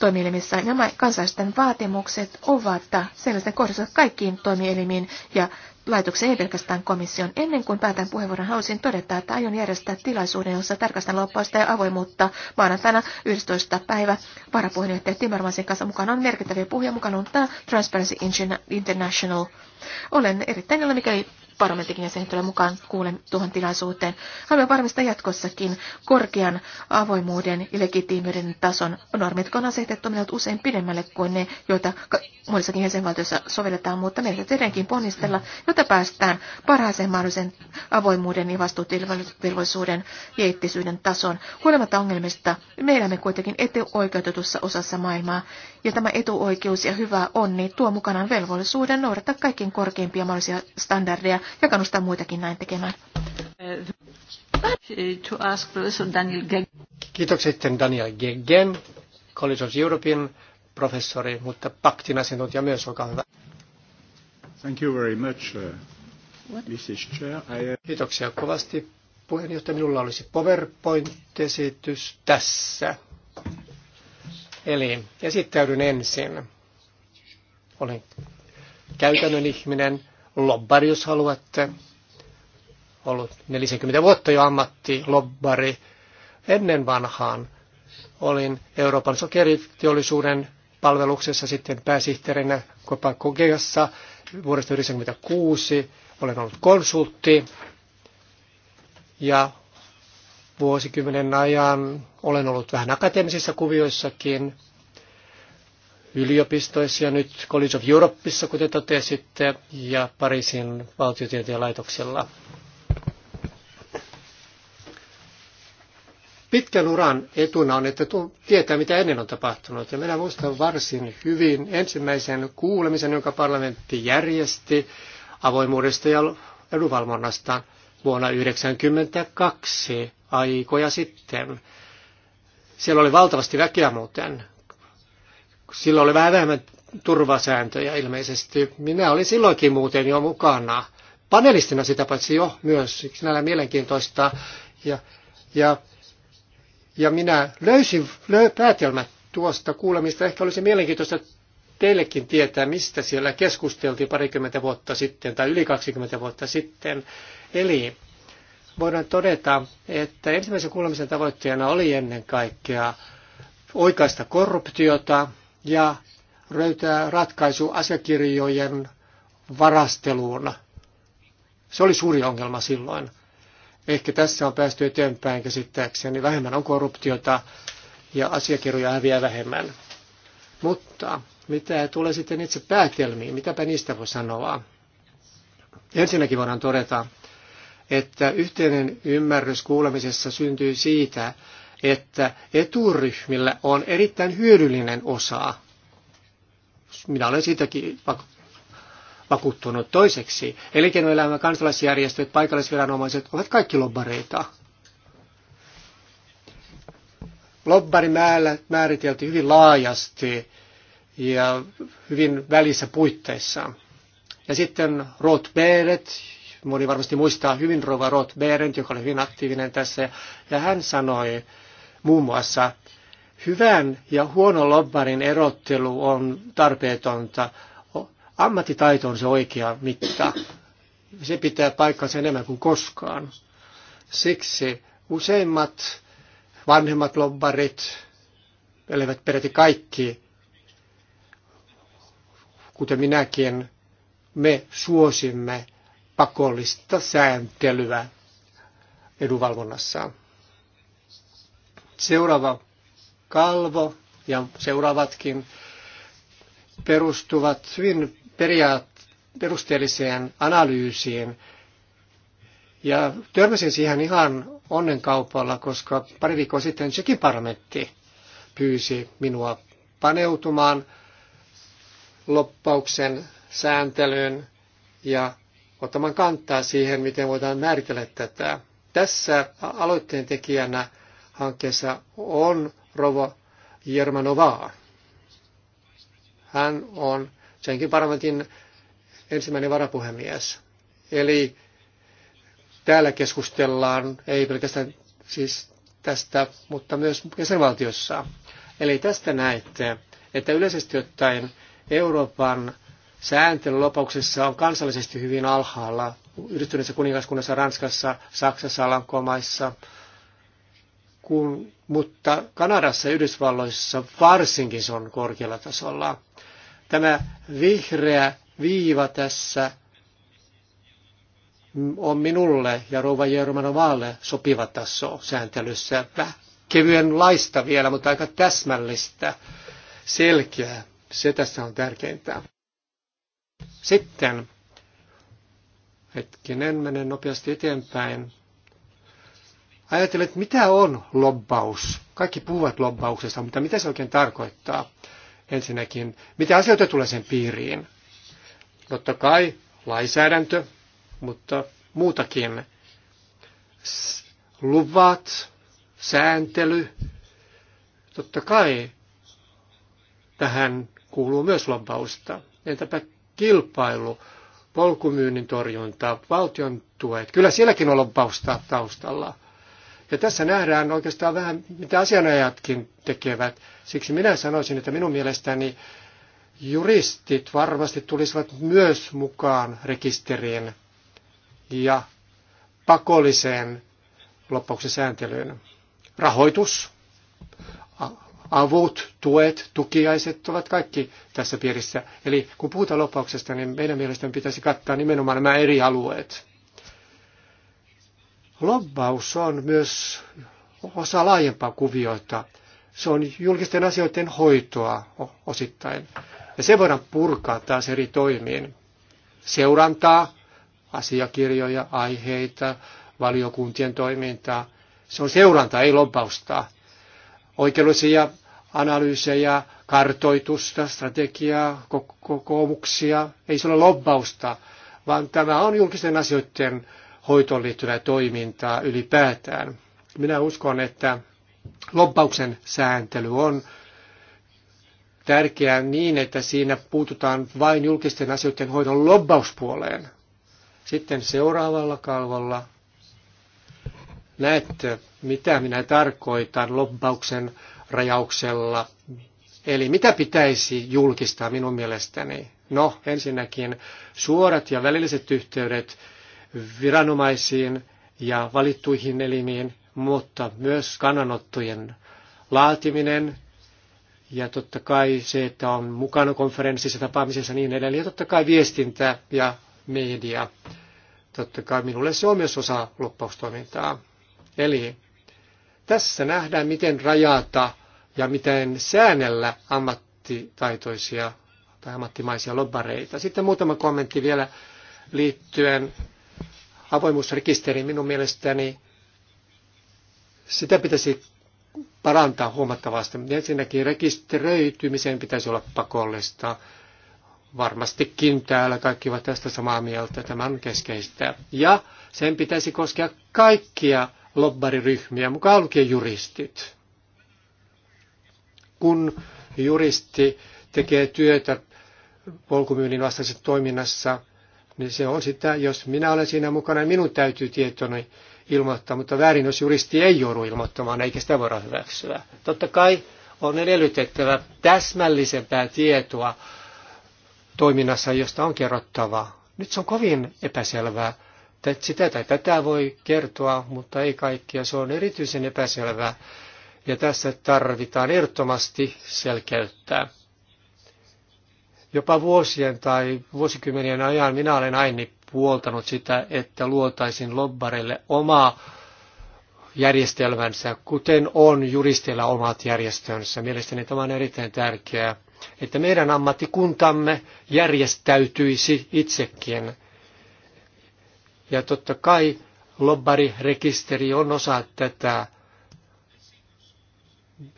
toimielimissä. Nämä kansalaisten vaatimukset ovat sellaisten kohdassa kaikkiin toimielimiin ja laitoksen, ei pelkästään komission. Ennen kuin päätän puheenvuoron, haluaisin todeta, että aion järjestää tilaisuuden, jossa tarkastan loppausta ja avoimuutta maanantaina 11. päivä. Varapuheenjohtaja Timmermansin kanssa mukana on merkittäviä puhuja, mukana on tämä Transparency International. Olen erittäin ilo, mikäli parlamentin jäsenet tulee mukaan kuulen tuohon tilaisuuteen. Haluamme varmistaa jatkossakin korkean avoimuuden ja legitiimiyden tason. Normit, jotka on asetettu, meiltä usein pidemmälle kuin ne, joita muissakin jäsenvaltioissa sovelletaan, mutta meidän tietenkin ponnistella, jotta päästään parhaaseen mahdollisen avoimuuden ja vastuutilvoisuuden ja eettisyyden tason. Huolimatta ongelmista, me elämme kuitenkin eteoikeutetussa osassa maailmaa ja tämä etuoikeus ja hyvä onni niin tuo mukanaan velvollisuuden noudattaa kaikkien korkeimpia mahdollisia standardeja ja kannustaa muitakin näin tekemään. Kiitoksia sitten Daniel Geggen, College of European professori, mutta paktin asiantuntija myös, olkaa hyvä. Thank you very much, uh, Mrs. Chair. I, uh... Kiitoksia kovasti. Puheenjohtaja, minulla olisi PowerPoint-esitys tässä. Eli esittäydyn ensin. Olen käytännön ihminen, lobbari jos haluatte. Ollut 40 vuotta jo ammatti lobbari. Ennen vanhaan olin Euroopan sokeriteollisuuden palveluksessa sitten pääsihteerinä Kopakogeassa vuodesta 1996. Olen ollut konsultti ja vuosikymmenen ajan olen ollut vähän akateemisissa kuvioissakin yliopistoissa ja nyt College of Europeissa, kuten totesitte, ja Pariisin valtiotieteen laitoksella. Pitkän uran etuna on, että tietää, mitä ennen on tapahtunut. Ja minä muistan varsin hyvin ensimmäisen kuulemisen, jonka parlamentti järjesti avoimuudesta ja edunvalvonnasta vuonna 1992 aikoja sitten. Siellä oli valtavasti väkeä muuten. Silloin oli vähän vähemmän turvasääntöjä ilmeisesti. Minä olin silloinkin muuten jo mukana. Panelistina sitä paitsi jo myös, sinällä mielenkiintoista. Ja, ja, ja minä löysin löy, päätelmät tuosta kuulemista. Ehkä olisi mielenkiintoista teillekin tietää, mistä siellä keskusteltiin parikymmentä vuotta sitten tai yli 20 vuotta sitten. Eli voidaan todeta, että ensimmäisen kuulemisen tavoitteena oli ennen kaikkea oikaista korruptiota ja löytää ratkaisu asiakirjojen varasteluun. Se oli suuri ongelma silloin. Ehkä tässä on päästy eteenpäin käsittääkseni. Vähemmän on korruptiota ja asiakirjoja häviää vähemmän. Mutta mitä tulee sitten itse päätelmiin, mitäpä niistä voi sanoa? Ensinnäkin voidaan todeta, että yhteinen ymmärrys kuulemisessa syntyy siitä, että eturyhmillä on erittäin hyödyllinen osa. Minä olen siitäkin vakuuttunut toiseksi. Elinkeinoelämä, kansalaisjärjestöt, paikallisviranomaiset ovat kaikki lobbareita. Lobbari määriteltiin hyvin laajasti ja hyvin välissä puitteissa. Ja sitten Roth Beret, Moni varmasti muistaa hyvin Rova Roth Berend, joka oli hyvin aktiivinen tässä. Ja hän sanoi muun muassa, hyvän ja huonon lobbarin erottelu on tarpeetonta. Ammattitaito on se oikea mitta. Se pitää paikkansa enemmän kuin koskaan. Siksi useimmat vanhemmat lobbarit, elävät peräti kaikki, kuten minäkin, me suosimme pakollista sääntelyä edunvalvonnassaan. Seuraava kalvo ja seuraavatkin perustuvat hyvin periaat, perusteelliseen analyysiin. Ja törmäsin siihen ihan onnenkaupalla, koska pari viikkoa sitten Tsekin parlamentti pyysi minua paneutumaan loppauksen sääntelyyn ja ottamaan kantaa siihen, miten voidaan määritellä tätä. Tässä aloitteen tekijänä hankkeessa on Rovo Jermanovaa. Hän on senkin parlamentin ensimmäinen varapuhemies. Eli täällä keskustellaan, ei pelkästään siis tästä, mutta myös jäsenvaltiossa. Eli tästä näette, että yleisesti ottaen Euroopan sääntely lopuksessa on kansallisesti hyvin alhaalla. Yhdistyneessä kuningaskunnassa, Ranskassa, Saksassa, Alankomaissa, kun, mutta Kanadassa ja Yhdysvalloissa varsinkin se on korkealla tasolla. Tämä vihreä viiva tässä on minulle ja Rouva Jermanovaalle sopiva taso sääntelyssä. Kevyen laista vielä, mutta aika täsmällistä, selkeää. Se tässä on tärkeintä. Sitten, hetkinen, menen nopeasti eteenpäin. Ajattelet, mitä on lobbaus? Kaikki puhuvat lobbauksesta, mutta mitä se oikein tarkoittaa? Ensinnäkin, mitä asioita tulee sen piiriin? Totta kai lainsäädäntö, mutta muutakin. Luvat, sääntely, totta kai tähän kuuluu myös lobbausta. Entäpä kilpailu, polkumyynnin torjunta, valtion tuet. Kyllä sielläkin on lobbausta taustalla. Ja tässä nähdään oikeastaan vähän, mitä asianajatkin tekevät. Siksi minä sanoisin, että minun mielestäni juristit varmasti tulisivat myös mukaan rekisteriin ja pakolliseen loppuksi sääntelyyn. Rahoitus, avut, tuet, tukiaiset ovat kaikki tässä piirissä. Eli kun puhutaan lopauksesta, niin meidän mielestämme pitäisi kattaa nimenomaan nämä eri alueet. Lobbaus on myös osa laajempaa kuviota. Se on julkisten asioiden hoitoa osittain. Ja se voidaan purkaa taas eri toimiin. Seurantaa, asiakirjoja, aiheita, valiokuntien toimintaa. Se on seurantaa, ei lobbausta oikeudellisia analyysejä, kartoitusta, strategiaa, kokoomuksia. Ei se ole lobbausta, vaan tämä on julkisten asioiden hoitoon liittyvää toimintaa ylipäätään. Minä uskon, että lobbauksen sääntely on tärkeää niin, että siinä puututaan vain julkisten asioiden hoidon lobbauspuoleen. Sitten seuraavalla kalvolla näette, mitä minä tarkoitan lobbauksen rajauksella. Eli mitä pitäisi julkistaa minun mielestäni? No, ensinnäkin suorat ja välilliset yhteydet viranomaisiin ja valittuihin elimiin, mutta myös kannanottojen laatiminen ja totta kai se, että on mukana konferenssissa, tapaamisessa niin edelleen. Ja totta kai viestintä ja media. Totta kai minulle se on myös osa loppaustoimintaa. Eli tässä nähdään, miten rajata ja miten säännellä ammattitaitoisia tai ammattimaisia lobbareita. Sitten muutama kommentti vielä liittyen avoimuusrekisteriin. Minun mielestäni sitä pitäisi parantaa huomattavasti. Ensinnäkin rekisteröitymiseen pitäisi olla pakollista. Varmastikin täällä kaikki ovat tästä samaa mieltä, tämä on keskeistä. Ja sen pitäisi koskea kaikkia lobbariryhmiä, mukaan lukien juristit. Kun juristi tekee työtä polkumyynnin vastaisessa toiminnassa, niin se on sitä, jos minä olen siinä mukana, niin minun täytyy tietoni ilmoittaa, mutta väärin, jos juristi ei joudu ilmoittamaan, eikä sitä voida hyväksyä. Totta kai on edellytettävä täsmällisempää tietoa toiminnassa, josta on kerrottava. Nyt se on kovin epäselvää sitä tai tätä voi kertoa, mutta ei kaikkia. Se on erityisen epäselvää. Ja tässä tarvitaan ehdottomasti selkeyttää. Jopa vuosien tai vuosikymmenien ajan minä olen aina puoltanut sitä, että luotaisin lobbareille oma järjestelmänsä, kuten on juristeilla omat järjestönsä. Mielestäni tämä on erittäin tärkeää, että meidän ammattikuntamme järjestäytyisi itsekin ja totta kai lobbarirekisteri on osa tätä.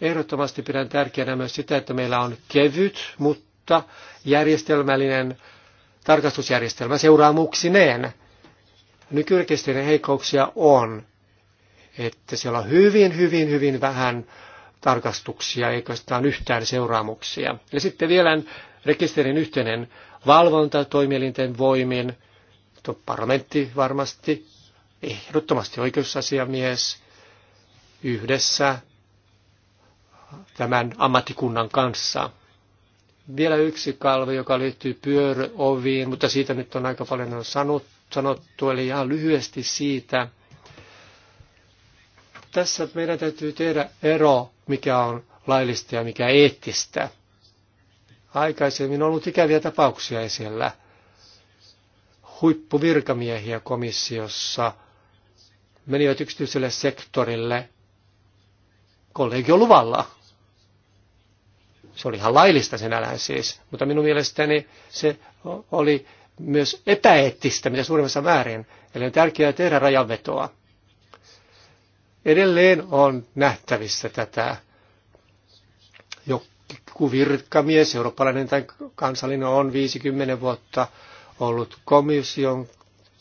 Ehdottomasti pidän tärkeänä myös sitä, että meillä on kevyt, mutta järjestelmällinen tarkastusjärjestelmä seuraamuksineen. Nykyrekisterin heikouksia on, että siellä on hyvin, hyvin, hyvin vähän tarkastuksia, eikä oikeastaan yhtään seuraamuksia. Ja sitten vielä rekisterin yhteinen valvonta toimielinten voimin – to parlamentti varmasti, ehdottomasti oikeusasiamies yhdessä tämän ammattikunnan kanssa. Vielä yksi kalve, joka liittyy pyöröoviin, mutta siitä nyt on aika paljon sanottu, eli ihan lyhyesti siitä. Tässä meidän täytyy tehdä ero, mikä on laillista ja mikä eettistä. Aikaisemmin on ollut ikäviä tapauksia esillä – huippuvirkamiehiä komissiossa, menivät yksityiselle sektorille kollegioluvalla. Se oli ihan laillista älä siis, mutta minun mielestäni se oli myös epäeettistä, mitä suurimmassa määrin. Eli on tärkeää tehdä rajanvetoa. Edelleen on nähtävissä tätä joku virkamies, eurooppalainen tai kansallinen, on 50 vuotta ollut komission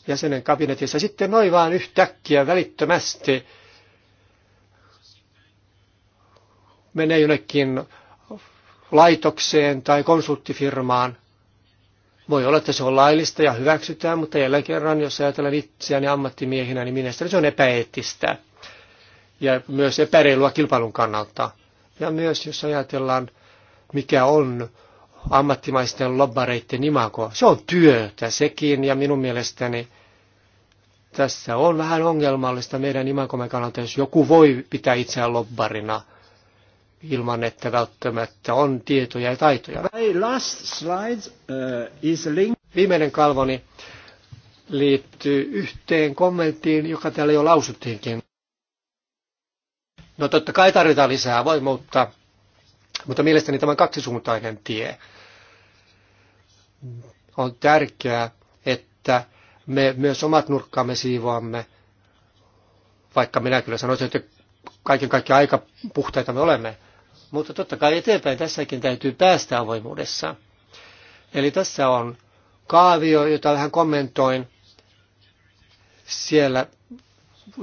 jäsenen kabinetissa. Sitten noin vaan yhtäkkiä välittömästi menee jonnekin laitokseen tai konsulttifirmaan. Voi olla, että se on laillista ja hyväksytään, mutta jälleen kerran, jos ajatellaan itseäni ammattimiehinä, niin mielestäni se on epäeettistä ja myös epäreilua kilpailun kannalta. Ja myös jos ajatellaan, mikä on ammattimaisten lobbareiden imako. Se on työtä sekin ja minun mielestäni tässä on vähän ongelmallista meidän imakomme kannalta, jos joku voi pitää itseään lobbarina ilman, että välttämättä on tietoja ja taitoja. My last slide, uh, is link. Viimeinen kalvoni liittyy yhteen kommenttiin, joka täällä jo lausuttiinkin. No totta kai tarvitaan lisää voimuutta, mutta mielestäni tämä on kaksisuuntainen tie on tärkeää, että me myös omat nurkkaamme siivoamme, vaikka minä kyllä sanoisin, että kaiken kaikkiaan aika puhtaita me olemme. Mutta totta kai eteenpäin tässäkin täytyy päästä avoimuudessa. Eli tässä on kaavio, jota vähän kommentoin. Siellä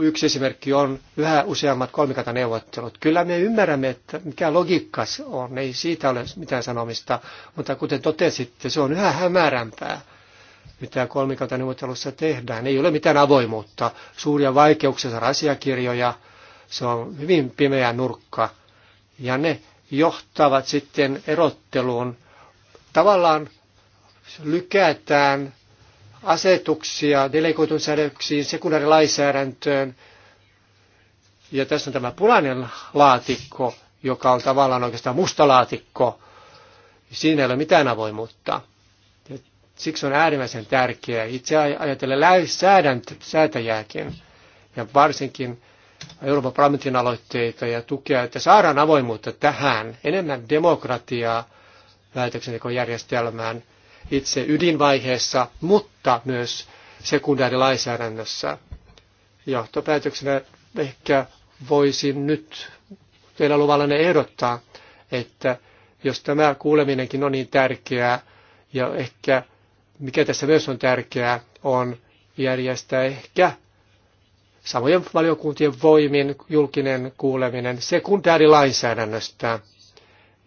yksi esimerkki on yhä useammat kolmikantaneuvottelut. Kyllä me ymmärrämme, että mikä logiikka se on, ei siitä ole mitään sanomista, mutta kuten totesitte, se on yhä hämärämpää, mitä kolmikantaneuvottelussa tehdään. Ei ole mitään avoimuutta, suuria vaikeuksia saada asiakirjoja, se on hyvin pimeä nurkka, ja ne johtavat sitten erotteluun. Tavallaan lykätään asetuksia delegoitun säädöksiin, sekundaarilainsäädäntöön. Ja tässä on tämä punainen laatikko, joka on tavallaan oikeastaan musta laatikko. Siinä ei ole mitään avoimuutta. Ja siksi on äärimmäisen tärkeää itse ajatella säätäjääkin ja varsinkin Euroopan parlamentin aloitteita ja tukea, että saadaan avoimuutta tähän, enemmän demokratiaa päätöksentekojärjestelmään – itse ydinvaiheessa, mutta myös sekundäärilainsäädännössä. Johtopäätöksenä ehkä voisin nyt teillä luvallanne ehdottaa, että jos tämä kuuleminenkin on niin tärkeää, ja ehkä mikä tässä myös on tärkeää, on järjestää ehkä samojen valiokuntien voimin julkinen kuuleminen sekundäärilainsäädännöstä.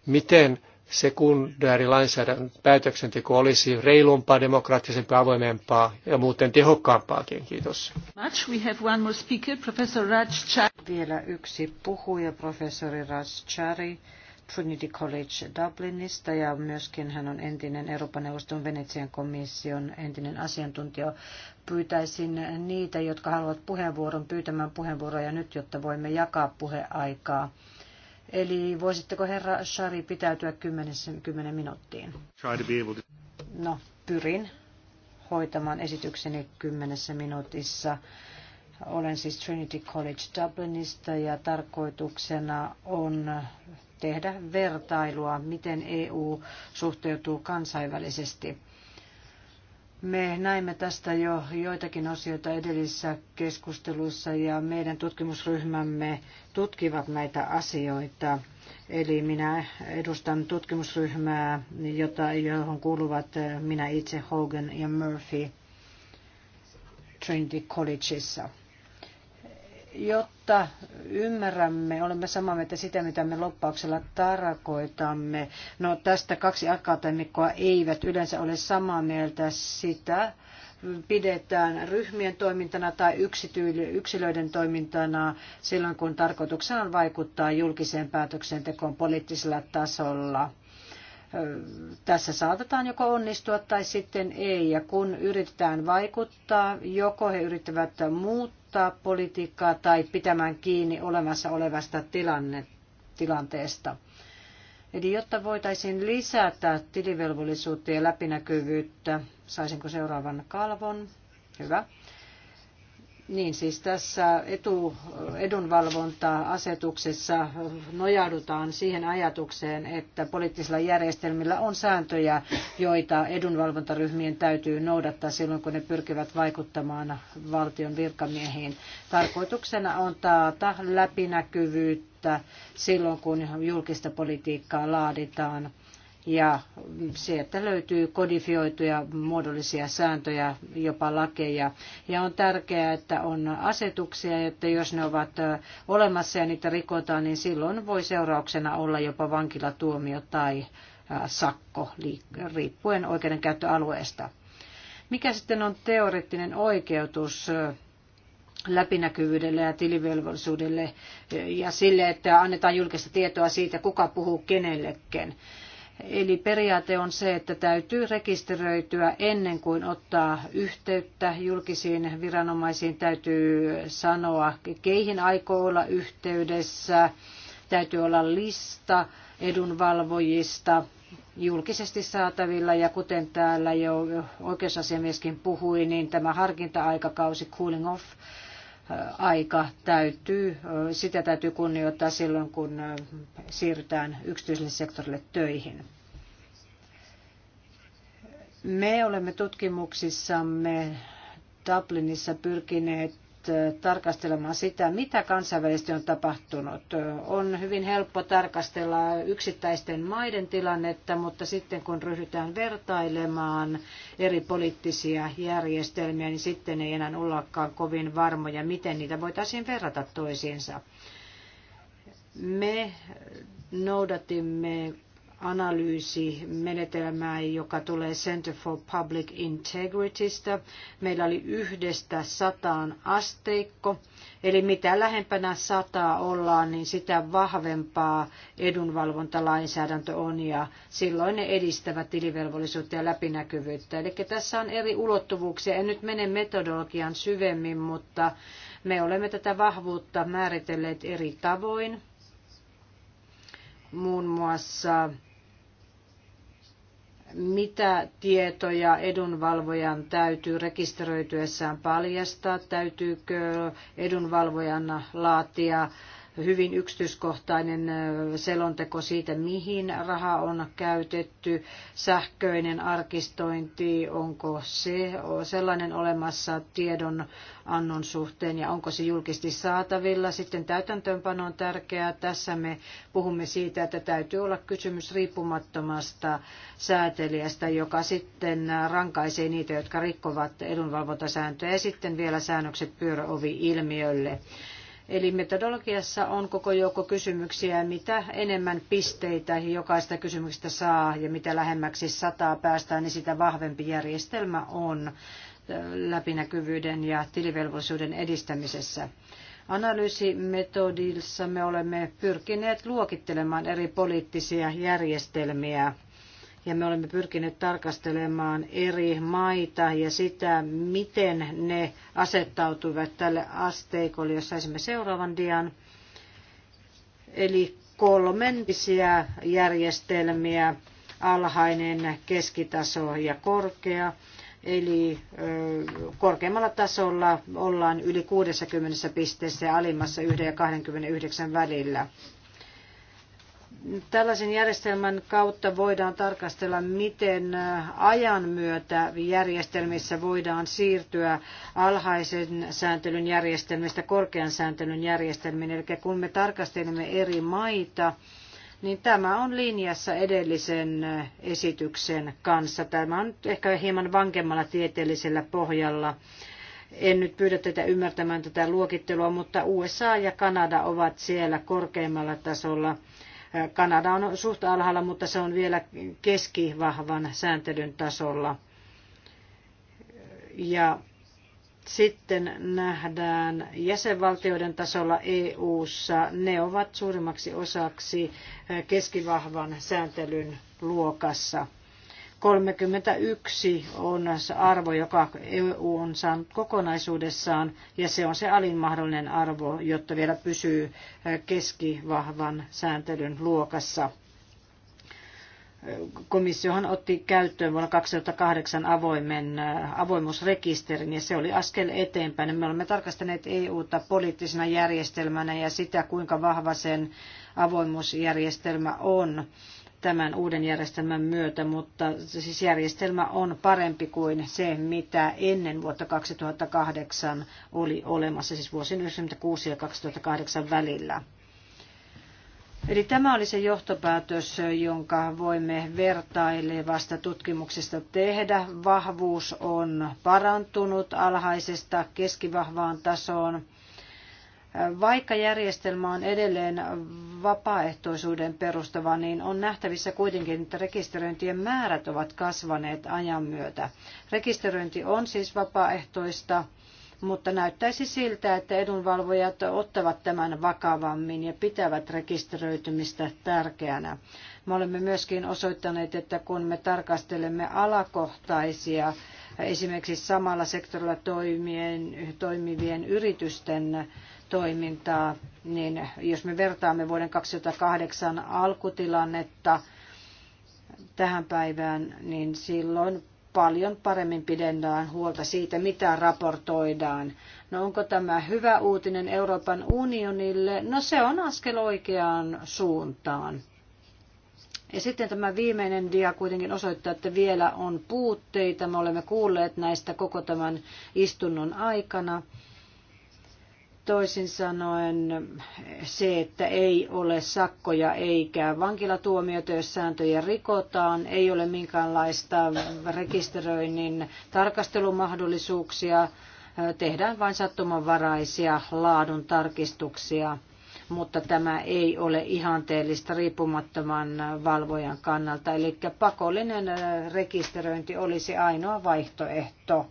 Miten sekundäärilainsäädännön päätöksenteko olisi reilumpaa, demokraattisempaa, avoimempaa ja muuten tehokkaampaakin. Kiitos. We have one more speaker, Professor Raj Vielä yksi puhuja, professori Raj Chari. Trinity College Dublinista ja myöskin hän on entinen Euroopan neuvoston Venetsian komission entinen asiantuntija. Pyytäisin niitä, jotka haluavat puheenvuoron, pyytämään puheenvuoroja nyt, jotta voimme jakaa puheaikaa. Eli voisitteko herra Shari pitäytyä 10, 10 minuuttiin? No, pyrin hoitamaan esitykseni 10 minuutissa. Olen siis Trinity College Dublinista ja tarkoituksena on tehdä vertailua, miten EU suhteutuu kansainvälisesti me näimme tästä jo joitakin osioita edellisissä keskusteluissa ja meidän tutkimusryhmämme tutkivat näitä asioita. Eli minä edustan tutkimusryhmää, jota, johon kuuluvat minä itse Hogan ja Murphy Trinity Collegeissa. Jotta ymmärrämme, olemme samaa mieltä sitä, mitä me loppauksella tarkoitamme. No tästä kaksi akateemikkoa eivät yleensä ole samaa mieltä sitä, pidetään ryhmien toimintana tai yksilöiden toimintana silloin, kun tarkoituksena on vaikuttaa julkiseen päätöksentekoon poliittisella tasolla tässä saatetaan joko onnistua tai sitten ei. Ja kun yritetään vaikuttaa, joko he yrittävät muuttaa, muuttaa politiikkaa tai pitämään kiinni olemassa olevasta tilanne, tilanteesta. Eli jotta voitaisiin lisätä tilivelvollisuutta ja läpinäkyvyyttä, saisinko seuraavan kalvon? Hyvä. Niin siis tässä etu, edunvalvonta-asetuksessa nojaudutaan siihen ajatukseen, että poliittisilla järjestelmillä on sääntöjä, joita edunvalvontaryhmien täytyy noudattaa silloin, kun ne pyrkivät vaikuttamaan valtion virkamiehiin. Tarkoituksena on taata läpinäkyvyyttä silloin, kun julkista politiikkaa laaditaan ja sieltä löytyy kodifioituja muodollisia sääntöjä, jopa lakeja. Ja on tärkeää, että on asetuksia, että jos ne ovat olemassa ja niitä rikotaan, niin silloin voi seurauksena olla jopa vankilatuomio tai sakko, riippuen oikeudenkäyttöalueesta. Mikä sitten on teoreettinen oikeutus läpinäkyvyydelle ja tilivelvollisuudelle ja sille, että annetaan julkista tietoa siitä, kuka puhuu kenellekin. Eli periaate on se, että täytyy rekisteröityä ennen kuin ottaa yhteyttä julkisiin viranomaisiin. Täytyy sanoa, keihin aikoo olla yhteydessä. Täytyy olla lista edunvalvojista julkisesti saatavilla ja kuten täällä jo oikeusasiamieskin puhui, niin tämä harkinta-aikakausi cooling off aika täytyy, sitä täytyy kunnioittaa silloin, kun siirrytään yksityiselle sektorille töihin. Me olemme tutkimuksissamme Dublinissa pyrkineet Eh, tarkastelemaan sitä, mitä kansainvälisesti on tapahtunut. On hyvin helppo tarkastella yksittäisten maiden tilannetta, mutta sitten kun ryhdytään vertailemaan eri poliittisia järjestelmiä, niin sitten ei enää ollakaan kovin varmoja, miten niitä voitaisiin verrata toisiinsa. Me noudatimme analyysimenetelmää, joka tulee Center for Public Integritystä. Meillä oli yhdestä sataan asteikko, eli mitä lähempänä sataa ollaan, niin sitä vahvempaa edunvalvontalainsäädäntö on ja silloin ne edistävät tilivelvollisuutta ja läpinäkyvyyttä. Eli tässä on eri ulottuvuuksia. En nyt mene metodologian syvemmin, mutta me olemme tätä vahvuutta määritelleet eri tavoin muun muassa mitä tietoja edunvalvojan täytyy rekisteröityessään paljastaa, täytyykö edunvalvojan laatia hyvin yksityiskohtainen selonteko siitä, mihin raha on käytetty, sähköinen arkistointi, onko se sellainen olemassa tiedon annon suhteen ja onko se julkisesti saatavilla. Sitten täytäntöönpano on tärkeää. Tässä me puhumme siitä, että täytyy olla kysymys riippumattomasta säätelijästä, joka sitten rankaisee niitä, jotka rikkovat edunvalvontasääntöjä ja sitten vielä säännökset pyöräovi-ilmiölle. Eli metodologiassa on koko joukko kysymyksiä, mitä enemmän pisteitä jokaista kysymyksestä saa ja mitä lähemmäksi sataa päästään, niin sitä vahvempi järjestelmä on läpinäkyvyyden ja tilivelvollisuuden edistämisessä. Analyysimetodissa me olemme pyrkineet luokittelemaan eri poliittisia järjestelmiä ja me olemme pyrkineet tarkastelemaan eri maita ja sitä, miten ne asettautuivat tälle asteikolle, jos saisimme seuraavan dian. Eli kolmentisiä järjestelmiä, alhainen, keskitaso ja korkea. Eli ö, korkeammalla tasolla ollaan yli 60 pisteessä ja alimmassa 1 ja 29 välillä. Tällaisen järjestelmän kautta voidaan tarkastella, miten ajan myötä järjestelmissä voidaan siirtyä alhaisen sääntelyn järjestelmistä korkean sääntelyn järjestelmiin. Eli kun me tarkastelemme eri maita, niin tämä on linjassa edellisen esityksen kanssa. Tämä on ehkä hieman vankemmalla tieteellisellä pohjalla. En nyt pyydä teitä ymmärtämään tätä luokittelua, mutta USA ja Kanada ovat siellä korkeimmalla tasolla – Kanada on suht alhaalla, mutta se on vielä keskivahvan sääntelyn tasolla. Ja sitten nähdään jäsenvaltioiden tasolla EU:ssa ne ovat suurimmaksi osaksi keskivahvan sääntelyn luokassa. 31 on arvo, joka EU on saanut kokonaisuudessaan, ja se on se alin mahdollinen arvo, jotta vielä pysyy keskivahvan sääntelyn luokassa. Komissiohan otti käyttöön vuonna 2008 avoimen, avoimuusrekisterin ja se oli askel eteenpäin. Me olemme tarkastaneet EUta poliittisena järjestelmänä ja sitä, kuinka vahva sen avoimuusjärjestelmä on tämän uuden järjestelmän myötä, mutta siis järjestelmä on parempi kuin se, mitä ennen vuotta 2008 oli olemassa, siis vuosien 1996 ja 2008 välillä. Eli tämä oli se johtopäätös, jonka voimme vertailevasta tutkimuksesta tehdä. Vahvuus on parantunut alhaisesta keskivahvaan tasoon vaikka järjestelmä on edelleen vapaaehtoisuuden perustava, niin on nähtävissä kuitenkin, että rekisteröintien määrät ovat kasvaneet ajan myötä. Rekisteröinti on siis vapaaehtoista, mutta näyttäisi siltä, että edunvalvojat ottavat tämän vakavammin ja pitävät rekisteröitymistä tärkeänä. Me olemme myöskin osoittaneet, että kun me tarkastelemme alakohtaisia esimerkiksi samalla sektorilla toimien, toimivien yritysten toimintaa, niin jos me vertaamme vuoden 2008 alkutilannetta tähän päivään, niin silloin paljon paremmin pidetään huolta siitä, mitä raportoidaan. No onko tämä hyvä uutinen Euroopan unionille? No se on askel oikeaan suuntaan. Ja sitten tämä viimeinen dia kuitenkin osoittaa, että vielä on puutteita. Me olemme kuulleet näistä koko tämän istunnon aikana. Toisin sanoen se, että ei ole sakkoja eikä vankilatuomioita, jos sääntöjä rikotaan, ei ole minkäänlaista rekisteröinnin tarkastelumahdollisuuksia, tehdään vain sattumanvaraisia laadun tarkistuksia, mutta tämä ei ole ihanteellista riippumattoman valvojan kannalta, eli pakollinen rekisteröinti olisi ainoa vaihtoehto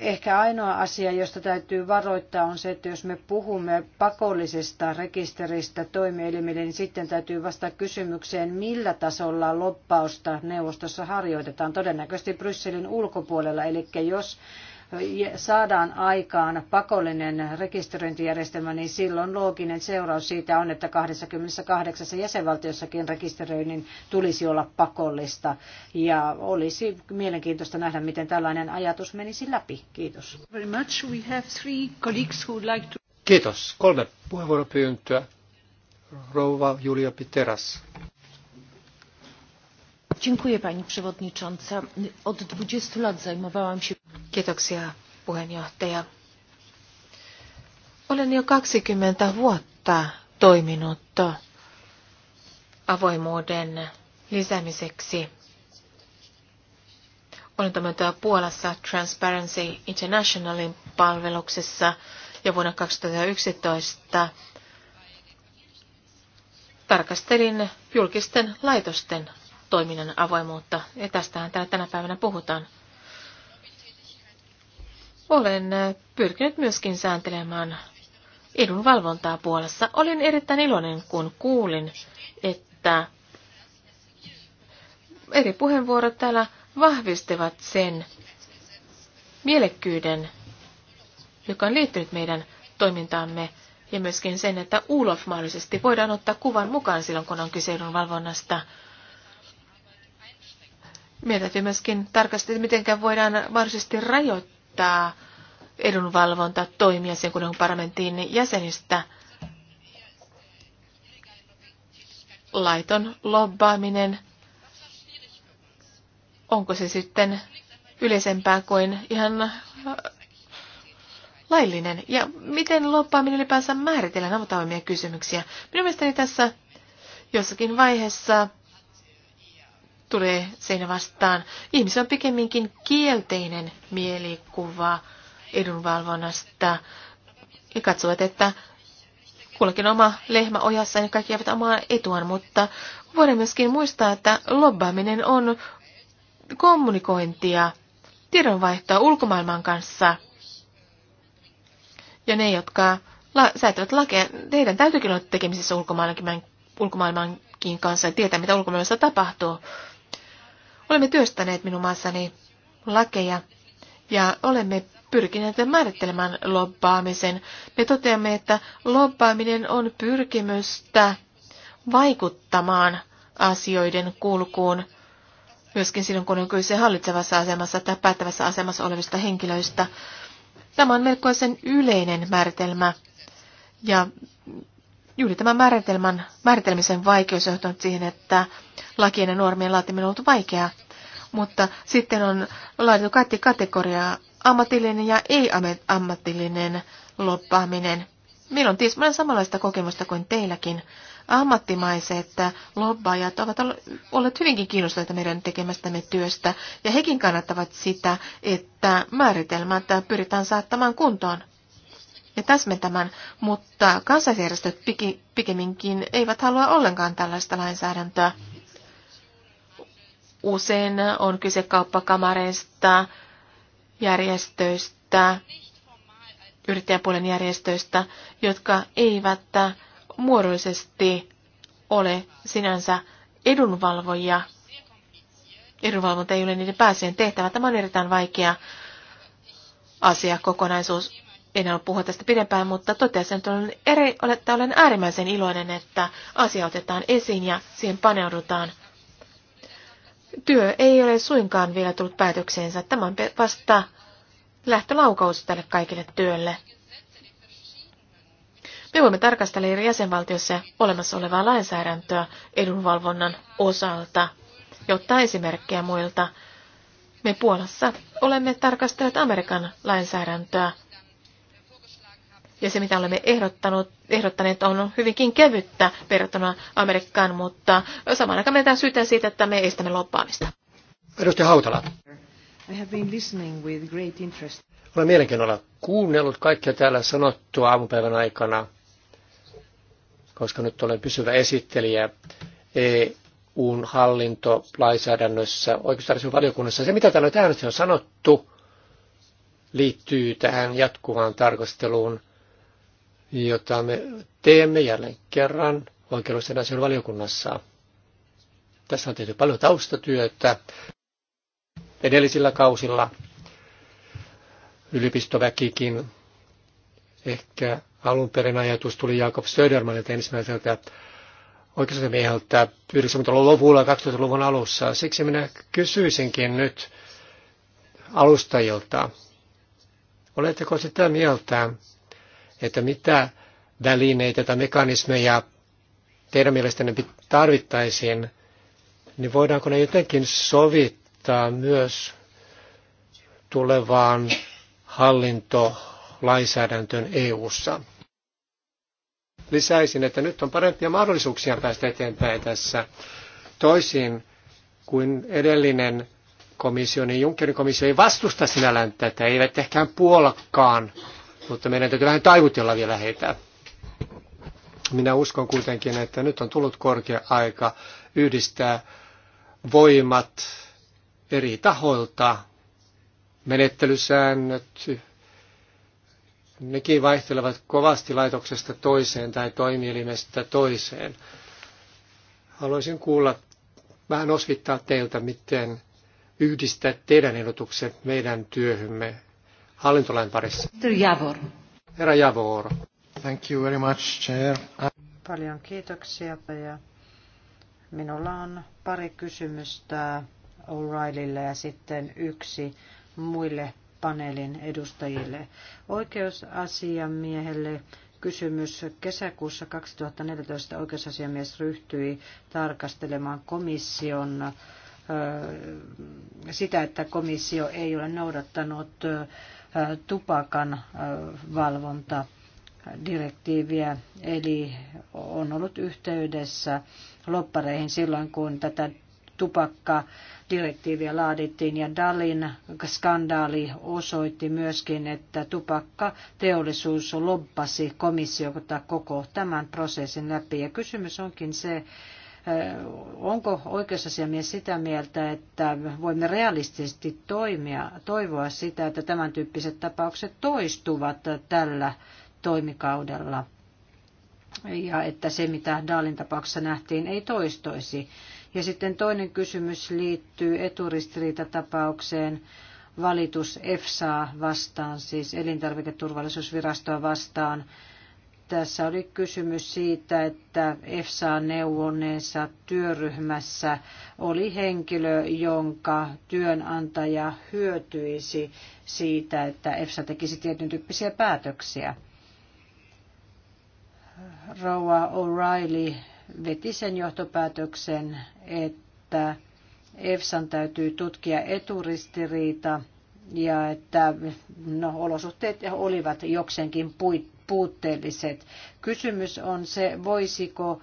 ehkä ainoa asia, josta täytyy varoittaa, on se, että jos me puhumme pakollisesta rekisteristä toimielimille, niin sitten täytyy vastata kysymykseen, millä tasolla loppausta neuvostossa harjoitetaan, todennäköisesti Brysselin ulkopuolella. Eli jos saadaan aikaan pakollinen rekisteröintijärjestelmä, niin silloin looginen seuraus siitä on, että 28 jäsenvaltiossakin rekisteröinnin tulisi olla pakollista. Ja olisi mielenkiintoista nähdä, miten tällainen ajatus menisi läpi. Kiitos. Kiitos. Kolme puheenvuoropyyntöä. Rouva Julia Piteras. Dziękuję pani przewodnicząca. Od 20 lat zajmowałam się... Kiitoksia puheenjohtaja. Olen jo 20 vuotta toiminut avoimuuden lisäämiseksi. Olen toiminut Puolassa Transparency Internationalin palveluksessa ja vuonna 2011 tarkastelin julkisten laitosten toiminnan avoimuutta. Ja tästähän täällä tänä päivänä puhutaan. Olen pyrkinyt myöskin sääntelemään edunvalvontaa puolessa. Olin erittäin iloinen, kun kuulin, että eri puheenvuorot täällä vahvistivat sen mielekkyyden, joka on liittynyt meidän toimintaamme, ja myöskin sen, että Ulof mahdollisesti voidaan ottaa kuvan mukaan silloin, kun on kyse edunvalvonnasta. valvonnasta meidän täytyy myöskin että miten voidaan mahdollisesti rajoittaa edunvalvonta toimia sen, kunnan parlamenttiin parlamentin jäsenistä. Laiton lobbaaminen, onko se sitten yleisempää kuin ihan äh, laillinen? Ja miten loppaaminen ylipäänsä määritellään? Nämä ovat kysymyksiä. Minun mielestäni tässä jossakin vaiheessa tulee siinä vastaan. Ihmisillä on pikemminkin kielteinen mielikuva edunvalvonnasta He katsovat, että kullakin oma lehmä ojassa ja niin kaikki eivät omaa etuaan, mutta voidaan myöskin muistaa, että lobbaaminen on kommunikointia, tiedonvaihtoa ulkomaailman kanssa. Ja ne, jotka la- säätävät lakeja, heidän täytyykin olla tekemisissä ulkomaailmankin, kanssa ja tietää, mitä ulkomaailmassa tapahtuu. Olemme työstäneet minun maassani lakeja ja olemme pyrkineet määrittelemään lobbaamisen. Me toteamme, että lobbaaminen on pyrkimystä vaikuttamaan asioiden kulkuun, myöskin silloin kun on kyse hallitsevassa asemassa tai päättävässä asemassa olevista henkilöistä. Tämä on melkoisen yleinen määritelmä ja Juuri tämän määritelmän, määritelmisen vaikeus on johtanut siihen, että lakien ja normien laatiminen on ollut vaikeaa. Mutta sitten on laadittu kaikki kategoriaa, ammatillinen ja ei-ammatillinen loppaaminen. Meillä on tietysti samanlaista kokemusta kuin teilläkin. Ammattimaiset lobbaajat ovat olleet hyvinkin kiinnostuneita meidän tekemästämme työstä, ja hekin kannattavat sitä, että määritelmät pyritään saattamaan kuntoon ja täsmentämään, mutta kansallisjärjestöt pikemminkin eivät halua ollenkaan tällaista lainsäädäntöä. Usein on kyse kauppakamareista, järjestöistä, yrittäjäpuolen järjestöistä, jotka eivät muodollisesti ole sinänsä edunvalvojia. Edunvalvonta ei ole niiden pääsien tehtävä. Tämä on erittäin vaikea asiakokonaisuus en halua puhua tästä pidempään, mutta totesin, että olen, eri, että olen äärimmäisen iloinen, että asia otetaan esiin ja siihen paneudutaan. Työ ei ole suinkaan vielä tullut päätökseensä. Tämä on vasta lähtölaukaus tälle kaikille työlle. Me voimme tarkastella eri jäsenvaltiossa olemassa olevaa lainsäädäntöä edunvalvonnan osalta jotta esimerkkejä muilta. Me Puolassa olemme tarkastelleet Amerikan lainsäädäntöä – ja se, mitä olemme ehdottanut, ehdottaneet, on hyvinkin kevyttä verrattuna Amerikkaan, mutta samaan aikaan meidän syytä siitä, että me estämme loppaamista. Edustaja Hautala. I have been listening with great interest. Olen mielenkiinnolla kuunnellut kaikkea täällä sanottua aamupäivän aikana, koska nyt olen pysyvä esittelijä EUn hallintolainsäädännössä, oikeastaan valiokunnassa. Se, mitä täällä on on sanottu, liittyy tähän jatkuvaan tarkasteluun – jota me teemme jälleen kerran oikeudellisten asioiden valiokunnassa. Tässä on tehty paljon taustatyötä edellisillä kausilla. Yliopistoväkikin ehkä alun perin ajatus tuli Jakob Södermanilta ensimmäiseltä oikeusasiamieheltä 90-luvulla 2000-luvun alussa. Siksi minä kysyisinkin nyt alustajilta, oletteko sitä mieltä, että mitä välineitä tai mekanismeja teidän mielestänne tarvittaisiin, niin voidaanko ne jotenkin sovittaa myös tulevaan hallintolainsäädäntöön EU-ssa? Lisäisin, että nyt on parempia mahdollisuuksia päästä eteenpäin tässä toisin kuin edellinen komissio, niin Junckerin komissio ei vastusta sinällään tätä, eivät ehkä puolakkaan mutta meidän täytyy vähän taivutella vielä heitä. Minä uskon kuitenkin, että nyt on tullut korkea aika yhdistää voimat eri tahoilta, menettelysäännöt, nekin vaihtelevat kovasti laitoksesta toiseen tai toimielimestä toiseen. Haluaisin kuulla vähän osvittaa teiltä, miten yhdistää teidän ehdotukset meidän työhymme hallintolain parissa. Javor. Herra Javor. Thank you very much, Chair. Paljon kiitoksia. Ja minulla on pari kysymystä O'Reillylle ja sitten yksi muille paneelin edustajille. Oikeusasiamiehelle kysymys. Kesäkuussa 2014 oikeusasiamies ryhtyi tarkastelemaan komission sitä, että komissio ei ole noudattanut tupakan valvonta direktiiviä, eli on ollut yhteydessä loppareihin silloin, kun tätä tupakkadirektiiviä laadittiin ja Dalin skandaali osoitti myöskin, että tupakkateollisuus loppasi komissiota koko tämän prosessin läpi. Ja kysymys onkin se, Onko oikeusasiamies sitä mieltä, että voimme realistisesti toimia, toivoa sitä, että tämän tyyppiset tapaukset toistuvat tällä toimikaudella? Ja että se, mitä Daalin tapauksessa nähtiin, ei toistoisi. Ja sitten toinen kysymys liittyy eturistiriitatapaukseen valitus EFSAa vastaan, siis elintarviketurvallisuusvirastoa vastaan tässä oli kysymys siitä, että EFSA-neuvoneensa työryhmässä oli henkilö, jonka työnantaja hyötyisi siitä, että EFSA tekisi tietyn tyyppisiä päätöksiä. Rouva O'Reilly veti sen johtopäätöksen, että EFSAn täytyy tutkia eturistiriita ja että no, olosuhteet olivat jokseenkin puitteet puutteelliset. Kysymys on se, voisiko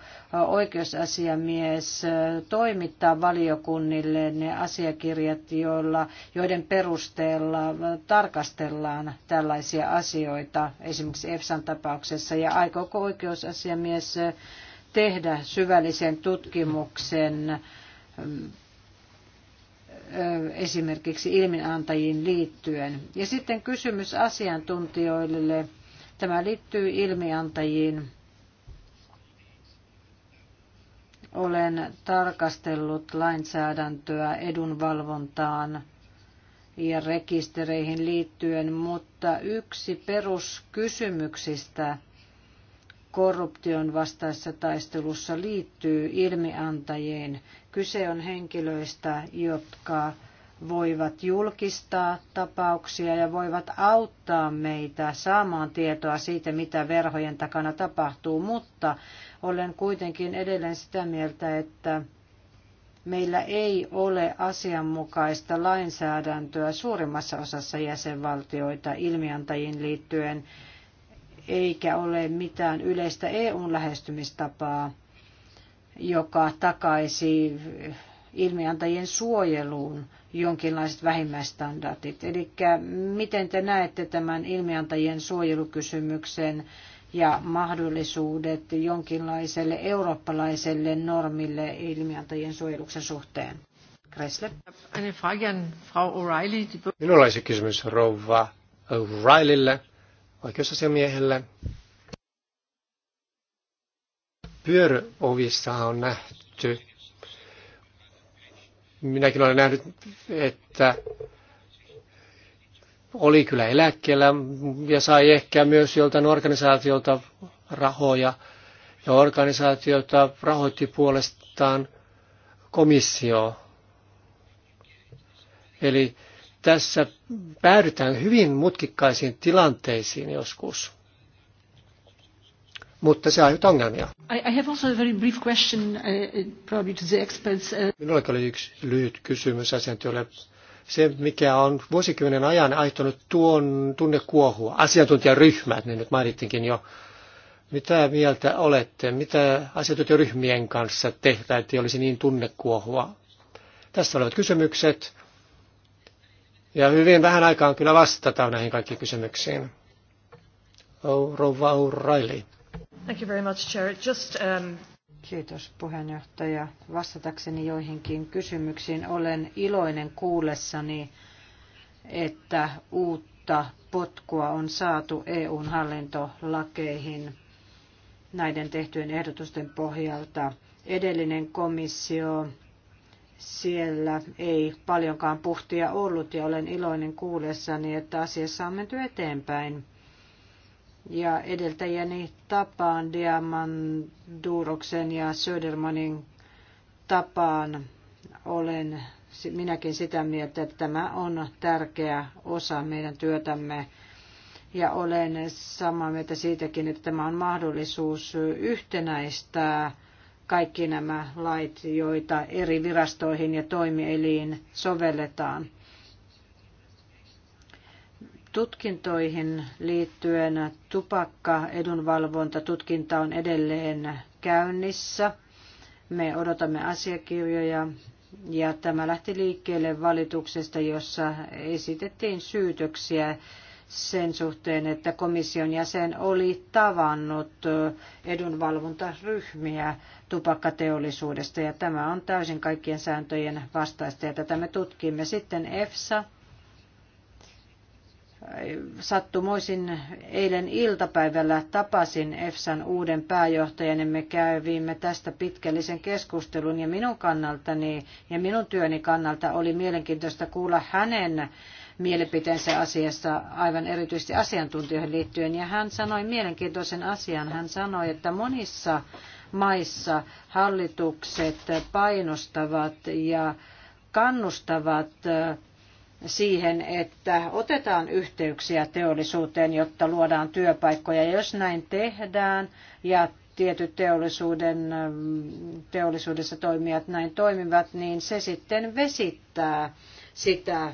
oikeusasiamies toimittaa valiokunnille ne asiakirjat, joilla, joiden perusteella tarkastellaan tällaisia asioita, esimerkiksi EFSAn tapauksessa, ja aikooko oikeusasiamies tehdä syvällisen tutkimuksen esimerkiksi ilminantajiin liittyen. Ja sitten kysymys asiantuntijoille Tämä liittyy ilmiantajiin. Olen tarkastellut lainsäädäntöä edunvalvontaan ja rekistereihin liittyen, mutta yksi peruskysymyksistä korruption vastaisessa taistelussa liittyy ilmiantajiin. Kyse on henkilöistä, jotka voivat julkistaa tapauksia ja voivat auttaa meitä saamaan tietoa siitä, mitä verhojen takana tapahtuu, mutta olen kuitenkin edelleen sitä mieltä, että meillä ei ole asianmukaista lainsäädäntöä suurimmassa osassa jäsenvaltioita ilmiantajiin liittyen, eikä ole mitään yleistä eu lähestymistapaa, joka takaisi ilmiantajien suojeluun jonkinlaiset vähimmäistandardit. Eli miten te näette tämän ilmiantajien suojelukysymyksen ja mahdollisuudet jonkinlaiselle eurooppalaiselle normille ilmiantajien suojeluksen suhteen? Kressle. Minulla olisi kysymys rouva O'Reillylle, oikeusasiamiehelle. Pyöröovissa on nähty Minäkin olen nähnyt, että oli kyllä eläkkeellä ja sai ehkä myös joltain organisaatiolta rahoja. Ja organisaatiota rahoitti puolestaan komissio. Eli tässä päädytään hyvin mutkikkaisiin tilanteisiin joskus mutta se aiheuttaa ongelmia. Uh, uh, uh. Minulla oli yksi lyhyt kysymys asiantuntijoille. Se, mikä on vuosikymmenen ajan aiheuttanut tuon tunnekuohua, asiantuntijaryhmät, niin nyt mainittinkin jo, mitä mieltä olette? Mitä asiantuntijaryhmien kanssa tehdään, ei olisi niin tunnekuohua? Tässä olivat kysymykset. Ja hyvin vähän aikaan kyllä vastataan näihin kaikkiin kysymyksiin. Rouva O'Reilly. Thank you very much, Chair. Just, um... Kiitos puheenjohtaja. Vastatakseni joihinkin kysymyksiin olen iloinen kuullessani, että uutta potkua on saatu EUn hallintolakeihin näiden tehtyjen ehdotusten pohjalta. Edellinen komissio siellä ei paljonkaan puhtia ollut ja olen iloinen kuullessani, että asiassa on menty eteenpäin ja edeltäjäni tapaan Diamanduroksen ja Södermanin tapaan olen minäkin sitä mieltä, että tämä on tärkeä osa meidän työtämme. Ja olen samaa mieltä siitäkin, että tämä on mahdollisuus yhtenäistää kaikki nämä lait, joita eri virastoihin ja toimieliin sovelletaan tutkintoihin liittyen tupakka-edunvalvontatutkinta on edelleen käynnissä. Me odotamme asiakirjoja ja tämä lähti liikkeelle valituksesta, jossa esitettiin syytöksiä sen suhteen, että komission jäsen oli tavannut edunvalvontaryhmiä tupakkateollisuudesta ja tämä on täysin kaikkien sääntöjen vastaista ja tätä me tutkimme. Sitten EFSA sattumoisin eilen iltapäivällä tapasin EFSAn uuden pääjohtajan ja me kävimme tästä pitkällisen keskustelun ja minun kannaltani ja minun työni kannalta oli mielenkiintoista kuulla hänen mielipiteensä asiassa aivan erityisesti asiantuntijoihin liittyen ja hän sanoi mielenkiintoisen asian. Hän sanoi, että monissa maissa hallitukset painostavat ja kannustavat siihen, että otetaan yhteyksiä teollisuuteen, jotta luodaan työpaikkoja. Ja jos näin tehdään ja tietyt teollisuuden, teollisuudessa toimijat näin toimivat, niin se sitten vesittää sitä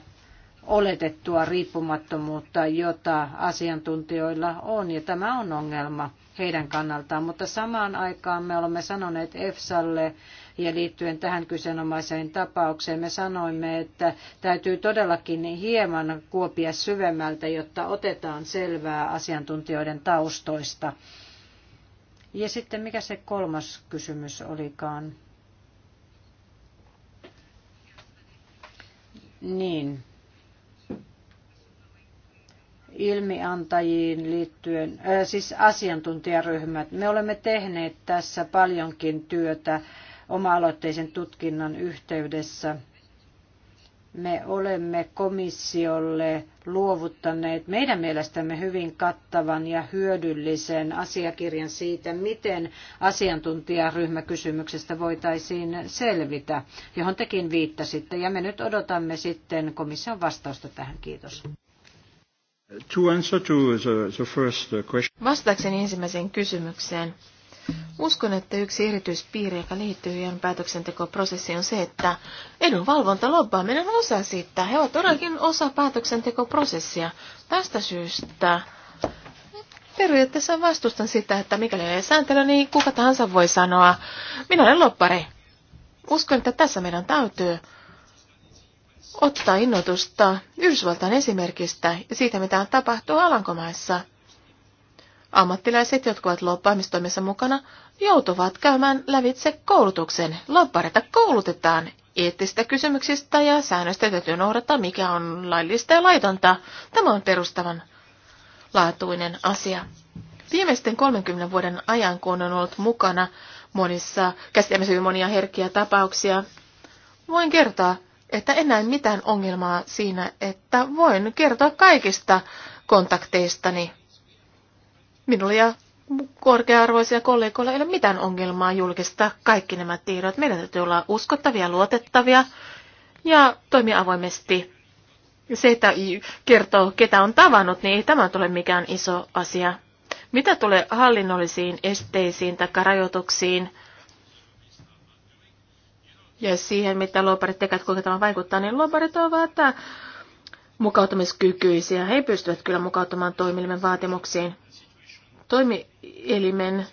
oletettua riippumattomuutta, jota asiantuntijoilla on, ja tämä on ongelma heidän kannaltaan. Mutta samaan aikaan me olemme sanoneet EFSAlle ja liittyen tähän kyseenomaiseen tapaukseen, me sanoimme, että täytyy todellakin hieman kuopia syvemmältä, jotta otetaan selvää asiantuntijoiden taustoista. Ja sitten mikä se kolmas kysymys olikaan? Niin, ilmiantajiin liittyen, äh, siis asiantuntijaryhmät. Me olemme tehneet tässä paljonkin työtä oma-aloitteisen tutkinnan yhteydessä. Me olemme komissiolle luovuttaneet meidän mielestämme hyvin kattavan ja hyödyllisen asiakirjan siitä, miten asiantuntijaryhmäkysymyksestä voitaisiin selvitä, johon tekin viittasitte. Ja me nyt odotamme sitten komission vastausta tähän. Kiitos. To answer to the, the first uh, question. Vastaakseni ensimmäiseen kysymykseen. Uskon, että yksi erityispiiri, joka liittyy hyvän päätöksentekoprosessiin, on se, että edunvalvonta lobbaaminen on osa siitä. He ovat todellakin osa päätöksentekoprosessia. Tästä syystä periaatteessa vastustan sitä, että mikäli ei sääntely, niin kuka tahansa voi sanoa, minä olen loppari. Uskon, että tässä meidän täytyy ottaa innotusta Yhdysvaltain esimerkistä ja siitä, mitä on tapahtuu Alankomaissa. Ammattilaiset, jotka ovat loppaamistoimissa mukana, joutuvat käymään lävitse koulutuksen. Loppareita koulutetaan eettistä kysymyksistä ja säännöstä täytyy noudata, mikä on laillista ja laitonta. Tämä on perustavan laatuinen asia. Viimeisten 30 vuoden ajan, kun on ollut mukana monissa, käsitelmässä monia herkkiä tapauksia, voin kertoa, että en näe mitään ongelmaa siinä, että voin kertoa kaikista kontakteistani. Minulla ja korkea-arvoisia kollegoilla ei ole mitään ongelmaa julkista kaikki nämä tiedot. Meidän täytyy olla uskottavia, luotettavia ja toimia avoimesti. Se, että kertoo, ketä on tavannut, niin ei tämä tule mikään iso asia. Mitä tulee hallinnollisiin esteisiin tai rajoituksiin, ja siihen, mitä looparit tekevät, kuinka tämä vaikuttaa, niin looparit ovat äh, mukautumiskykyisiä. He pystyvät kyllä mukautumaan toimielimen vaatimuksiin. Toimielimen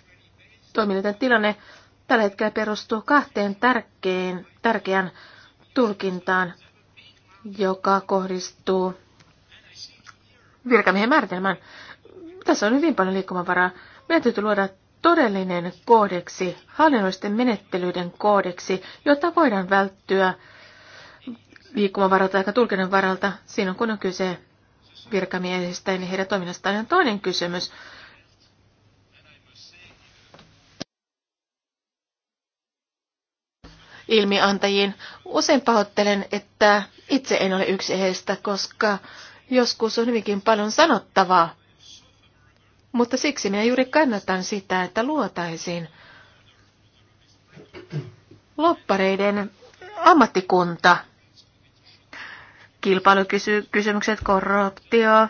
toimielinten tilanne tällä hetkellä perustuu kahteen tärkeän, tärkeän tulkintaan, joka kohdistuu virkamiehen määritelmään. Tässä on hyvin paljon liikkumavaraa. Meidän täytyy luoda todellinen koodeksi, hallinnollisten menettelyiden koodeksi, jotta voidaan välttyä liikkumavaralta tai tulkinnan varalta silloin, kun on kyse virkamiehistä ja niin heidän toiminnastaan. Ja toinen kysymys. ilmiantajiin. Usein pahoittelen, että itse en ole yksi heistä, koska joskus on hyvinkin paljon sanottavaa mutta siksi minä juuri kannatan sitä, että luotaisiin loppareiden ammattikunta. Kilpailukysymykset, korruptio,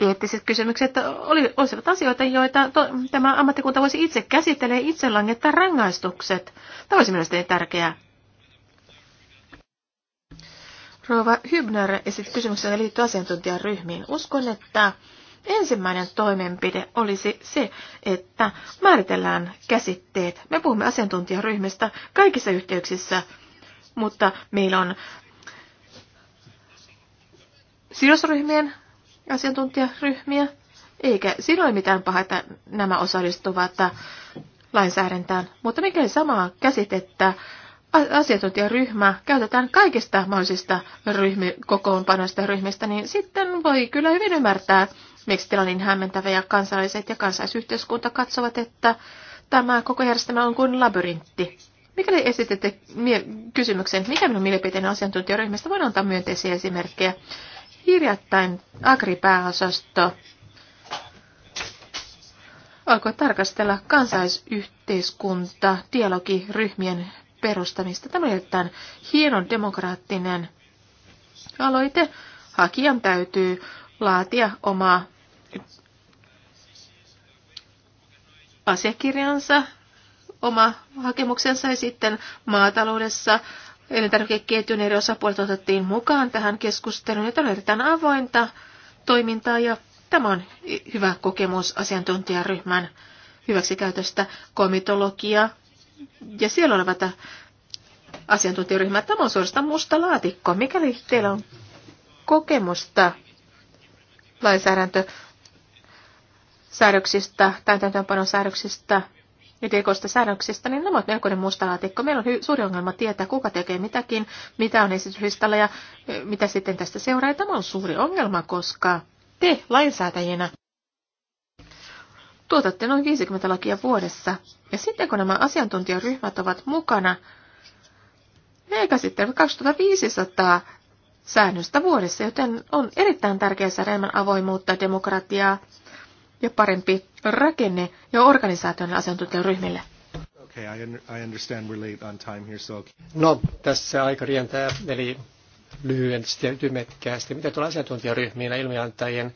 eettiset kysymykset oli, olisivat asioita, joita to, tämä ammattikunta voisi itse käsitellä ja itse langettaa rangaistukset. Tämä olisi mielestäni tärkeää. Rova Hybner esitti kysymyksen liittyen asiantuntijaryhmiin. Uskon, että Ensimmäinen toimenpide olisi se, että määritellään käsitteet. Me puhumme asiantuntijaryhmistä kaikissa yhteyksissä, mutta meillä on sidosryhmien asiantuntijaryhmiä, eikä siinä ole mitään pahaa, että nämä osallistuvat lainsäädäntään. Mutta mikäli samaa käsitettä asiantuntijaryhmä käytetään kaikista mahdollisista ryhmi- kokoonpanoista ryhmistä, niin sitten voi kyllä hyvin ymmärtää, Miksi tilanne on niin hämmentävä ja kansalaiset ja kansalaisyhteiskunta katsovat, että tämä koko järjestelmä on kuin labyrintti. Mikäli esitette mie- kysymyksen, mikä minun mielipiteeni asiantuntijaryhmästä, voin antaa myönteisiä esimerkkejä. Hirjattain agripääosasto alkoi tarkastella kansaisyhteiskunta dialogiryhmien perustamista. Tämä on erittäin hieno demokraattinen aloite. Hakijan täytyy laatia omaa asiakirjansa, oma hakemuksensa ja sitten maataloudessa elintarvikeketjun eri osapuolet otettiin mukaan tähän keskusteluun, että löydetään avointa toimintaa ja tämä on hyvä kokemus asiantuntijaryhmän hyväksikäytöstä komitologia ja siellä olevat asiantuntijaryhmät. Tämä on suorastaan musta laatikko. Mikäli teillä on kokemusta Lainsäädäntö täytäntöönpanon säädöksistä ja tekoista säädöksistä, niin nämä ovat melkoinen musta laatikko. Meillä on suuri ongelma tietää, kuka tekee mitäkin, mitä on esityslistalla ja eh, mitä sitten tästä seuraa. Ja tämä on suuri ongelma, koska te lainsäätäjinä tuotatte noin 50 lakia vuodessa. Ja sitten kun nämä asiantuntijaryhmät ovat mukana, ne käsittelevät 2500 säännöstä vuodessa, joten on erittäin tärkeää saada enemmän avoimuutta, demokratiaa ja parempi rakenne ja organisaation asiantuntijaryhmille. Okay, I understand we're late on time here, so... No, tässä aika rientää, eli lyhyesti ja ytimekkäästi. Mitä tulee asiantuntijaryhmiin ja ilmiantajien?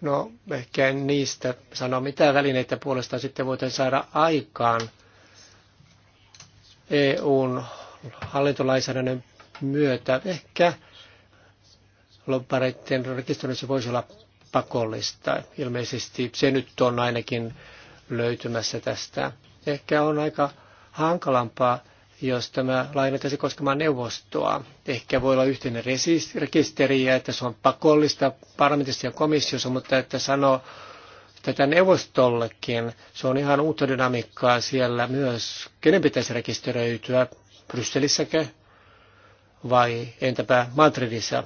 No, ehkä en niistä sano, mitä välineitä puolestaan sitten voitaisiin saada aikaan EUn hallintolainsäädännön myötä. Ehkä lobbareiden rekisteröinti voisi olla pakollista. Ilmeisesti se nyt on ainakin löytymässä tästä. Ehkä on aika hankalampaa, jos tämä laajennettaisiin koskemaan neuvostoa. Ehkä voi olla yhteinen rekisteri ja että se on pakollista parlamentissa ja komissiossa, mutta että sanoo tätä neuvostollekin, se on ihan uutta dynamiikkaa siellä myös. Kenen pitäisi rekisteröityä? Brysselissäkö? Vai entäpä Madridissa?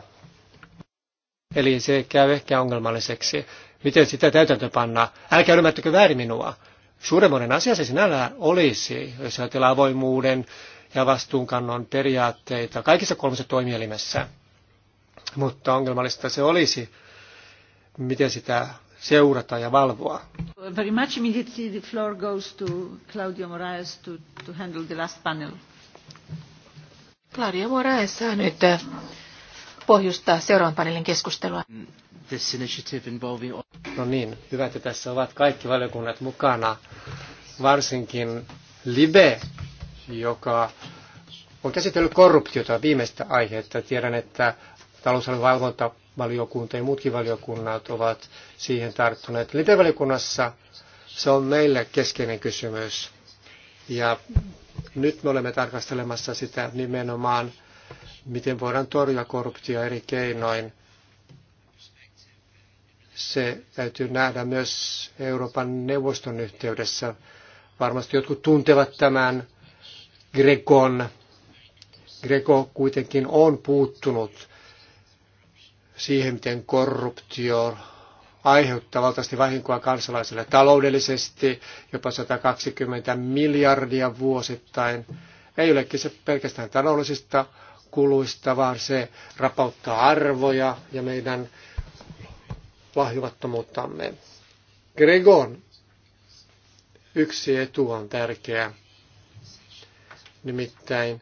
Eli se käy ehkä ongelmalliseksi. Miten sitä täytäntö panna? Älkää ymmärtäkö väärin minua. Suuremmoinen asia se sinällään olisi, jos ajatellaan avoimuuden ja vastuunkannon periaatteita kaikissa kolmessa toimielimessä. Mutta ongelmallista se olisi, miten sitä seurata ja valvoa. Very much immediately the floor goes to Claudio Moraes to, to handle the last panel. Claudio Moraes saa nyt äh, pohjustaa seuraavan paneelin keskustelua. No niin, hyvä, että tässä ovat kaikki valiokunnat mukana, varsinkin LIBE, joka on käsitellyt korruptiota viimeistä aihetta. Tiedän, että talousalueen valvontavaliokunta ja muutkin valiokunnat ovat siihen tarttuneet. LIBE-valiokunnassa se on meille keskeinen kysymys. Ja nyt me olemme tarkastelemassa sitä nimenomaan miten voidaan torjua korruptio eri keinoin. Se täytyy nähdä myös Euroopan neuvoston yhteydessä. Varmasti jotkut tuntevat tämän Grekon. Greko kuitenkin on puuttunut siihen, miten korruptio aiheuttaa valtavasti vahinkoa kansalaisille taloudellisesti, jopa 120 miljardia vuosittain. Ei olekin se pelkästään taloudellisista kuluista, vaan se rapauttaa arvoja ja meidän lahjuvattomuuttamme. Gregon yksi etu on tärkeä. Nimittäin,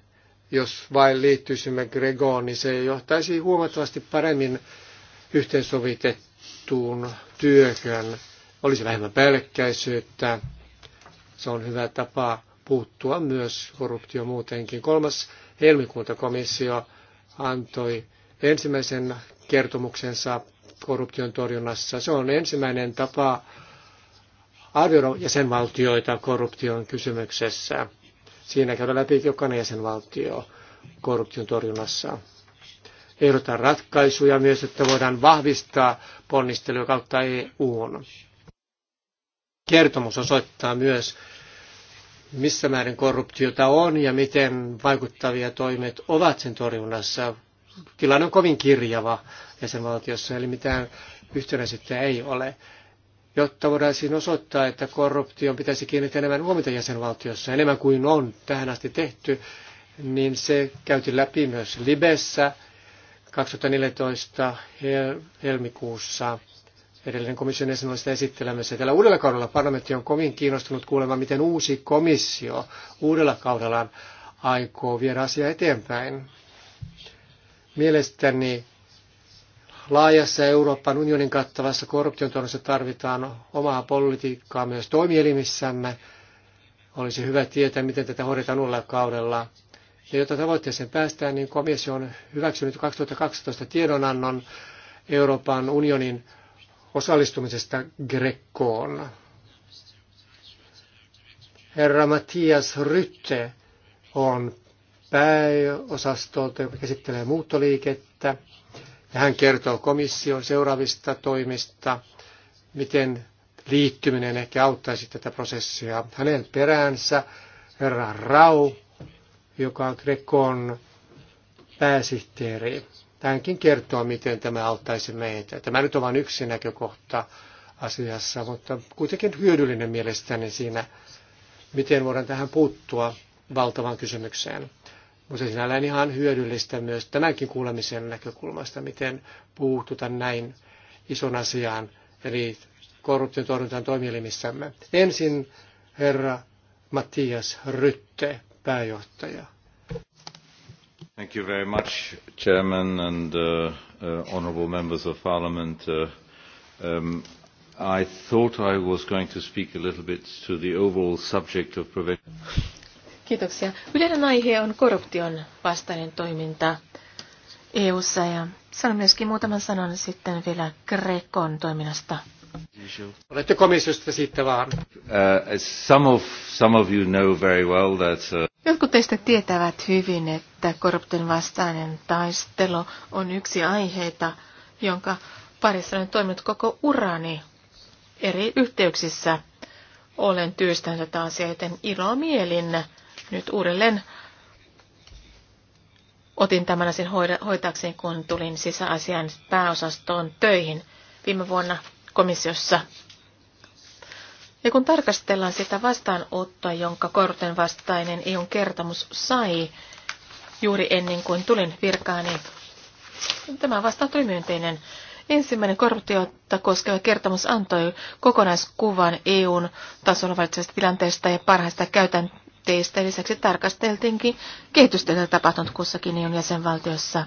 jos vain liittyisimme Gregoon, niin se johtaisi huomattavasti paremmin yhteensovitettuun työhön. Olisi vähemmän pelkkäisyyttä. Se on hyvä tapa puuttua myös korruptio muutenkin. Kolmas helmikuuta komissio antoi ensimmäisen kertomuksensa korruption torjunnassa. Se on ensimmäinen tapa arvioida jäsenvaltioita korruption kysymyksessä. Siinä käydään läpi jokainen jäsenvaltio korruption torjunnassa. Ehdotan ratkaisuja myös, että voidaan vahvistaa ponnisteluja kautta EUn. Kertomus osoittaa myös, missä määrin korruptiota on ja miten vaikuttavia toimet ovat sen torjunnassa. Tilanne on kovin kirjava jäsenvaltiossa, eli mitään yhtenäisyyttä ei ole. Jotta voidaan osoittaa, että korruption pitäisi kiinnittää enemmän huomiota jäsenvaltiossa, enemmän kuin on tähän asti tehty, niin se käytiin läpi myös Libessä 2014 helmikuussa. Edellinen komission jäsen oli sitä esittelemässä. Tällä uudella kaudella parlamentti on kovin kiinnostunut kuulemaan, miten uusi komissio uudella kaudellaan aikoo viedä asiaa eteenpäin. Mielestäni laajassa Euroopan unionin kattavassa korruptiontorjunnassa tarvitaan omaa politiikkaa myös toimielimissämme. Olisi hyvä tietää, miten tätä hoidetaan uudella kaudella. Ja jotta tavoitteeseen päästään, niin komissio on hyväksynyt 2012 tiedonannon Euroopan unionin osallistumisesta Grekkoon. Herra Mattias Rytte on pääosastolta, joka käsittelee muuttoliikettä. Ja hän kertoo komission seuraavista toimista, miten liittyminen ehkä auttaisi tätä prosessia. Hänen peräänsä herra Rau, joka on Grekon pääsihteeri tämänkin kertoo, miten tämä auttaisi meitä. Tämä nyt on vain yksi näkökohta asiassa, mutta kuitenkin hyödyllinen mielestäni siinä, miten voidaan tähän puuttua valtavan kysymykseen. Mutta sinällään ihan hyödyllistä myös tämänkin kuulemisen näkökulmasta, miten puuttuta näin ison asiaan, eli korruption torjuntaan toimielimissämme. Ensin herra Mattias Rytte, pääjohtaja. Thank you very much, Chairman and uh, uh, honourable members of Parliament. Uh, um, I thought I was going to speak a little bit to the overall subject of prevention. Kiitoksia. Yleinen aihe on korruption vastainen toiminta EU-ssa ja sanon myöskin muutaman sanan sitten vielä Grekon toiminnasta. Olette komissiosta sitten vaan. Uh, some, of, some of you know very well that uh, Jotkut teistä tietävät hyvin, että korruption vastainen taistelu on yksi aiheita, jonka parissa olen toiminut koko urani eri yhteyksissä. Olen työstänyt tätä asiaa, joten ilomielin nyt uudelleen otin tämän asian hoitaakseen, kun tulin sisäasian pääosastoon töihin viime vuonna komissiossa. Ja kun tarkastellaan sitä vastaanottoa, jonka korten vastainen EUn kertomus sai juuri ennen kuin tulin virkaani, niin tämä vastaantoi myönteinen. Ensimmäinen korruptiota koskeva kertomus antoi kokonaiskuvan EUn tasolla valitsevasta tilanteesta ja parhaista käytänteistä. Lisäksi tarkasteltiinkin kehitystä tapahtunut kussakin EUn jäsenvaltiossa.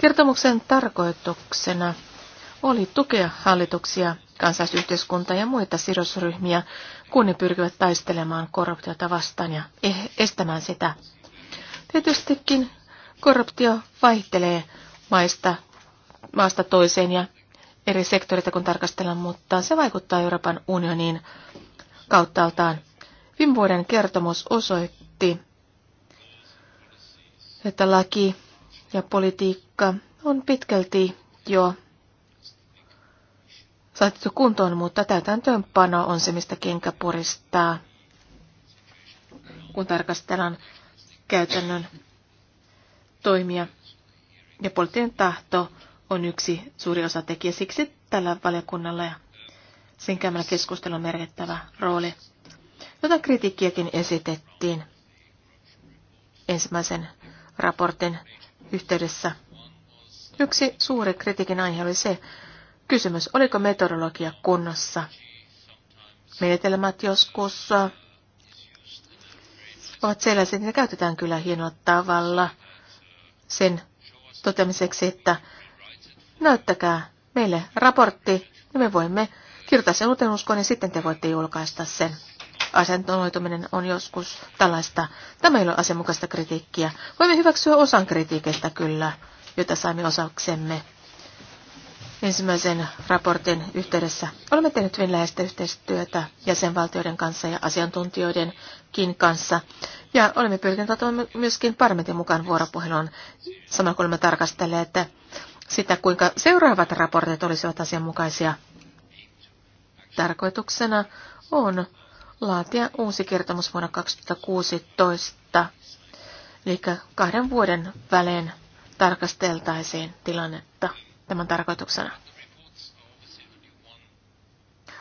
Kertomuksen tarkoituksena oli tukea hallituksia, kansalaisyhteiskuntaa ja muita sidosryhmiä, kun ne pyrkivät taistelemaan korruptiota vastaan ja eh, estämään sitä. Tietystikin korruptio vaihtelee maista, maasta toiseen ja eri sektoreita kun tarkastellaan, mutta se vaikuttaa Euroopan unioniin kauttaaltaan. Viime vuoden kertomus osoitti, että laki ja politiikka on pitkälti jo saatettu kuntoon, mutta täytäntöönpano on se, mistä kenkä puristaa, kun tarkastellaan käytännön toimia. Ja poliittinen tahto on yksi suuri tekijä. Siksi tällä valiokunnalla ja sen käymällä keskustelun merkittävä rooli. Jota kritiikkiäkin esitettiin ensimmäisen raportin yhteydessä. Yksi suuri kritiikin aihe oli se, Kysymys, oliko meteorologia kunnossa? Menetelmät joskus ovat sellaiset, että ne käytetään kyllä hienolla tavalla sen toteamiseksi, että näyttäkää meille raportti, niin me voimme kirjoittaa sen uuteen uskoon niin sitten te voitte julkaista sen. Asentoituminen on joskus tällaista. Tämä ei ole asianmukaista kritiikkiä. Voimme hyväksyä osan kritiikistä kyllä, jota saimme osaksemme ensimmäisen raportin yhteydessä. Olemme tehneet hyvin läheistä yhteistyötä jäsenvaltioiden kanssa ja asiantuntijoidenkin kanssa. Ja olemme pyrkineet ottamaan myöskin parlamentin mukaan vuoropuhelun samalla kun olemme tarkastelleet että sitä, kuinka seuraavat raportit olisivat asianmukaisia. Tarkoituksena on laatia uusi kertomus vuonna 2016, eli kahden vuoden välein tarkasteltaisiin tilannetta tämän tarkoituksena.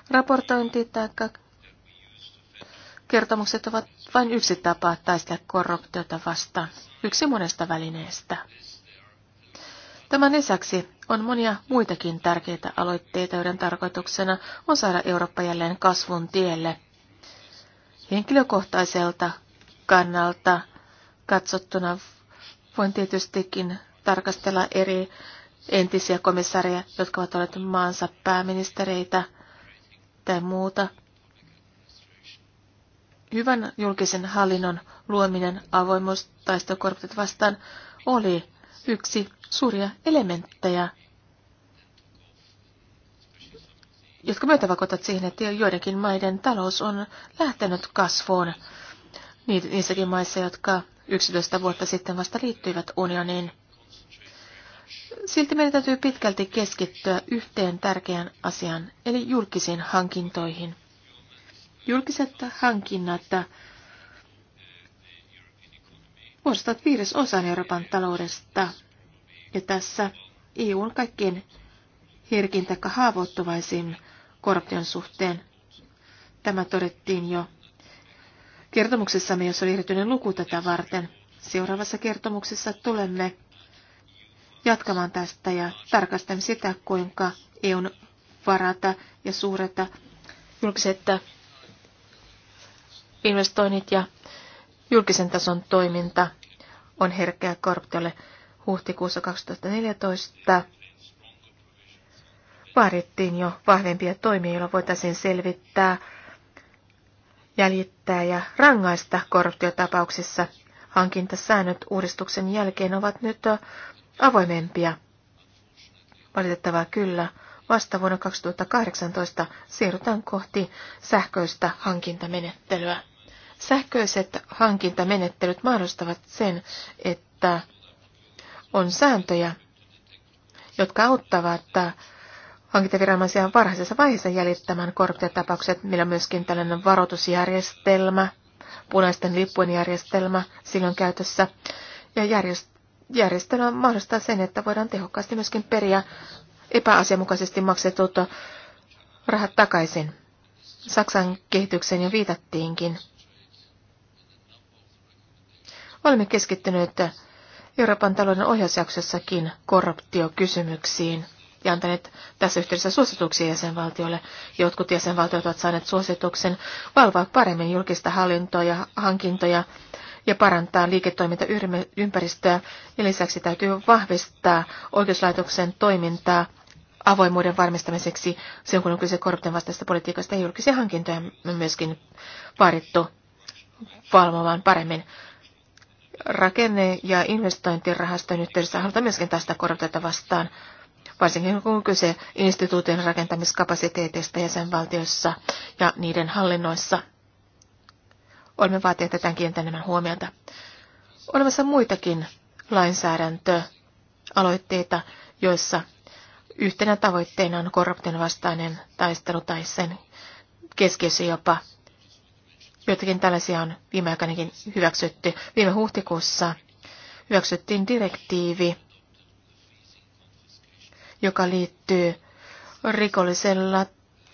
Raportointi tai kertomukset ovat vain yksi tapa taistella korruptiota vastaan, yksi monesta välineestä. Tämän lisäksi on monia muitakin tärkeitä aloitteita, joiden tarkoituksena on saada Eurooppa jälleen kasvun tielle. Henkilökohtaiselta kannalta katsottuna voin tietystikin tarkastella eri entisiä komissareja, jotka ovat olleet maansa pääministereitä tai muuta. Hyvän julkisen hallinnon luominen avoimuus taistokorptit vastaan oli yksi suuria elementtejä, jotka myötä vakuutat siihen, että joidenkin maiden talous on lähtenyt kasvuun. Niissäkin maissa, jotka 11 vuotta sitten vasta liittyivät unioniin. Silti meidän täytyy pitkälti keskittyä yhteen tärkeään asiaan, eli julkisiin hankintoihin. Julkiset hankinnat muodostavat osan Euroopan taloudesta, ja tässä EUn kaikkien herkin tai haavoittuvaisin korruption suhteen. Tämä todettiin jo kertomuksessamme, jossa oli erityinen luku tätä varten. Seuraavassa kertomuksessa tulemme jatkamaan tästä ja tarkastamme sitä, kuinka EUn varata ja suuret julkiset investoinnit ja julkisen tason toiminta on herkkää korruptiolle huhtikuussa 2014. Vaadittiin jo vahvempia toimia, joilla voitaisiin selvittää, jäljittää ja rangaista korruptiotapauksissa. Hankintasäännöt uudistuksen jälkeen ovat nyt avoimempia. Valitettavaa kyllä, vasta vuonna 2018 siirrytään kohti sähköistä hankintamenettelyä. Sähköiset hankintamenettelyt mahdollistavat sen, että on sääntöjä, jotka auttavat hankintaviranomaisia varhaisessa vaiheessa jäljittämään korruptiotapaukset, millä myöskin tällainen varoitusjärjestelmä, punaisten lippujen järjestelmä silloin käytössä, ja järjest- järjestelmä mahdollistaa sen, että voidaan tehokkaasti myöskin periä epäasianmukaisesti maksetut rahat takaisin. Saksan kehitykseen jo viitattiinkin. Olemme keskittyneet Euroopan talouden ohjausjaksossakin korruptiokysymyksiin ja antaneet tässä yhteydessä suosituksia jäsenvaltioille. Jotkut jäsenvaltiot ovat saaneet suosituksen valvoa paremmin julkista hallintoa ja hankintoja ja parantaa liiketoimintaympäristöä. Ja lisäksi täytyy vahvistaa oikeuslaitoksen toimintaa avoimuuden varmistamiseksi silloin, kun on kyse korruption vastaista politiikasta ja julkisia hankintoja on myöskin vaadittu valvomaan paremmin. Rakenne- ja investointirahastojen yhteydessä halutaan myöskin tästä korruptiota vastaan, varsinkin kun on kyse instituutin rakentamiskapasiteetista jäsenvaltioissa ja niiden hallinnoissa Olemme vaatineet tätä kiinnittämään huomiota. Olemassa muitakin lainsäädäntöaloitteita, joissa yhtenä tavoitteena on korruption vastainen taistelu tai sen keskiössä jopa. Joitakin tällaisia on viime aikainakin hyväksytty. Viime huhtikuussa hyväksyttiin direktiivi, joka liittyy rikollisella,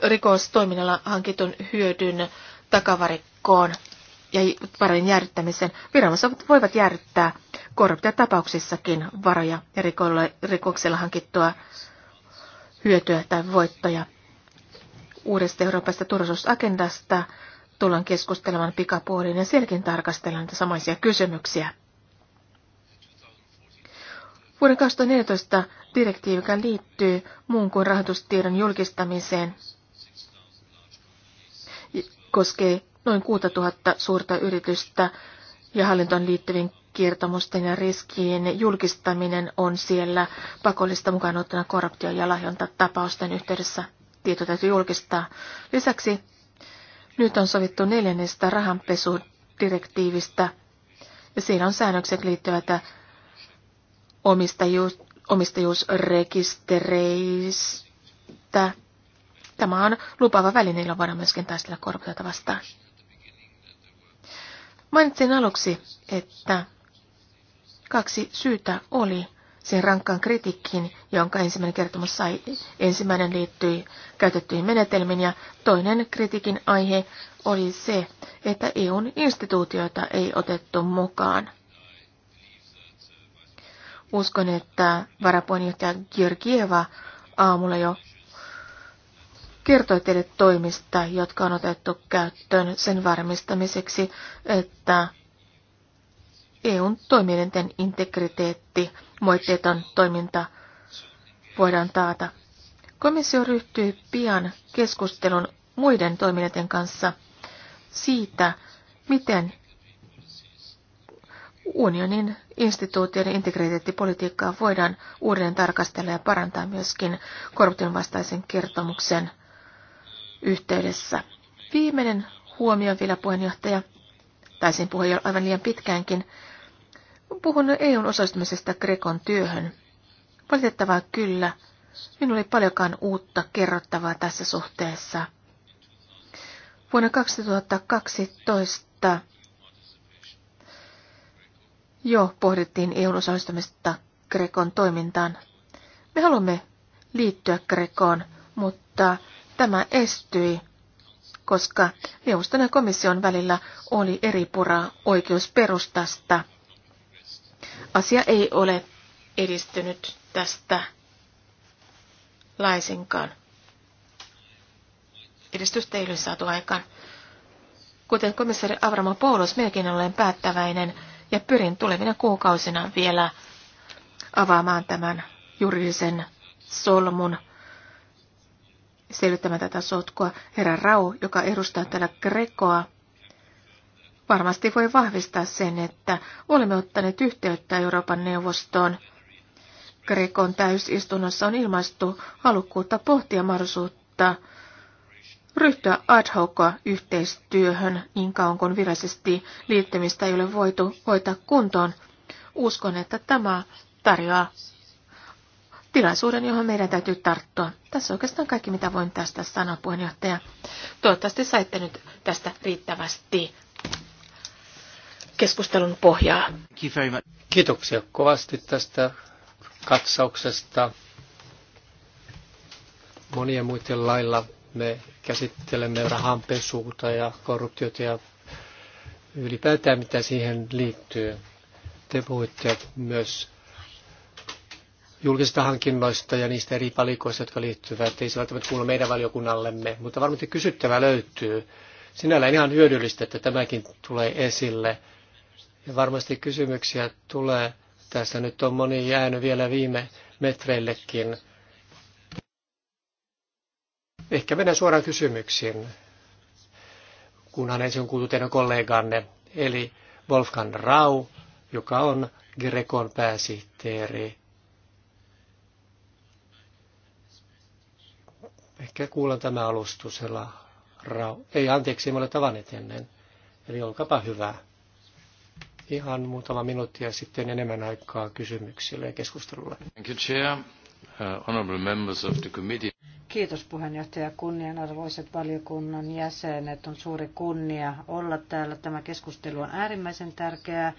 rikostoiminnalla hankitun hyödyn takavarikkoon ja varojen jäädyttämisen. Viranomaiset voivat jäädyttää korruptiotapauksissakin varoja ja rikoksella hankittua hyötyä tai voittoja. Uudesta Euroopasta turvallisuusagendasta tullaan keskustelemaan pikapuoliin ja sielläkin tarkastellaan niitä samaisia kysymyksiä. Vuoden 2014 direktiivi, joka liittyy muun kuin rahoitustiedon julkistamiseen, koskee noin 6000 suurta yritystä ja hallintoon liittyvien kertomusten ja riskien julkistaminen on siellä pakollista mukaan ottana korruptio- ja lahjontatapausten yhteydessä. Tieto täytyy julkistaa. Lisäksi nyt on sovittu neljännestä rahanpesudirektiivistä ja siinä on säännökset liittyvät omistajuus, omistajuusrekistereistä. Tämä on lupaava väline, jolla voidaan myöskin taistella korruptiota vastaan. Mainitsin aluksi, että kaksi syytä oli sen rankkaan kritiikkiin, jonka ensimmäinen kertomus sai. Ensimmäinen liittyi käytettyihin menetelmiin ja toinen kritiikin aihe oli se, että EUn instituutioita ei otettu mukaan. Uskon, että varapuheenjohtaja Georgieva aamulla jo kertoi teille toimista, jotka on otettu käyttöön sen varmistamiseksi, että EUn toimielinten integriteetti, moitteeton toiminta voidaan taata. Komissio ryhtyy pian keskustelun muiden toimielinten kanssa siitä, miten unionin instituutioiden integriteettipolitiikkaa voidaan uudelleen tarkastella ja parantaa myöskin korruption vastaisen kertomuksen yhteydessä. Viimeinen huomio vielä puheenjohtaja. Taisin puhua jo aivan liian pitkäänkin. Puhun EUn osallistumisesta Grekon työhön. Valitettavaa kyllä. Minulla ei paljonkaan uutta kerrottavaa tässä suhteessa. Vuonna 2012 jo pohdittiin EUn osallistumista Grekon toimintaan. Me haluamme liittyä Grekoon, mutta Tämä estyi, koska neuvoston ja komission välillä oli eri pura oikeusperustasta. Asia ei ole edistynyt tästä laisinkaan. Edistystä ei ole saatu aikaan. Kuten komissari Avramo Poulos, minäkin olen päättäväinen ja pyrin tulevina kuukausina vielä avaamaan tämän juridisen solmun selvittämään tätä sotkoa. Herra Rau, joka edustaa täällä Grekoa, varmasti voi vahvistaa sen, että olemme ottaneet yhteyttä Euroopan neuvostoon. Grekon täysistunnossa on ilmaistu halukkuutta pohtia mahdollisuutta ryhtyä ad hoc yhteistyöhön niin kauan kuin virallisesti liittymistä ei ole voitu hoitaa kuntoon. Uskon, että tämä tarjoaa tilaisuuden, johon meidän täytyy tarttua. Tässä oikeastaan kaikki, mitä voin tästä sanoa, puheenjohtaja. Toivottavasti saitte nyt tästä riittävästi keskustelun pohjaa. Kiitoksia kovasti tästä katsauksesta. Monien muiden lailla me käsittelemme rahanpesuuta ja korruptiota ja ylipäätään mitä siihen liittyy. Te puhuitte myös julkisista hankinnoista ja niistä eri palikoista, jotka liittyvät. Ei se välttämättä kuulu meidän valiokunnallemme, mutta varmasti kysyttävää löytyy. Sinällään ihan hyödyllistä, että tämäkin tulee esille. Ja varmasti kysymyksiä tulee. Tässä nyt on moni jäänyt vielä viime metreillekin. Ehkä mennään suoraan kysymyksiin, kunhan ensin on kuultu teidän kolleganne, eli Wolfgang Rau, joka on Grekon pääsihteeri Ehkä kuulan tämä alustus, Hela Rau. Ei, anteeksi, emme ole tavanneet ennen. Eli olkapa hyvä. Ihan muutama minuutti ja sitten enemmän aikaa kysymyksille ja keskustelulle. Thank you, Chair. Uh, members of the committee. Kiitos puheenjohtaja. Kunnianarvoiset valiokunnan jäsenet, on suuri kunnia olla täällä. Tämä keskustelu on äärimmäisen tärkeää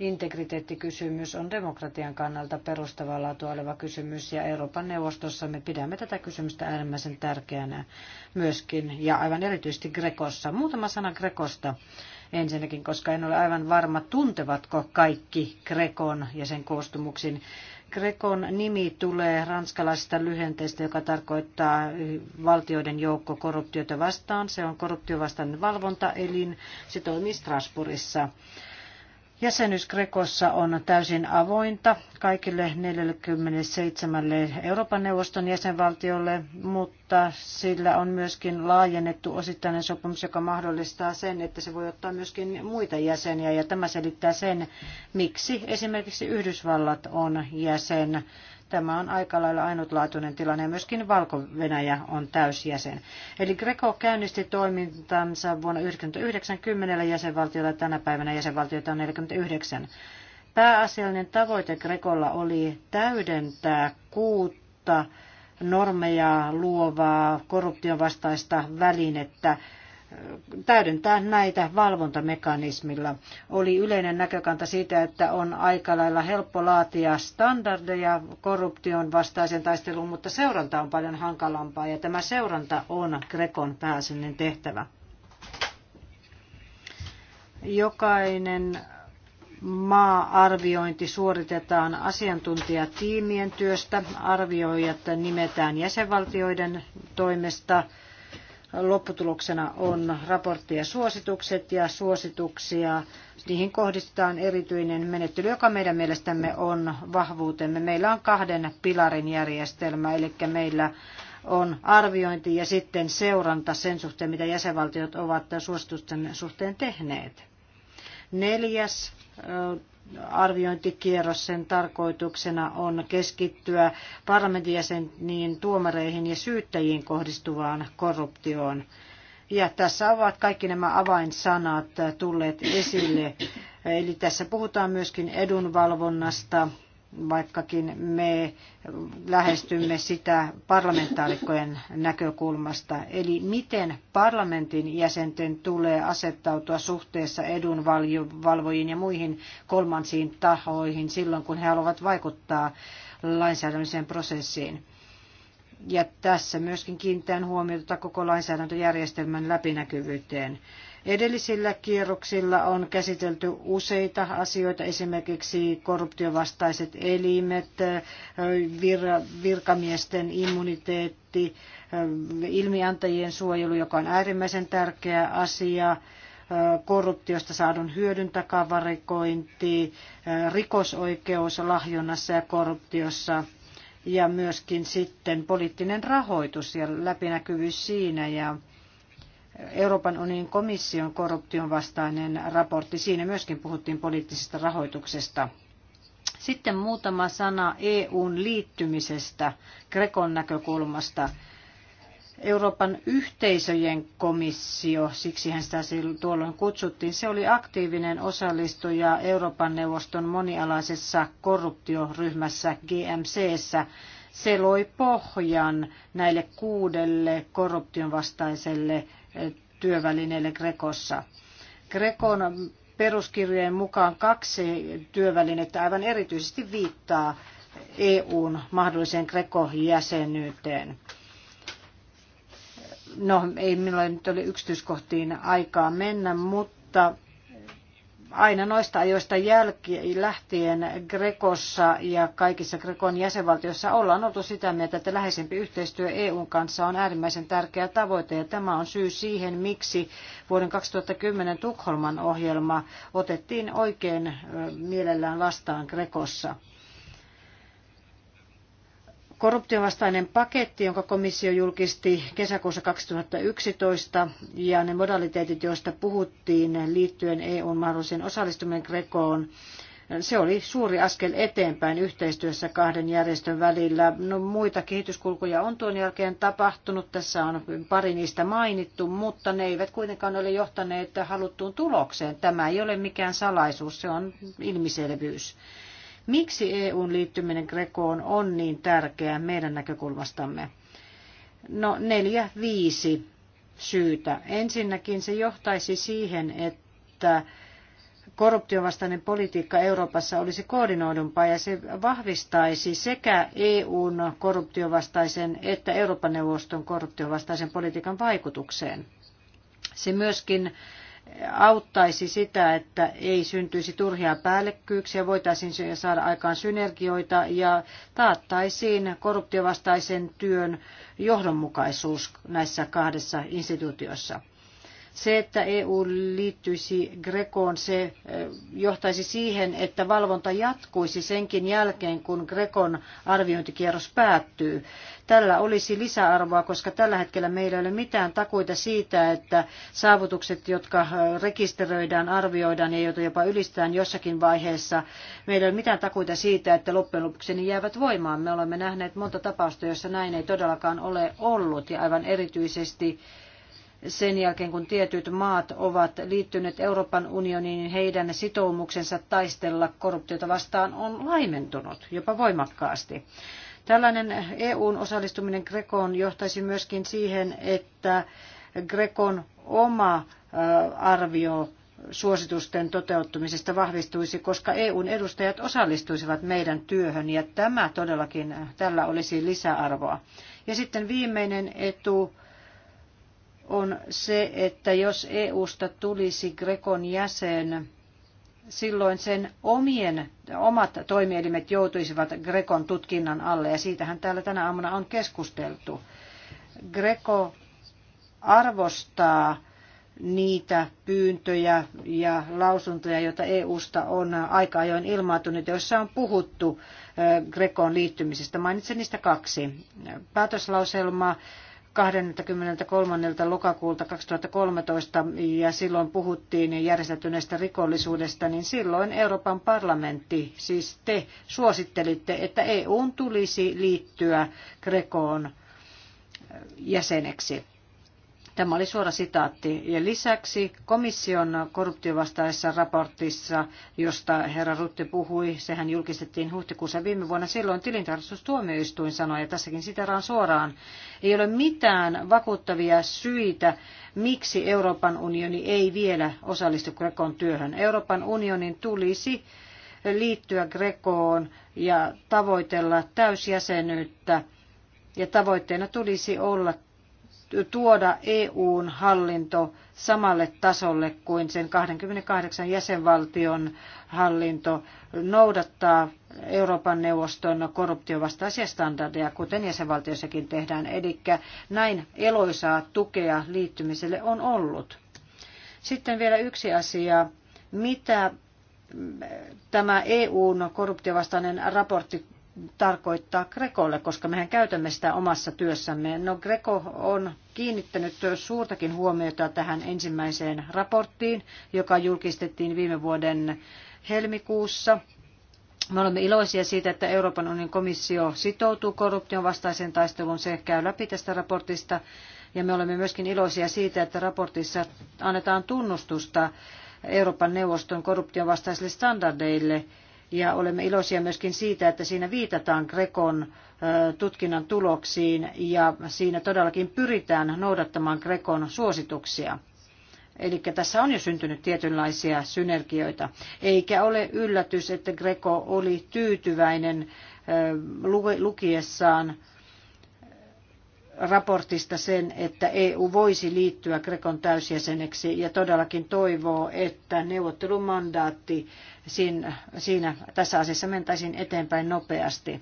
integriteettikysymys on demokratian kannalta perustavaa laatua oleva kysymys ja Euroopan neuvostossa me pidämme tätä kysymystä äärimmäisen tärkeänä myöskin ja aivan erityisesti Grekossa. Muutama sana Grekosta ensinnäkin, koska en ole aivan varma, tuntevatko kaikki Grekon ja sen koostumuksin. Grekon nimi tulee ranskalaisesta lyhenteestä, joka tarkoittaa valtioiden joukko korruptiota vastaan. Se on korruptiovastainen valvontaelin. Se toimii Strasbourgissa. Jäsenyys Grekossa on täysin avointa kaikille 47 Euroopan neuvoston jäsenvaltiolle, mutta sillä on myöskin laajennettu osittainen sopimus, joka mahdollistaa sen, että se voi ottaa myöskin muita jäseniä. Ja tämä selittää sen, miksi esimerkiksi Yhdysvallat on jäsen Tämä on aika lailla ainutlaatuinen tilanne ja myöskin Valko-Venäjä on täysjäsen. Eli Greco käynnisti toimintansa vuonna 1990 jäsenvaltiolla ja tänä päivänä jäsenvaltioita on 49. Pääasiallinen tavoite Grekolla oli täydentää kuutta normeja luovaa korruption vastaista välinettä täydentää näitä valvontamekanismilla. Oli yleinen näkökanta siitä, että on aika lailla helppo laatia standardeja korruption vastaisen taisteluun, mutta seuranta on paljon hankalampaa ja tämä seuranta on Grekon pääasiallinen tehtävä. Jokainen maa-arviointi suoritetaan asiantuntijatiimien työstä, arvioijat nimetään jäsenvaltioiden toimesta – Lopputuloksena on raportti ja suositukset ja suosituksia. Niihin kohdistetaan erityinen menettely, joka meidän mielestämme on vahvuutemme. Meillä on kahden pilarin järjestelmä, eli meillä on arviointi ja sitten seuranta sen suhteen, mitä jäsenvaltiot ovat suositusten suhteen tehneet. Neljäs arviointikierros sen tarkoituksena on keskittyä parlamentin jäseniin, tuomareihin ja syyttäjiin kohdistuvaan korruptioon. Ja tässä ovat kaikki nämä avainsanat tulleet esille. Eli tässä puhutaan myöskin edunvalvonnasta, vaikkakin me lähestymme sitä parlamentaarikkojen näkökulmasta. Eli miten parlamentin jäsenten tulee asettautua suhteessa edunvalvojiin ja muihin kolmansiin tahoihin silloin, kun he haluavat vaikuttaa lainsäädännölliseen prosessiin. Ja tässä myöskin kiinnitän huomiota koko lainsäädäntöjärjestelmän läpinäkyvyyteen. Edellisillä kierroksilla on käsitelty useita asioita, esimerkiksi korruptiovastaiset elimet, virkamiesten immuniteetti, ilmiantajien suojelu, joka on äärimmäisen tärkeä asia, korruptiosta saadun hyödyn takavarikointi, rikosoikeus lahjonnassa ja korruptiossa ja myöskin sitten poliittinen rahoitus ja läpinäkyvyys siinä ja Euroopan unionin komission korruption vastainen raportti. Siinä myöskin puhuttiin poliittisesta rahoituksesta. Sitten muutama sana EUn liittymisestä Grekon näkökulmasta. Euroopan yhteisöjen komissio, siksihän sitä tuolloin kutsuttiin, se oli aktiivinen osallistuja Euroopan neuvoston monialaisessa korruptioryhmässä GMCssä. Se loi pohjan näille kuudelle korruption vastaiselle työvälineille Grekossa. Grekon peruskirjojen mukaan kaksi työvälinettä aivan erityisesti viittaa EUn mahdolliseen Greco-jäsenyyteen. No, ei minulla nyt ole yksityiskohtiin aikaa mennä, mutta aina noista ajoista jälki, lähtien Grekossa ja kaikissa Grekon jäsenvaltioissa ollaan oltu sitä mieltä, että läheisempi yhteistyö EUn kanssa on äärimmäisen tärkeä tavoite ja tämä on syy siihen, miksi vuoden 2010 Tukholman ohjelma otettiin oikein mielellään vastaan Grekossa. Korruptiovastainen paketti, jonka komissio julkisti kesäkuussa 2011, ja ne modaliteetit, joista puhuttiin liittyen EUn mahdolliseen osallistumiseen Grekoon, se oli suuri askel eteenpäin yhteistyössä kahden järjestön välillä. No, muita kehityskulkuja on tuon jälkeen tapahtunut, tässä on pari niistä mainittu, mutta ne eivät kuitenkaan ole johtaneet haluttuun tulokseen. Tämä ei ole mikään salaisuus, se on ilmiselvyys. Miksi EUn liittyminen Grekoon on niin tärkeää meidän näkökulmastamme? No neljä, viisi syytä. Ensinnäkin se johtaisi siihen, että korruptiovastainen politiikka Euroopassa olisi koordinoidumpaa ja se vahvistaisi sekä EUn korruptiovastaisen että Euroopan neuvoston korruptiovastaisen politiikan vaikutukseen. Se myöskin auttaisi sitä, että ei syntyisi turhia päällekkyyksiä, voitaisiin saada aikaan synergioita ja taattaisiin korruptiovastaisen työn johdonmukaisuus näissä kahdessa instituutiossa. Se, että EU liittyisi Grekoon, se eh, johtaisi siihen, että valvonta jatkuisi senkin jälkeen, kun Grekon arviointikierros päättyy. Tällä olisi lisäarvoa, koska tällä hetkellä meillä ei ole mitään takuita siitä, että saavutukset, jotka eh, rekisteröidään, arvioidaan ja joita jopa ylistetään jossakin vaiheessa, meillä ei ole mitään takuita siitä, että loppujen lopuksi ne jäävät voimaan. Me olemme nähneet monta tapausta, jossa näin ei todellakaan ole ollut ja aivan erityisesti sen jälkeen, kun tietyt maat ovat liittyneet Euroopan unioniin, niin heidän sitoumuksensa taistella korruptiota vastaan on laimentunut jopa voimakkaasti. Tällainen EUn osallistuminen Grekoon johtaisi myöskin siihen, että Grekon oma arvio suositusten toteuttamisesta vahvistuisi, koska EUn edustajat osallistuisivat meidän työhön ja tämä todellakin, tällä olisi lisäarvoa. Ja sitten viimeinen etu on se, että jos EUsta tulisi Grekon jäsen, silloin sen omien, omat toimielimet joutuisivat Grekon tutkinnan alle, ja siitähän täällä tänä aamuna on keskusteltu. Greko arvostaa niitä pyyntöjä ja lausuntoja, joita EUsta on aika ajoin ilmaantunut, joissa on puhuttu Grekoon liittymisestä. Mainitsen niistä kaksi. Päätöslauselma 23. lokakuulta 2013 ja silloin puhuttiin järjestäytyneestä rikollisuudesta, niin silloin Euroopan parlamentti, siis te suosittelitte, että EUn tulisi liittyä Grekoon jäseneksi. Tämä oli suora sitaatti. Ja lisäksi komission korruptiovastaisessa raportissa, josta herra Rutte puhui, sehän julkistettiin huhtikuussa viime vuonna, silloin tilintarkastustuomioistuin sanoi, ja tässäkin siteraan suoraan, ei ole mitään vakuuttavia syitä, miksi Euroopan unioni ei vielä osallistu Grekon työhön. Euroopan unionin tulisi liittyä Grekoon ja tavoitella täysjäsenyyttä ja tavoitteena tulisi olla tuoda EUn hallinto samalle tasolle kuin sen 28 jäsenvaltion hallinto noudattaa Euroopan neuvoston korruptiovastaisia standardeja, kuten jäsenvaltioissakin tehdään. Eli näin eloisaa tukea liittymiselle on ollut. Sitten vielä yksi asia. Mitä tämä EUn korruptiovastainen raportti tarkoittaa Grekolle, koska mehän käytämme sitä omassa työssämme. No Greco on kiinnittänyt suurtakin huomiota tähän ensimmäiseen raporttiin, joka julkistettiin viime vuoden helmikuussa. Me olemme iloisia siitä, että Euroopan unionin komissio sitoutuu korruption vastaiseen taisteluun. Se käy läpi tästä raportista. Ja me olemme myöskin iloisia siitä, että raportissa annetaan tunnustusta Euroopan neuvoston korruption vastaisille standardeille – ja olemme iloisia myöskin siitä, että siinä viitataan Grekon tutkinnan tuloksiin ja siinä todellakin pyritään noudattamaan Grekon suosituksia. Eli tässä on jo syntynyt tietynlaisia synergioita. Eikä ole yllätys, että Greco oli tyytyväinen lukiessaan raportista sen, että EU voisi liittyä Grekon täysjäseneksi ja todellakin toivoo, että neuvottelumandaatti siinä, tässä asiassa mentäisiin eteenpäin nopeasti.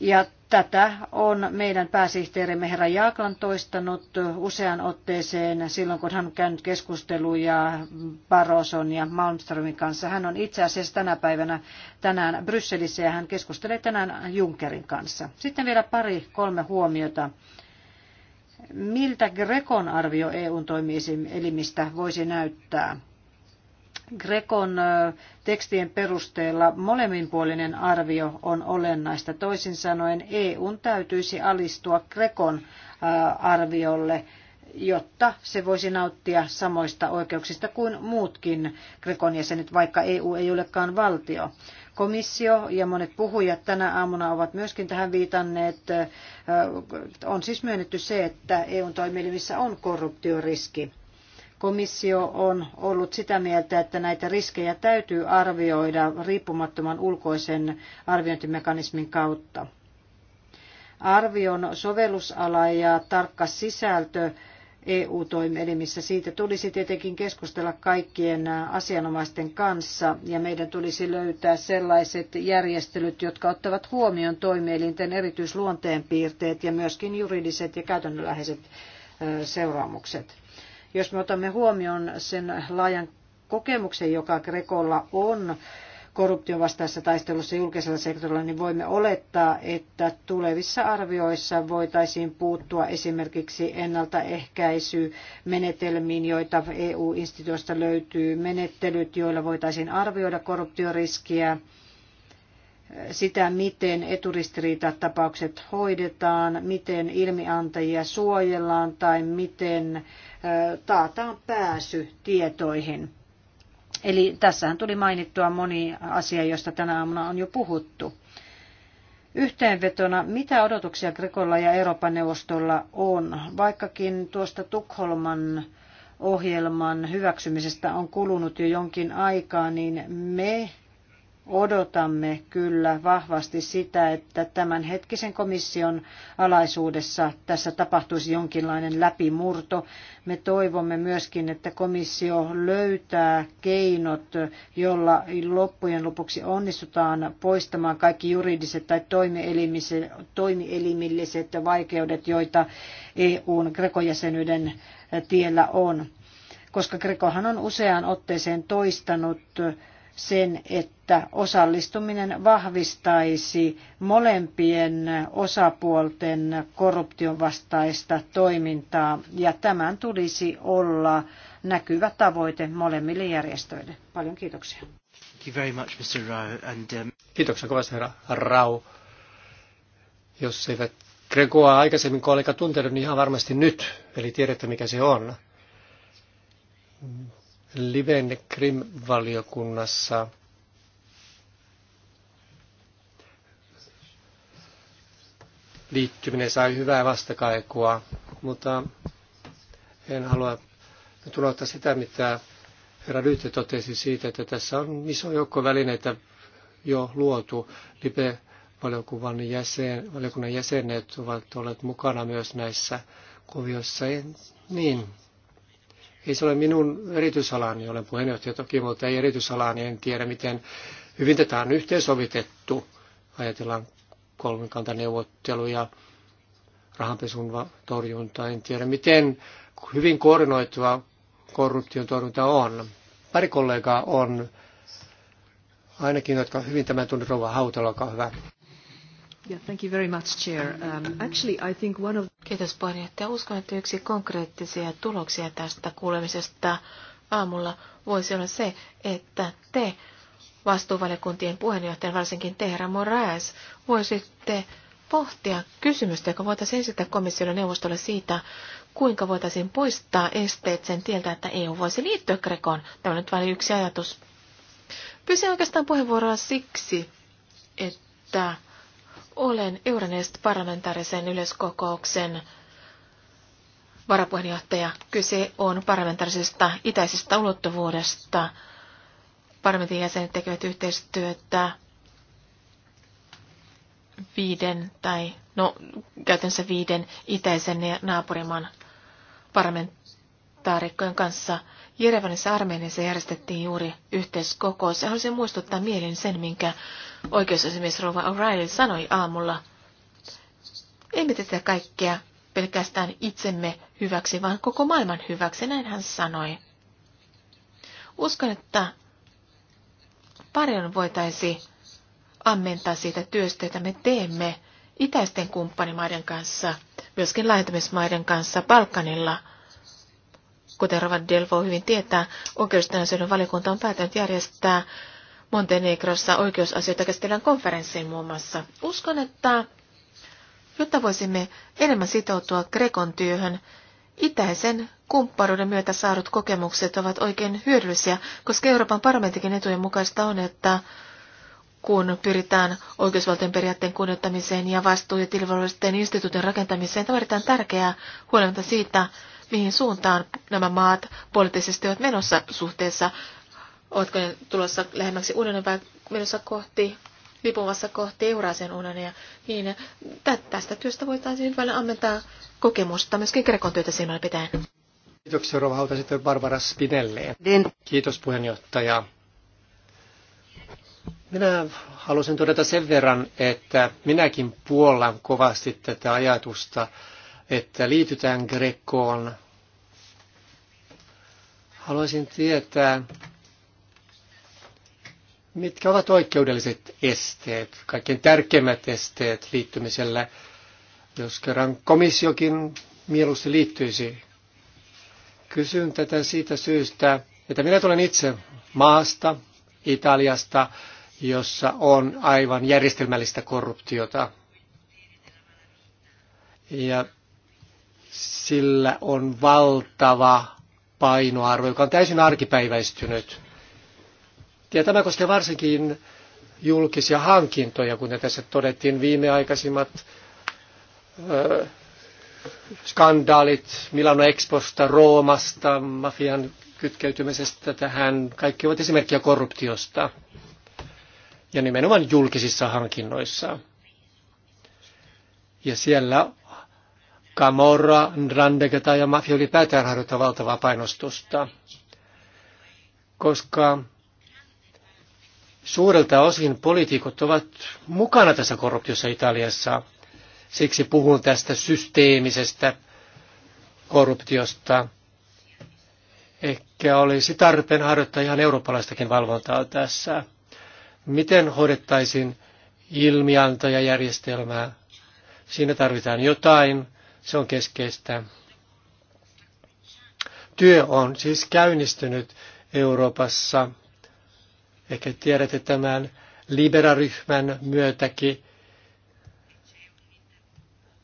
Ja tätä on meidän pääsihteerimme herra Jaaklan toistanut usean otteeseen silloin, kun hän on käynyt keskusteluja Barroson ja Malmströmin kanssa. Hän on itse asiassa tänä päivänä tänään Brysselissä ja hän keskustelee tänään Junckerin kanssa. Sitten vielä pari, kolme huomiota. Miltä Grekon arvio EUn toimielimistä voisi näyttää? Grekon tekstien perusteella molemminpuolinen arvio on olennaista. Toisin sanoen EUn täytyisi alistua Grekon arviolle, jotta se voisi nauttia samoista oikeuksista kuin muutkin Grekon jäsenet, vaikka EU ei olekaan valtio. Komissio ja monet puhujat tänä aamuna ovat myöskin tähän viitanneet. On siis myönnetty se, että EUn toimielimissä on korruptioriski Komissio on ollut sitä mieltä, että näitä riskejä täytyy arvioida riippumattoman ulkoisen arviointimekanismin kautta. Arvion sovellusala ja tarkka sisältö EU-toimielimissä. Siitä tulisi tietenkin keskustella kaikkien asianomaisten kanssa ja meidän tulisi löytää sellaiset järjestelyt, jotka ottavat huomioon toimielinten piirteet ja myöskin juridiset ja käytännönläheiset seuraamukset. Jos me otamme huomioon sen laajan kokemuksen, joka Grekolla on korruption vastaisessa taistelussa julkisella sektorilla, niin voimme olettaa, että tulevissa arvioissa voitaisiin puuttua esimerkiksi ennaltaehkäisymenetelmiin, joita EU-instituutiosta löytyy, menettelyt, joilla voitaisiin arvioida korruptioriskiä, sitä, miten eturistiriitatapaukset hoidetaan, miten ilmiantajia suojellaan tai miten taataan pääsy tietoihin. Eli tässähän tuli mainittua moni asia, josta tänä aamuna on jo puhuttu. Yhteenvetona, mitä odotuksia Grekolla ja Euroopan neuvostolla on, vaikkakin tuosta Tukholman ohjelman hyväksymisestä on kulunut jo jonkin aikaa, niin me odotamme kyllä vahvasti sitä, että tämän hetkisen komission alaisuudessa tässä tapahtuisi jonkinlainen läpimurto. Me toivomme myöskin, että komissio löytää keinot, jolla loppujen lopuksi onnistutaan poistamaan kaikki juridiset tai toimielimilliset vaikeudet, joita EUn Greco-jäsenyyden tiellä on. Koska Grekohan on useaan otteeseen toistanut, sen, että osallistuminen vahvistaisi molempien osapuolten korruption vastaista toimintaa ja tämän tulisi olla näkyvä tavoite molemmille järjestöille. Paljon kiitoksia. Um, kiitoksia kovasti herra Rau. Jos eivät Gregoa aikaisemmin kollega tuntenut, niin ihan varmasti nyt, eli tiedätte mikä se on Liven Krim-valiokunnassa liittyminen sai hyvää vastakaikua, mutta en halua tulla unohtaa sitä, mitä herra Lyytte totesi siitä, että tässä on iso joukko välineitä jo luotu. Libe valiokunnan, jäsen, valiokunnan jäsenet ovat olleet mukana myös näissä kuvioissa. En, niin, ei se ole minun erityisalani, olen puheenjohtaja toki, mutta ei erityisalani, en tiedä miten hyvin tätä on yhteensovitettu. Ajatellaan kolmikantaneuvotteluja, rahanpesun torjuntaa, en tiedä miten hyvin koordinoitua korruption torjunta on. Pari kollegaa on ainakin, jotka hyvin tämän tunnet, Rouva Hautala, olkaa hyvä. Yeah, thank you um, Kiitos puheenjohtaja. Uskon, että yksi konkreettisia tuloksia tästä kuulemisesta aamulla voisi olla se, että te vastuuvaliokuntien puheenjohtajan, varsinkin te, herra Moraes, voisitte pohtia kysymystä, joka voitaisiin esittää komissiolle neuvostolle siitä, kuinka voitaisiin poistaa esteet sen tieltä, että EU voisi liittyä Grekoon. Tämä on nyt vain yksi ajatus. Pyysin oikeastaan puheenvuoroa siksi, että olen Euronest parlamentaarisen yleiskokouksen varapuheenjohtaja. Kyse on parlamentaarisesta itäisestä ulottuvuudesta. Parlamentin jäsenet tekevät yhteistyötä viiden tai no käytännössä viiden itäisen naapurimaan parlamentaarikkojen kanssa – Jerevanissa Armeniassa järjestettiin juuri yhteiskokous ja haluaisin muistuttaa mielin sen, minkä oikeusasiamies Rova O'Reilly sanoi aamulla. Emme tätä kaikkea pelkästään itsemme hyväksi, vaan koko maailman hyväksi, näin hän sanoi. Uskon, että paljon voitaisi ammentaa siitä työstä, jota me teemme itäisten kumppanimaiden kanssa, myöskin laajentamismaiden kanssa Balkanilla – Kuten Ravan Delvo hyvin tietää, oikeustenäisyyden valikunta on päätänyt järjestää Montenegrossa oikeusasioita käsitellään konferenssiin muun muassa. Uskon, että jotta voisimme enemmän sitoutua Grekon työhön, itäisen kumppanuuden myötä saadut kokemukset ovat oikein hyödyllisiä, koska Euroopan parlamentikin etujen mukaista on, että kun pyritään oikeusvaltion periaatteen kunnioittamiseen ja vastuu- ja tilivelvollisten instituutin rakentamiseen, tämä on erittäin tärkeää huolimatta siitä, mihin suuntaan nämä maat poliittisesti ovat menossa suhteessa, ovatko ne tulossa lähemmäksi unionin vai menossa kohti lipumassa kohti Eurasian unionia, niin tästä työstä voitaisiin paljon ammentaa kokemusta myöskin Grekon työtä silmällä pitäen. Kiitoksia Seuraava halutaan sitten Barbara Spinelleen. Kiitos puheenjohtaja. Minä halusin todeta sen verran, että minäkin puollan kovasti tätä ajatusta, että liitytään Grekkoon. Haluaisin tietää, mitkä ovat oikeudelliset esteet, kaikkein tärkeimmät esteet liittymisellä, jos kerran komissiokin mieluusti liittyisi. Kysyn tätä siitä syystä, että minä tulen itse maasta, Italiasta, jossa on aivan järjestelmällistä korruptiota. Ja sillä on valtava painoarvo, joka on täysin arkipäiväistynyt. Ja tämä koskee varsinkin julkisia hankintoja, kuten tässä todettiin viimeaikaisimmat ö, skandaalit Milano Exposta, Roomasta, mafian kytkeytymisestä tähän. Kaikki ovat esimerkkiä korruptiosta ja nimenomaan julkisissa hankinnoissa. Ja siellä Camorra, Ndrandekä ja mafia ylipäätään harjoittaa valtavaa painostusta, koska suurelta osin poliitikot ovat mukana tässä korruptiossa Italiassa. Siksi puhun tästä systeemisestä korruptiosta. Ehkä olisi tarpeen harjoittaa ihan eurooppalaistakin valvontaa tässä. Miten hoidettaisiin ilmiantajajärjestelmää? Siinä tarvitaan jotain, se on keskeistä. Työ on siis käynnistynyt Euroopassa. Ehkä tiedätte tämän liberaryhmän myötäkin.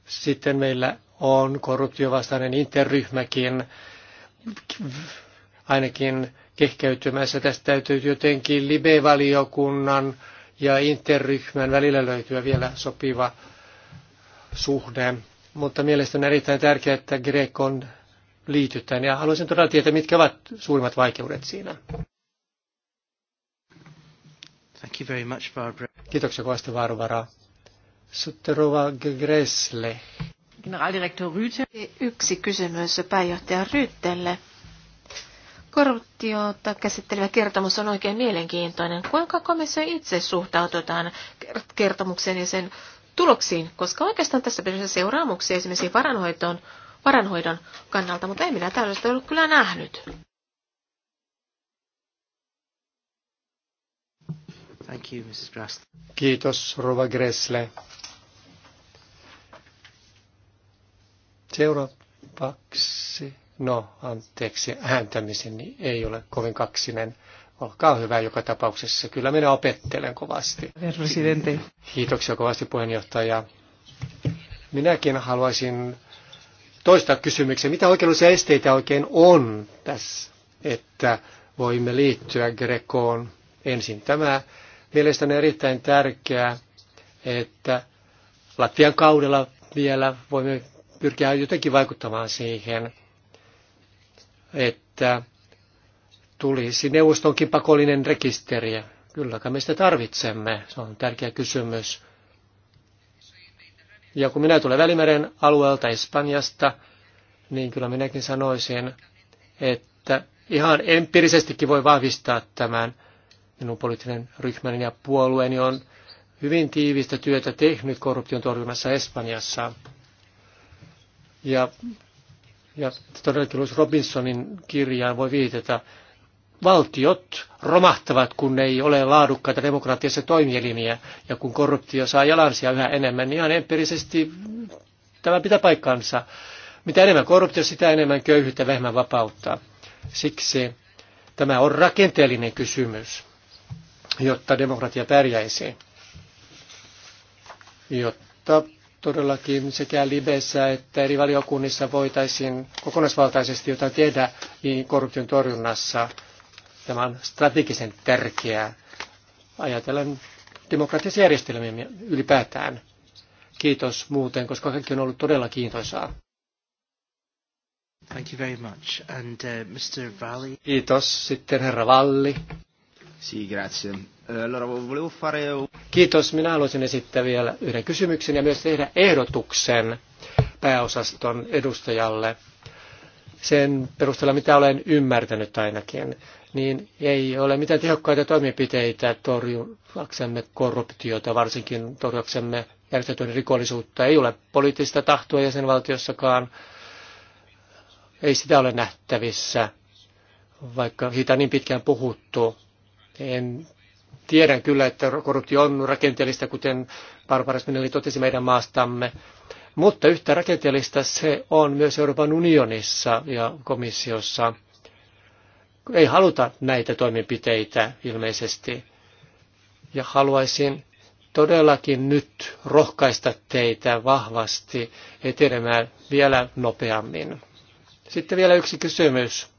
Sitten meillä on korruptiovastainen interryhmäkin ainakin kehkeytymässä. Tästä täytyy jotenkin libevaliokunnan ja interryhmän välillä löytyä vielä sopiva suhde mutta mielestäni on erittäin tärkeää, että Grekon liitytään. Ja haluaisin todella tietää, mitkä ovat suurimmat vaikeudet siinä. Thank you very much, Barbara. Kiitoksia kovasti, Barbara. Sutterova Gresle. Generaldirektor Ryyte. Yksi kysymys pääjohtaja ryttelle. Korruptiota käsittelevä kertomus on oikein mielenkiintoinen. Kuinka komissio itse suhtaututaan kertomukseen ja sen tuloksiin, koska oikeastaan tässä pitäisi seuraamuksia esimerkiksi varanhoitoon, varanhoidon kannalta, mutta ei minä tällaista ollut kyllä nähnyt. Thank you, Mrs. Grass. Kiitos, Rova Gressle. Seuraavaksi, no anteeksi, ääntämiseni ei ole kovin kaksinen. Olkaa hyvä joka tapauksessa. Kyllä minä opettelen kovasti. Presidentti. Kiitoksia kovasti puheenjohtaja. Minäkin haluaisin toistaa kysymyksen. Mitä oikeudellisia esteitä oikein on tässä, että voimme liittyä Grekoon ensin? Tämä mielestäni on erittäin tärkeää, että Latvian kaudella vielä voimme pyrkiä jotenkin vaikuttamaan siihen, että tulisi neuvostonkin pakollinen rekisteri. Kylläkä me sitä tarvitsemme. Se on tärkeä kysymys. Ja kun minä tulen Välimeren alueelta Espanjasta, niin kyllä minäkin sanoisin, että ihan empiirisestikin voi vahvistaa tämän. Minun poliittinen ryhmäni ja puolueeni on hyvin tiivistä työtä tehnyt korruption torjunnassa Espanjassa. Ja, ja todellakin Louis Robinsonin kirjaan voi viitata, valtiot romahtavat, kun ei ole laadukkaita demokratiassa toimielimiä ja kun korruptio saa jalansia yhä enemmän, niin ihan empiirisesti tämä pitää paikkansa. Mitä enemmän korruptio, sitä enemmän köyhyyttä, vähemmän vapautta. Siksi tämä on rakenteellinen kysymys, jotta demokratia pärjäisi. Jotta todellakin sekä Libessä että eri valiokunnissa voitaisiin kokonaisvaltaisesti jotain tehdä niin korruption torjunnassa – Tämä on strategisen tärkeää. Ajatellen demokratisia järjestelmiä ylipäätään. Kiitos muuten, koska kaikki on ollut todella kiintoisaa. Thank you very much. And uh, Mr. Valli. Kiitos. Sitten herra Valli. Si, grazie. Eh, allora, volevo fare... Kiitos. Minä haluaisin esittää vielä yhden kysymyksen ja myös tehdä ehdotuksen pääosaston edustajalle sen perusteella, mitä olen ymmärtänyt ainakin, niin ei ole mitään tehokkaita toimenpiteitä torjuaksemme korruptiota, varsinkin torjuaksemme järjestetyn rikollisuutta. Ei ole poliittista tahtoa jäsenvaltiossakaan, ei sitä ole nähtävissä, vaikka siitä on niin pitkään puhuttu. En tiedän kyllä, että korruptio on rakenteellista, kuten Barbaras Mineli totesi meidän maastamme, mutta yhtä rakenteellista se on myös Euroopan unionissa ja komissiossa. Ei haluta näitä toimenpiteitä ilmeisesti. Ja haluaisin todellakin nyt rohkaista teitä vahvasti etenemään vielä nopeammin. Sitten vielä yksi kysymys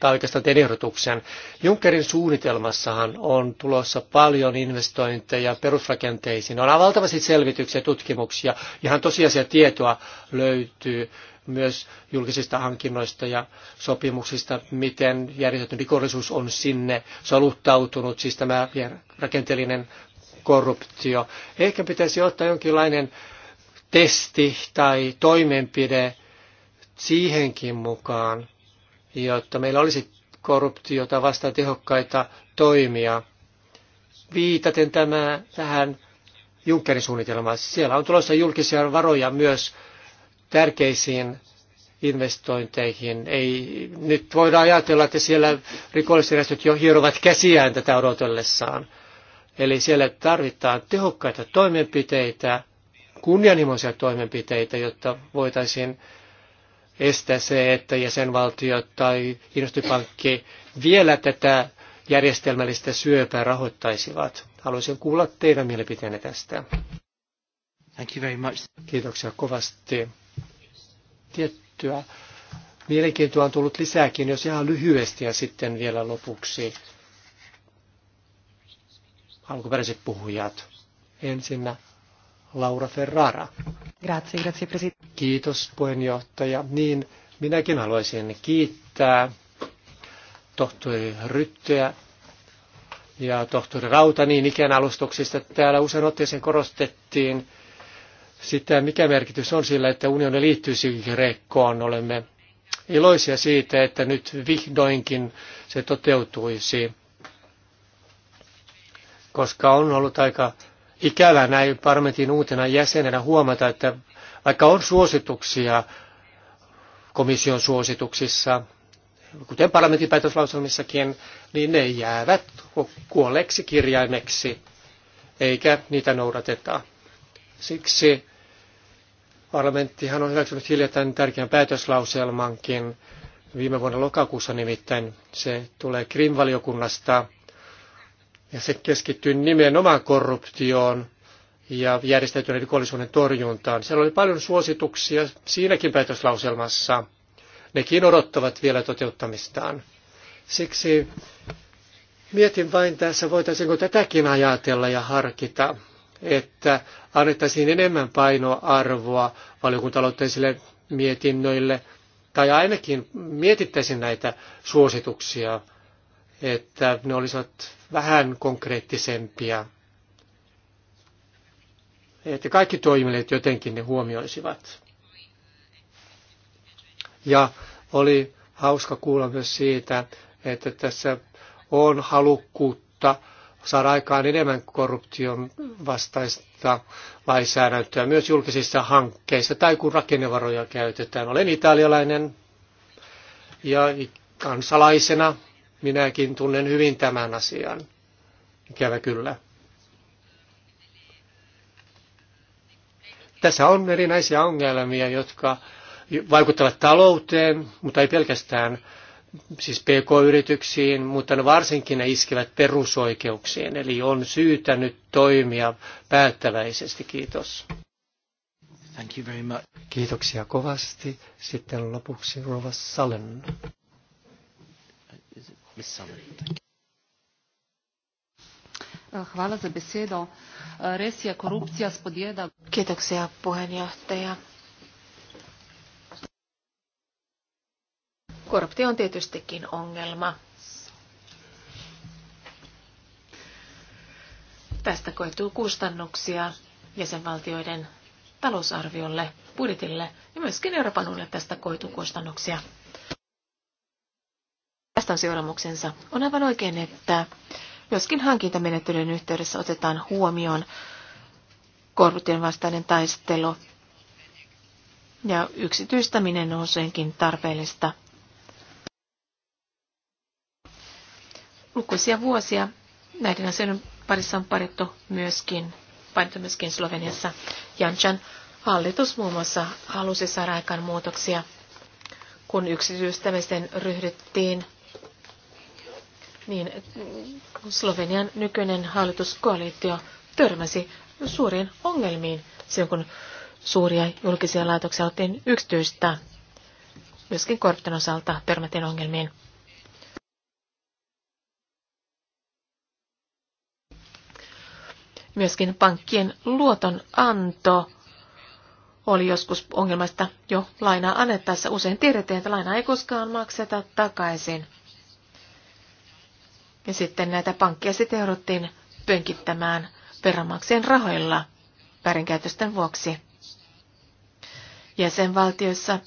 tai oikeastaan teen ehdotuksen. Junckerin suunnitelmassahan on tulossa paljon investointeja perusrakenteisiin. On valtavasti selvityksiä, tutkimuksia, ihan tosiasia tietoa löytyy myös julkisista hankinnoista ja sopimuksista, miten järjestetty rikollisuus on sinne soluttautunut, siis tämä rakenteellinen korruptio. Ehkä pitäisi ottaa jonkinlainen testi tai toimenpide siihenkin mukaan, jotta meillä olisi korruptiota vastaan tehokkaita toimia. Viitaten tämä tähän Junckerin suunnitelmaan. Siellä on tulossa julkisia varoja myös tärkeisiin investointeihin. Ei, nyt voidaan ajatella, että siellä rikollisjärjestöt jo hierovat käsiään tätä odotellessaan. Eli siellä tarvitaan tehokkaita toimenpiteitä, kunnianhimoisia toimenpiteitä, jotta voitaisiin estä se, että jäsenvaltiot tai investointipankki vielä tätä järjestelmällistä syöpää rahoittaisivat. Haluaisin kuulla teidän mielipiteenne tästä. Thank you very much. Kiitoksia kovasti. Tiettyä mielenkiintoa on tullut lisääkin, jos ihan lyhyesti ja sitten vielä lopuksi alkuperäiset puhujat. Ensinnä Laura Ferrara. Grazie, grazie presidente. Kiitos puheenjohtaja. Niin, minäkin haluaisin kiittää tohtori Ryttyä ja tohtori Rauta niin ikään alustuksista. Täällä usein otteeseen korostettiin sitä, mikä merkitys on sillä, että unioni liittyisi Grekkoon. Olemme iloisia siitä, että nyt vihdoinkin se toteutuisi, koska on ollut aika ikävä näin parlamentin uutena jäsenenä huomata, että vaikka on suosituksia komission suosituksissa, kuten parlamentin päätöslauselmissakin, niin ne jäävät kuolleeksi kirjaimeksi, eikä niitä noudateta. Siksi parlamenttihan on hyväksynyt hiljattain tärkeän päätöslauselmankin, viime vuonna lokakuussa nimittäin. Se tulee krimvaliokunnasta. valiokunnasta ja se keskittyi nimenomaan korruptioon ja järjestäytyneen rikollisuuden torjuntaan. Siellä oli paljon suosituksia siinäkin päätöslauselmassa. Nekin odottavat vielä toteuttamistaan. Siksi mietin vain tässä, voitaisiinko tätäkin ajatella ja harkita, että annettaisiin enemmän painoarvoa valiokuntaloitteisille mietinnöille, tai ainakin mietittäisiin näitä suosituksia että ne olisivat vähän konkreettisempia, että kaikki toimijat jotenkin ne huomioisivat. Ja oli hauska kuulla myös siitä, että tässä on halukkuutta saada aikaan enemmän korruption vastaista lainsäädäntöä myös julkisissa hankkeissa tai kun rakennevaroja käytetään. Olen italialainen ja kansalaisena Minäkin tunnen hyvin tämän asian, ikävä kyllä. Tässä on erinäisiä ongelmia, jotka vaikuttavat talouteen, mutta ei pelkästään siis PK-yrityksiin, mutta ne varsinkin ne iskevät perusoikeuksiin. Eli on syytä nyt toimia päättäväisesti. Kiitos. Thank you very much. Kiitoksia kovasti. Sitten lopuksi Rova Salen. Hvala za besedo. Res je, spodjeda. Kiitoksia puheenjohtaja. Korruptio on tietystikin ongelma. Tästä koituu kustannuksia jäsenvaltioiden talousarviolle, budjetille ja myöskin Euroopan unionille tästä koituu kustannuksia vastaan On aivan oikein, että joskin hankintamenettelyn yhteydessä otetaan huomioon korruption vastainen taistelu ja yksityistäminen on useinkin tarpeellista. Lukuisia vuosia näiden asioiden parissa on parittu myöskin, parittu myöskin Sloveniassa. Janchan hallitus muun muassa halusi saada aikaan muutoksia, kun yksityistämisten ryhdyttiin – niin Slovenian nykyinen hallituskoalitio törmäsi suuriin ongelmiin silloin, kun suuria julkisia laitoksia oltiin yksityistä. Myöskin korpten osalta törmättiin ongelmiin. Myöskin pankkien luotonanto oli joskus ongelmasta jo lainaa annettaessa. Usein tiedettiin, että lainaa ei koskaan makseta takaisin. Ja sitten näitä pankkeja sitten jouduttiin pönkittämään veronmaksajien rahoilla väärinkäytösten vuoksi. Jäsenvaltioissa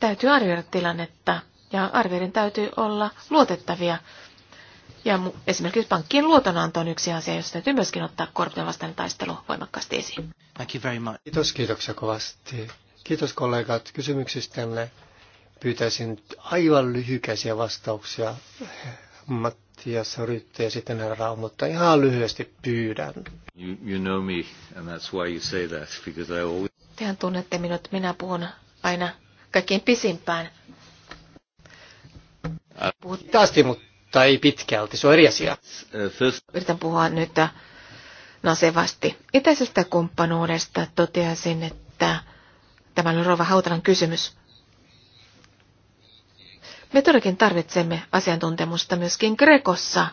täytyy arvioida tilannetta ja arvioiden täytyy olla luotettavia. Ja esimerkiksi pankkien luotonanto on yksi asia, jossa täytyy myöskin ottaa korruption vastainen taistelu voimakkaasti esiin. Thank you very much. Kiitos, kiitoksia kovasti. Kiitos kollegat kysymyksistänne. Pyytäisin aivan lyhykäisiä vastauksia. Mattias Rytte ja sitten herra Raul, mutta ihan lyhyesti pyydän. You, you know me, and that's why you say that, because I always... Tehän tunnette minut, minä puhun aina kaikkein pisimpään. Puhut... Taasti, mutta ei pitkälti, se on eri asia. Uh, Yritän puhua nyt nasevasti. Itäisestä kumppanuudesta toteaisin, että tämä on Rova Hautalan kysymys. Me todellakin tarvitsemme asiantuntemusta myöskin Grekossa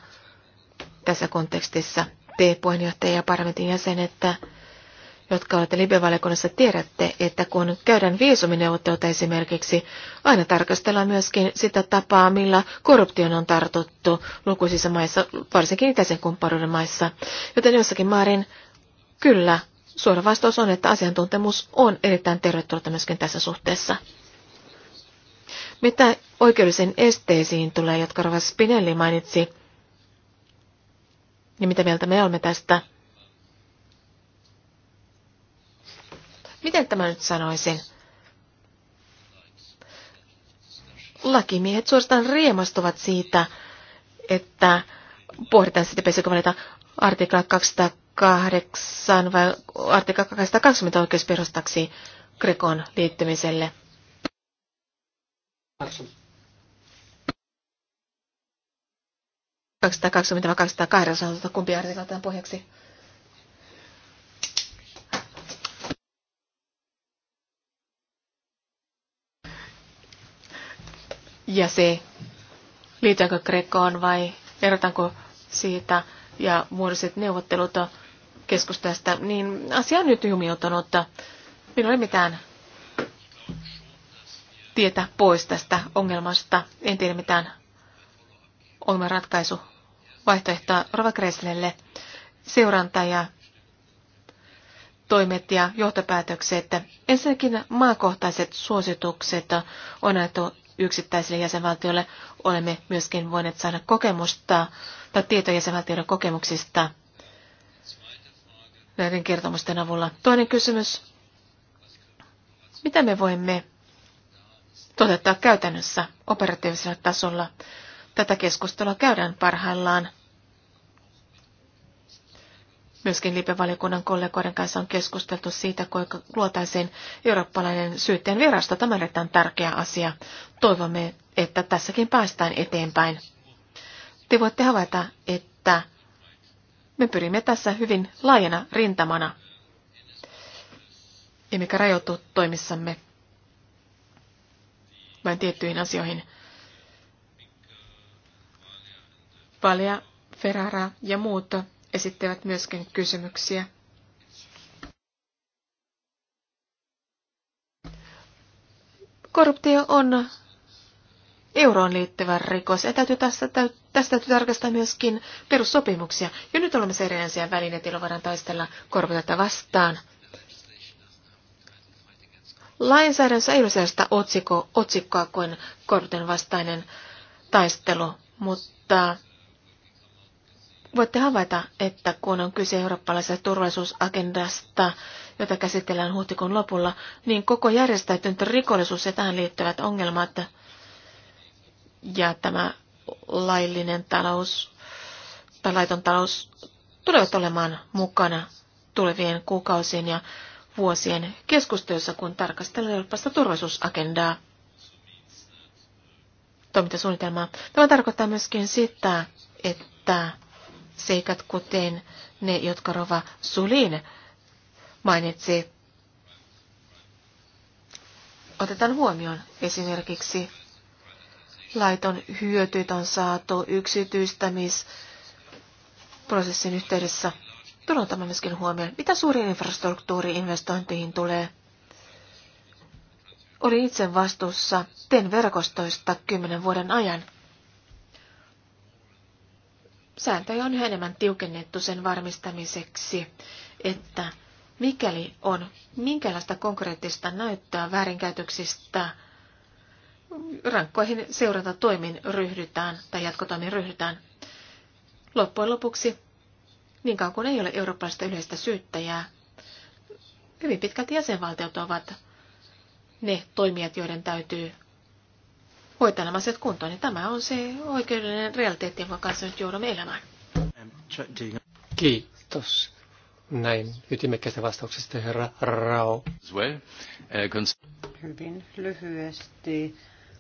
tässä kontekstissa. Te puheenjohtaja ja parlamentin jäsenet, jotka olette Libe-valiokunnassa, tiedätte, että kun käydään viisumineuvotteluita esimerkiksi, aina tarkastellaan myöskin sitä tapaa, millä korruption on tartuttu lukuisissa maissa, varsinkin itäisen kumppanuuden maissa. Joten jossakin määrin kyllä, suora vastaus on, että asiantuntemus on erittäin tervetullut myöskin tässä suhteessa. Mitä oikeudellisiin esteisiin tulee, jotka Rova Spinelli mainitsi, niin mitä mieltä me olemme tästä? Miten tämä nyt sanoisin? Lakimiehet suorastaan riemastuvat siitä, että pohditaan sitten pesikö valita artikla 208 vai artikla 220 oikeusperustaksi Grekon liittymiselle. 220-208, kumpi artikla otetaan pohjaksi? Ja se, liitytäänkö Grekkoon vai erotanko siitä ja muodolliset neuvottelut keskustelusta, niin asia on nyt jumiutunut. Minulla ei ole mitään tietä pois tästä ongelmasta. En tiedä mitään ongelmanratkaisu vaihtoehtoa Rova Kresslelle. Seuranta ja toimet ja johtopäätökset. Ensinnäkin maakohtaiset suositukset on annettu yksittäisille jäsenvaltioille. Olemme myöskin voineet saada kokemusta tai tietoja jäsenvaltioiden kokemuksista näiden kertomusten avulla. Toinen kysymys. Mitä me voimme toteuttaa käytännössä operatiivisella tasolla. Tätä keskustelua käydään parhaillaan. Myöskin Libe-valiokunnan kollegoiden kanssa on keskusteltu siitä, kuinka luotaisiin eurooppalainen syytteen virasto. Tämä on tärkeä asia. Toivomme, että tässäkin päästään eteenpäin. Te voitte havaita, että me pyrimme tässä hyvin laajana rintamana, emmekä rajoitu toimissamme vain tiettyihin asioihin. Palja, Ferrara ja muut esittävät myöskin kysymyksiä. Korruptio on euroon liittyvä rikos. Ja täytyy tästä, tästä täytyy tarkastaa myöskin perussopimuksia. Jo nyt olemme se välineet, joilla voidaan taistella korruptiota vastaan – Lainsäädännössä ei ole sellaista otsiko, otsikkoa kuin korten vastainen taistelu, mutta voitte havaita, että kun on kyse eurooppalaisesta turvallisuusagendasta, jota käsitellään huhtikuun lopulla, niin koko järjestäytynyt rikollisuus ja tähän liittyvät ongelmat ja tämä laillinen talous tai laiton talous tulevat olemaan mukana tulevien kuukausien ja vuosien keskustelussa, kun tarkastellaan Euroopasta turvallisuusagendaa toimintasuunnitelmaa. Tämä tarkoittaa myöskin sitä, että seikat kuten ne, jotka Rova Sulin mainitsi, otetaan huomioon esimerkiksi laiton hyötyt on saatu yksityistämisprosessin yhteydessä Tulee tämä myöskin huomioon. Mitä suuriin infrastruktuuriinvestointeihin tulee? Oli itse vastuussa TEN verkostoista kymmenen vuoden ajan. Sääntöjä on yhä enemmän tiukennettu sen varmistamiseksi, että mikäli on minkälaista konkreettista näyttöä väärinkäytöksistä, rankkoihin seurantatoimin ryhdytään tai jatkotoimin ryhdytään. Loppujen lopuksi niin kauan kuin ei ole eurooppalaista yleistä syyttäjää, hyvin pitkälti jäsenvaltiot ovat ne toimijat, joiden täytyy hoitaa nämä asiat kuntoon. Ja niin tämä on se oikeudellinen realiteetti, jonka kanssa nyt joudumme elämään. Kiitos. Näin ytimekkäistä vastauksesta herra Rao. Uh, hyvin lyhyesti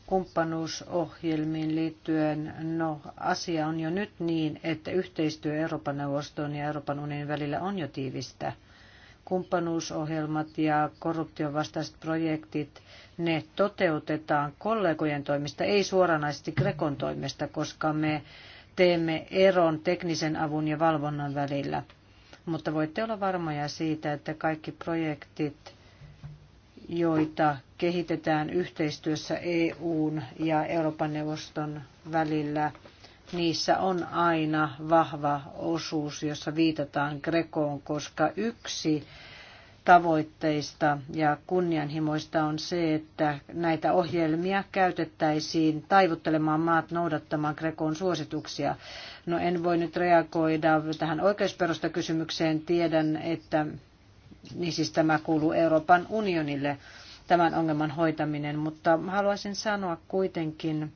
kumppanuusohjelmiin liittyen, no asia on jo nyt niin, että yhteistyö Euroopan neuvoston ja Euroopan unionin välillä on jo tiivistä. Kumppanuusohjelmat ja korruption vastaiset projektit, ne toteutetaan kollegojen toimesta, ei suoranaisesti Grekon toimesta, koska me teemme eron teknisen avun ja valvonnan välillä. Mutta voitte olla varmoja siitä, että kaikki projektit joita kehitetään yhteistyössä EUn ja Euroopan neuvoston välillä, niissä on aina vahva osuus, jossa viitataan Grekoon, koska yksi tavoitteista ja kunnianhimoista on se, että näitä ohjelmia käytettäisiin taivuttelemaan maat noudattamaan Grekon suosituksia. No en voi nyt reagoida tähän oikeusperusta kysymykseen. Tiedän, että niin siis tämä kuuluu Euroopan unionille tämän ongelman hoitaminen, mutta haluaisin sanoa kuitenkin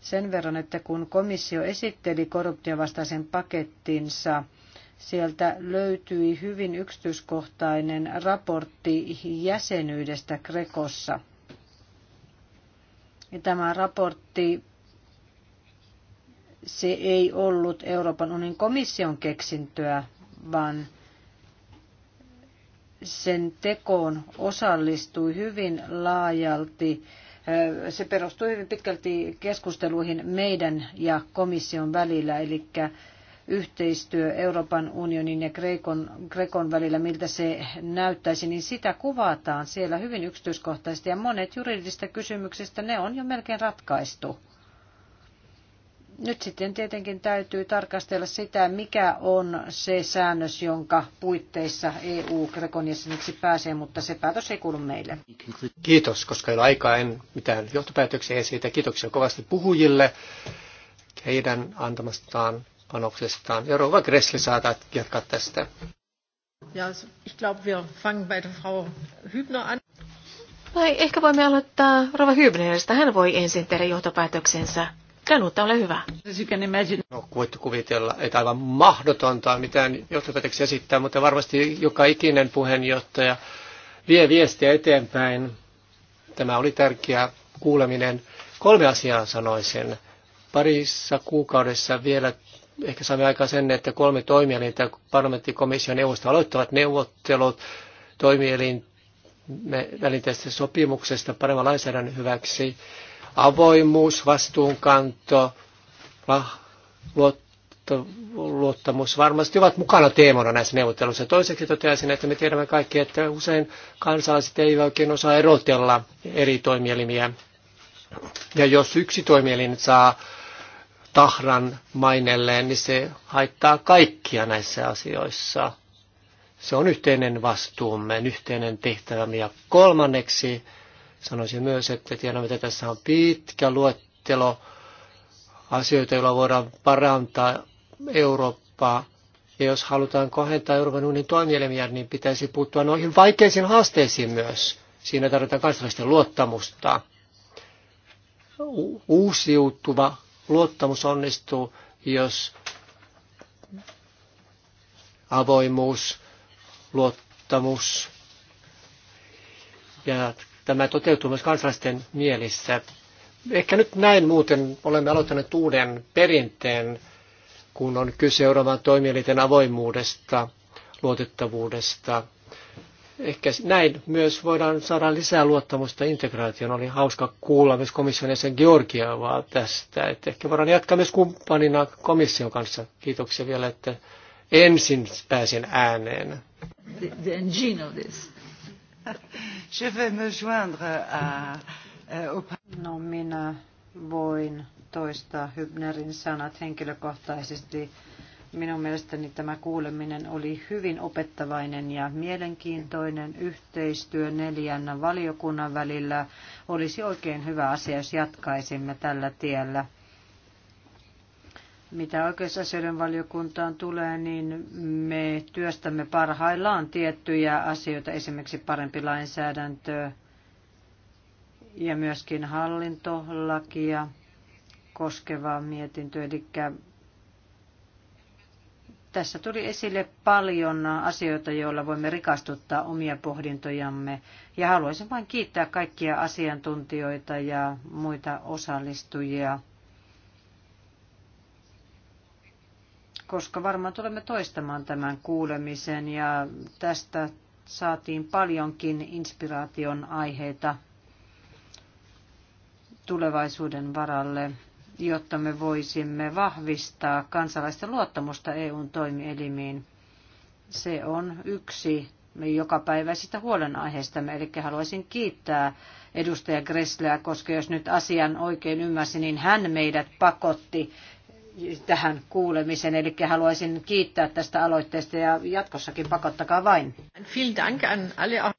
sen verran, että kun komissio esitteli korruptiovastaisen pakettinsa, sieltä löytyi hyvin yksityiskohtainen raportti jäsenyydestä Grekossa. Ja tämä raportti se ei ollut Euroopan unionin komission keksintöä, vaan sen tekoon osallistui hyvin laajalti. Se perustui hyvin pitkälti keskusteluihin meidän ja komission välillä, eli yhteistyö Euroopan unionin ja Grekon, Grekon välillä, miltä se näyttäisi, niin sitä kuvataan siellä hyvin yksityiskohtaisesti ja monet juridisista kysymyksistä ne on jo melkein ratkaistu. Nyt sitten tietenkin täytyy tarkastella sitä, mikä on se säännös, jonka puitteissa EU Grekon jäseneksi pääsee, mutta se päätös ei kuulu meille. Kiitos, koska ei ole aikaa, en mitään johtopäätöksiä esitä. Kiitoksia kovasti puhujille heidän antamastaan panoksestaan. Ja Rova Gressli saattaa jatkaa tästä. Ja, ich glaube, wir fangen bei der Frau Hübner an. Vai ehkä voimme aloittaa Rova Hübneristä. Hän voi ensin tehdä johtopäätöksensä. Danuta, ole hyvä. No, voitte kuvitella, että aivan mahdotonta mitään johtopäätöksiä esittää, mutta varmasti joka ikinen puheenjohtaja vie viestiä eteenpäin. Tämä oli tärkeä kuuleminen. Kolme asiaa sanoisin. Parissa kuukaudessa vielä ehkä saamme aikaa sen, että kolme toimielintä parlamenttikomission neuvosto aloittavat neuvottelut toimielin välintäistä sopimuksesta paremman lainsäädännön hyväksi avoimuus, vastuunkanto, luottamus varmasti ovat mukana teemana näissä neuvotteluissa. Toiseksi toteaisin, että me tiedämme kaikki, että usein kansalaiset eivät oikein osaa erotella eri toimielimiä. Ja jos yksi toimielin saa tahran mainelleen, niin se haittaa kaikkia näissä asioissa. Se on yhteinen vastuumme, yhteinen tehtävämme. Ja kolmanneksi Sanoisin myös, että tiedämme, että tässä on pitkä luettelo asioita, joilla voidaan parantaa Eurooppaa. Ja jos halutaan kohentaa Euroopan unionin toimielimiä, niin pitäisi puuttua noihin vaikeisiin haasteisiin myös. Siinä tarvitaan kansalaisten luottamusta. Uusiutuva luottamus onnistuu, jos avoimuus, luottamus ja tämä toteutuu myös kansalaisten mielissä. Ehkä nyt näin muuten olemme aloittaneet uuden perinteen, kun on kyse Euroopan toimielinten avoimuudesta, luotettavuudesta. Ehkä näin myös voidaan saada lisää luottamusta integraation Oli hauska kuulla myös komission jäsen Georgiavaa tästä. Et ehkä voidaan jatkaa myös kumppanina komission kanssa. Kiitoksia vielä, että ensin pääsin ääneen. The, the engine of this. Je vais me joindre à, No minä voin toistaa Hübnerin sanat henkilökohtaisesti. Minun mielestäni tämä kuuleminen oli hyvin opettavainen ja mielenkiintoinen yhteistyö neljän valiokunnan välillä. Olisi oikein hyvä asia, jos jatkaisimme tällä tiellä. Mitä oikeusasioiden valiokuntaan tulee, niin me työstämme parhaillaan tiettyjä asioita, esimerkiksi parempi lainsäädäntö ja myöskin hallintolakia koskeva mietintöä. Eli tässä tuli esille paljon asioita, joilla voimme rikastuttaa omia pohdintojamme. Ja haluaisin vain kiittää kaikkia asiantuntijoita ja muita osallistujia koska varmaan tulemme toistamaan tämän kuulemisen ja tästä saatiin paljonkin inspiraation aiheita tulevaisuuden varalle, jotta me voisimme vahvistaa kansalaisten luottamusta EUn toimielimiin. Se on yksi joka jokapäiväisistä huolenaiheistamme, eli haluaisin kiittää edustaja Gressleä, koska jos nyt asian oikein ymmärsin, niin hän meidät pakotti tähän kuulemiseen. Eli haluaisin kiittää tästä aloitteesta ja jatkossakin pakottakaa vain.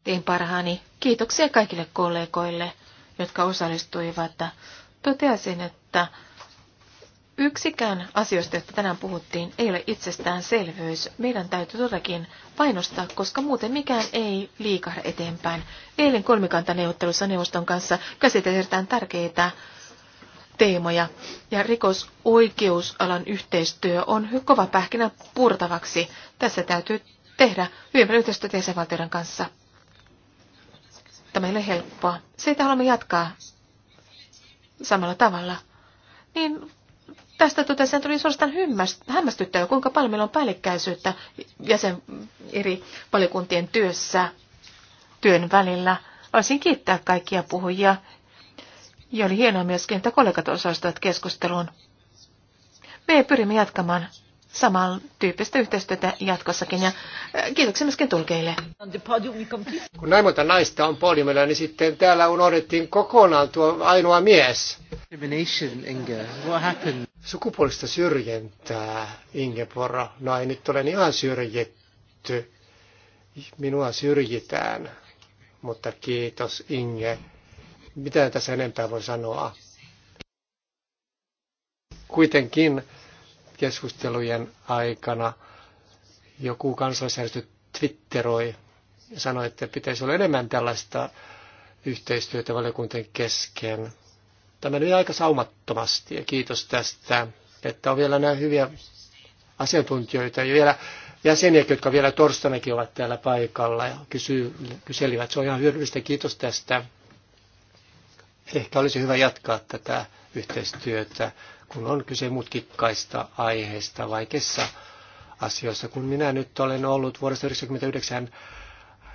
Tein parhaani. Kiitoksia kaikille kollegoille, jotka osallistuivat. Toteasin, että yksikään asioista, joista tänään puhuttiin, ei ole itsestäänselvyys. Meidän täytyy todellakin painostaa, koska muuten mikään ei liikahda eteenpäin. Eilen kolmikantaneuvottelussa neuvoston kanssa käsitellään tärkeitä teemoja ja rikosoikeusalan yhteistyö on kova pähkinä purtavaksi. Tässä täytyy tehdä hyvin yhteistyötä jäsenvaltioiden kanssa. Tämä ei ole helppoa. Siitä haluamme jatkaa samalla tavalla. Niin tästä totesin, tuli suorastaan hämmästyttävä, kuinka paljon meillä on päällekkäisyyttä jäsen eri valiokuntien työssä, työn välillä. Voisin kiittää kaikkia puhujia ja oli hienoa myöskin, että kollegat osallistuivat keskusteluun. Me pyrimme jatkamaan samantyyppistä yhteistyötä jatkossakin. Ja äh, kiitoksia myöskin tulkeille. Kun näin monta naista on podiumilla, niin sitten täällä unohdettiin kokonaan tuo ainoa mies. Sukupuolista syrjintää, Ingepora. No ei nyt ole niin ihan syrjitty. Minua syrjitään. Mutta kiitos Inge. Mitä tässä enempää voi sanoa? Kuitenkin keskustelujen aikana joku kansalaisjärjestö twitteroi ja sanoi, että pitäisi olla enemmän tällaista yhteistyötä valiokuntien kesken. Tämä meni aika saumattomasti ja kiitos tästä, että on vielä näin hyviä asiantuntijoita ja vielä jäseniä, jotka vielä torstainakin ovat täällä paikalla ja kysy, kyselivät. Se on ihan hyödyllistä. Kiitos tästä ehkä olisi hyvä jatkaa tätä yhteistyötä, kun on kyse mutkikkaista aiheista, vaikeissa asioissa. Kun minä nyt olen ollut vuodesta 1999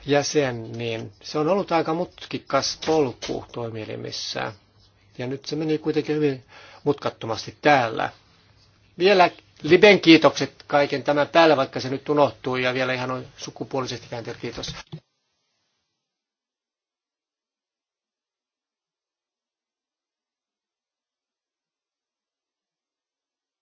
jäsen, niin se on ollut aika mutkikas polku toimielimissä. Ja nyt se meni kuitenkin hyvin mutkattomasti täällä. Vielä Liben kiitokset kaiken tämän päälle, vaikka se nyt unohtuu, ja vielä ihan on sukupuolisesti käänteet kiitos.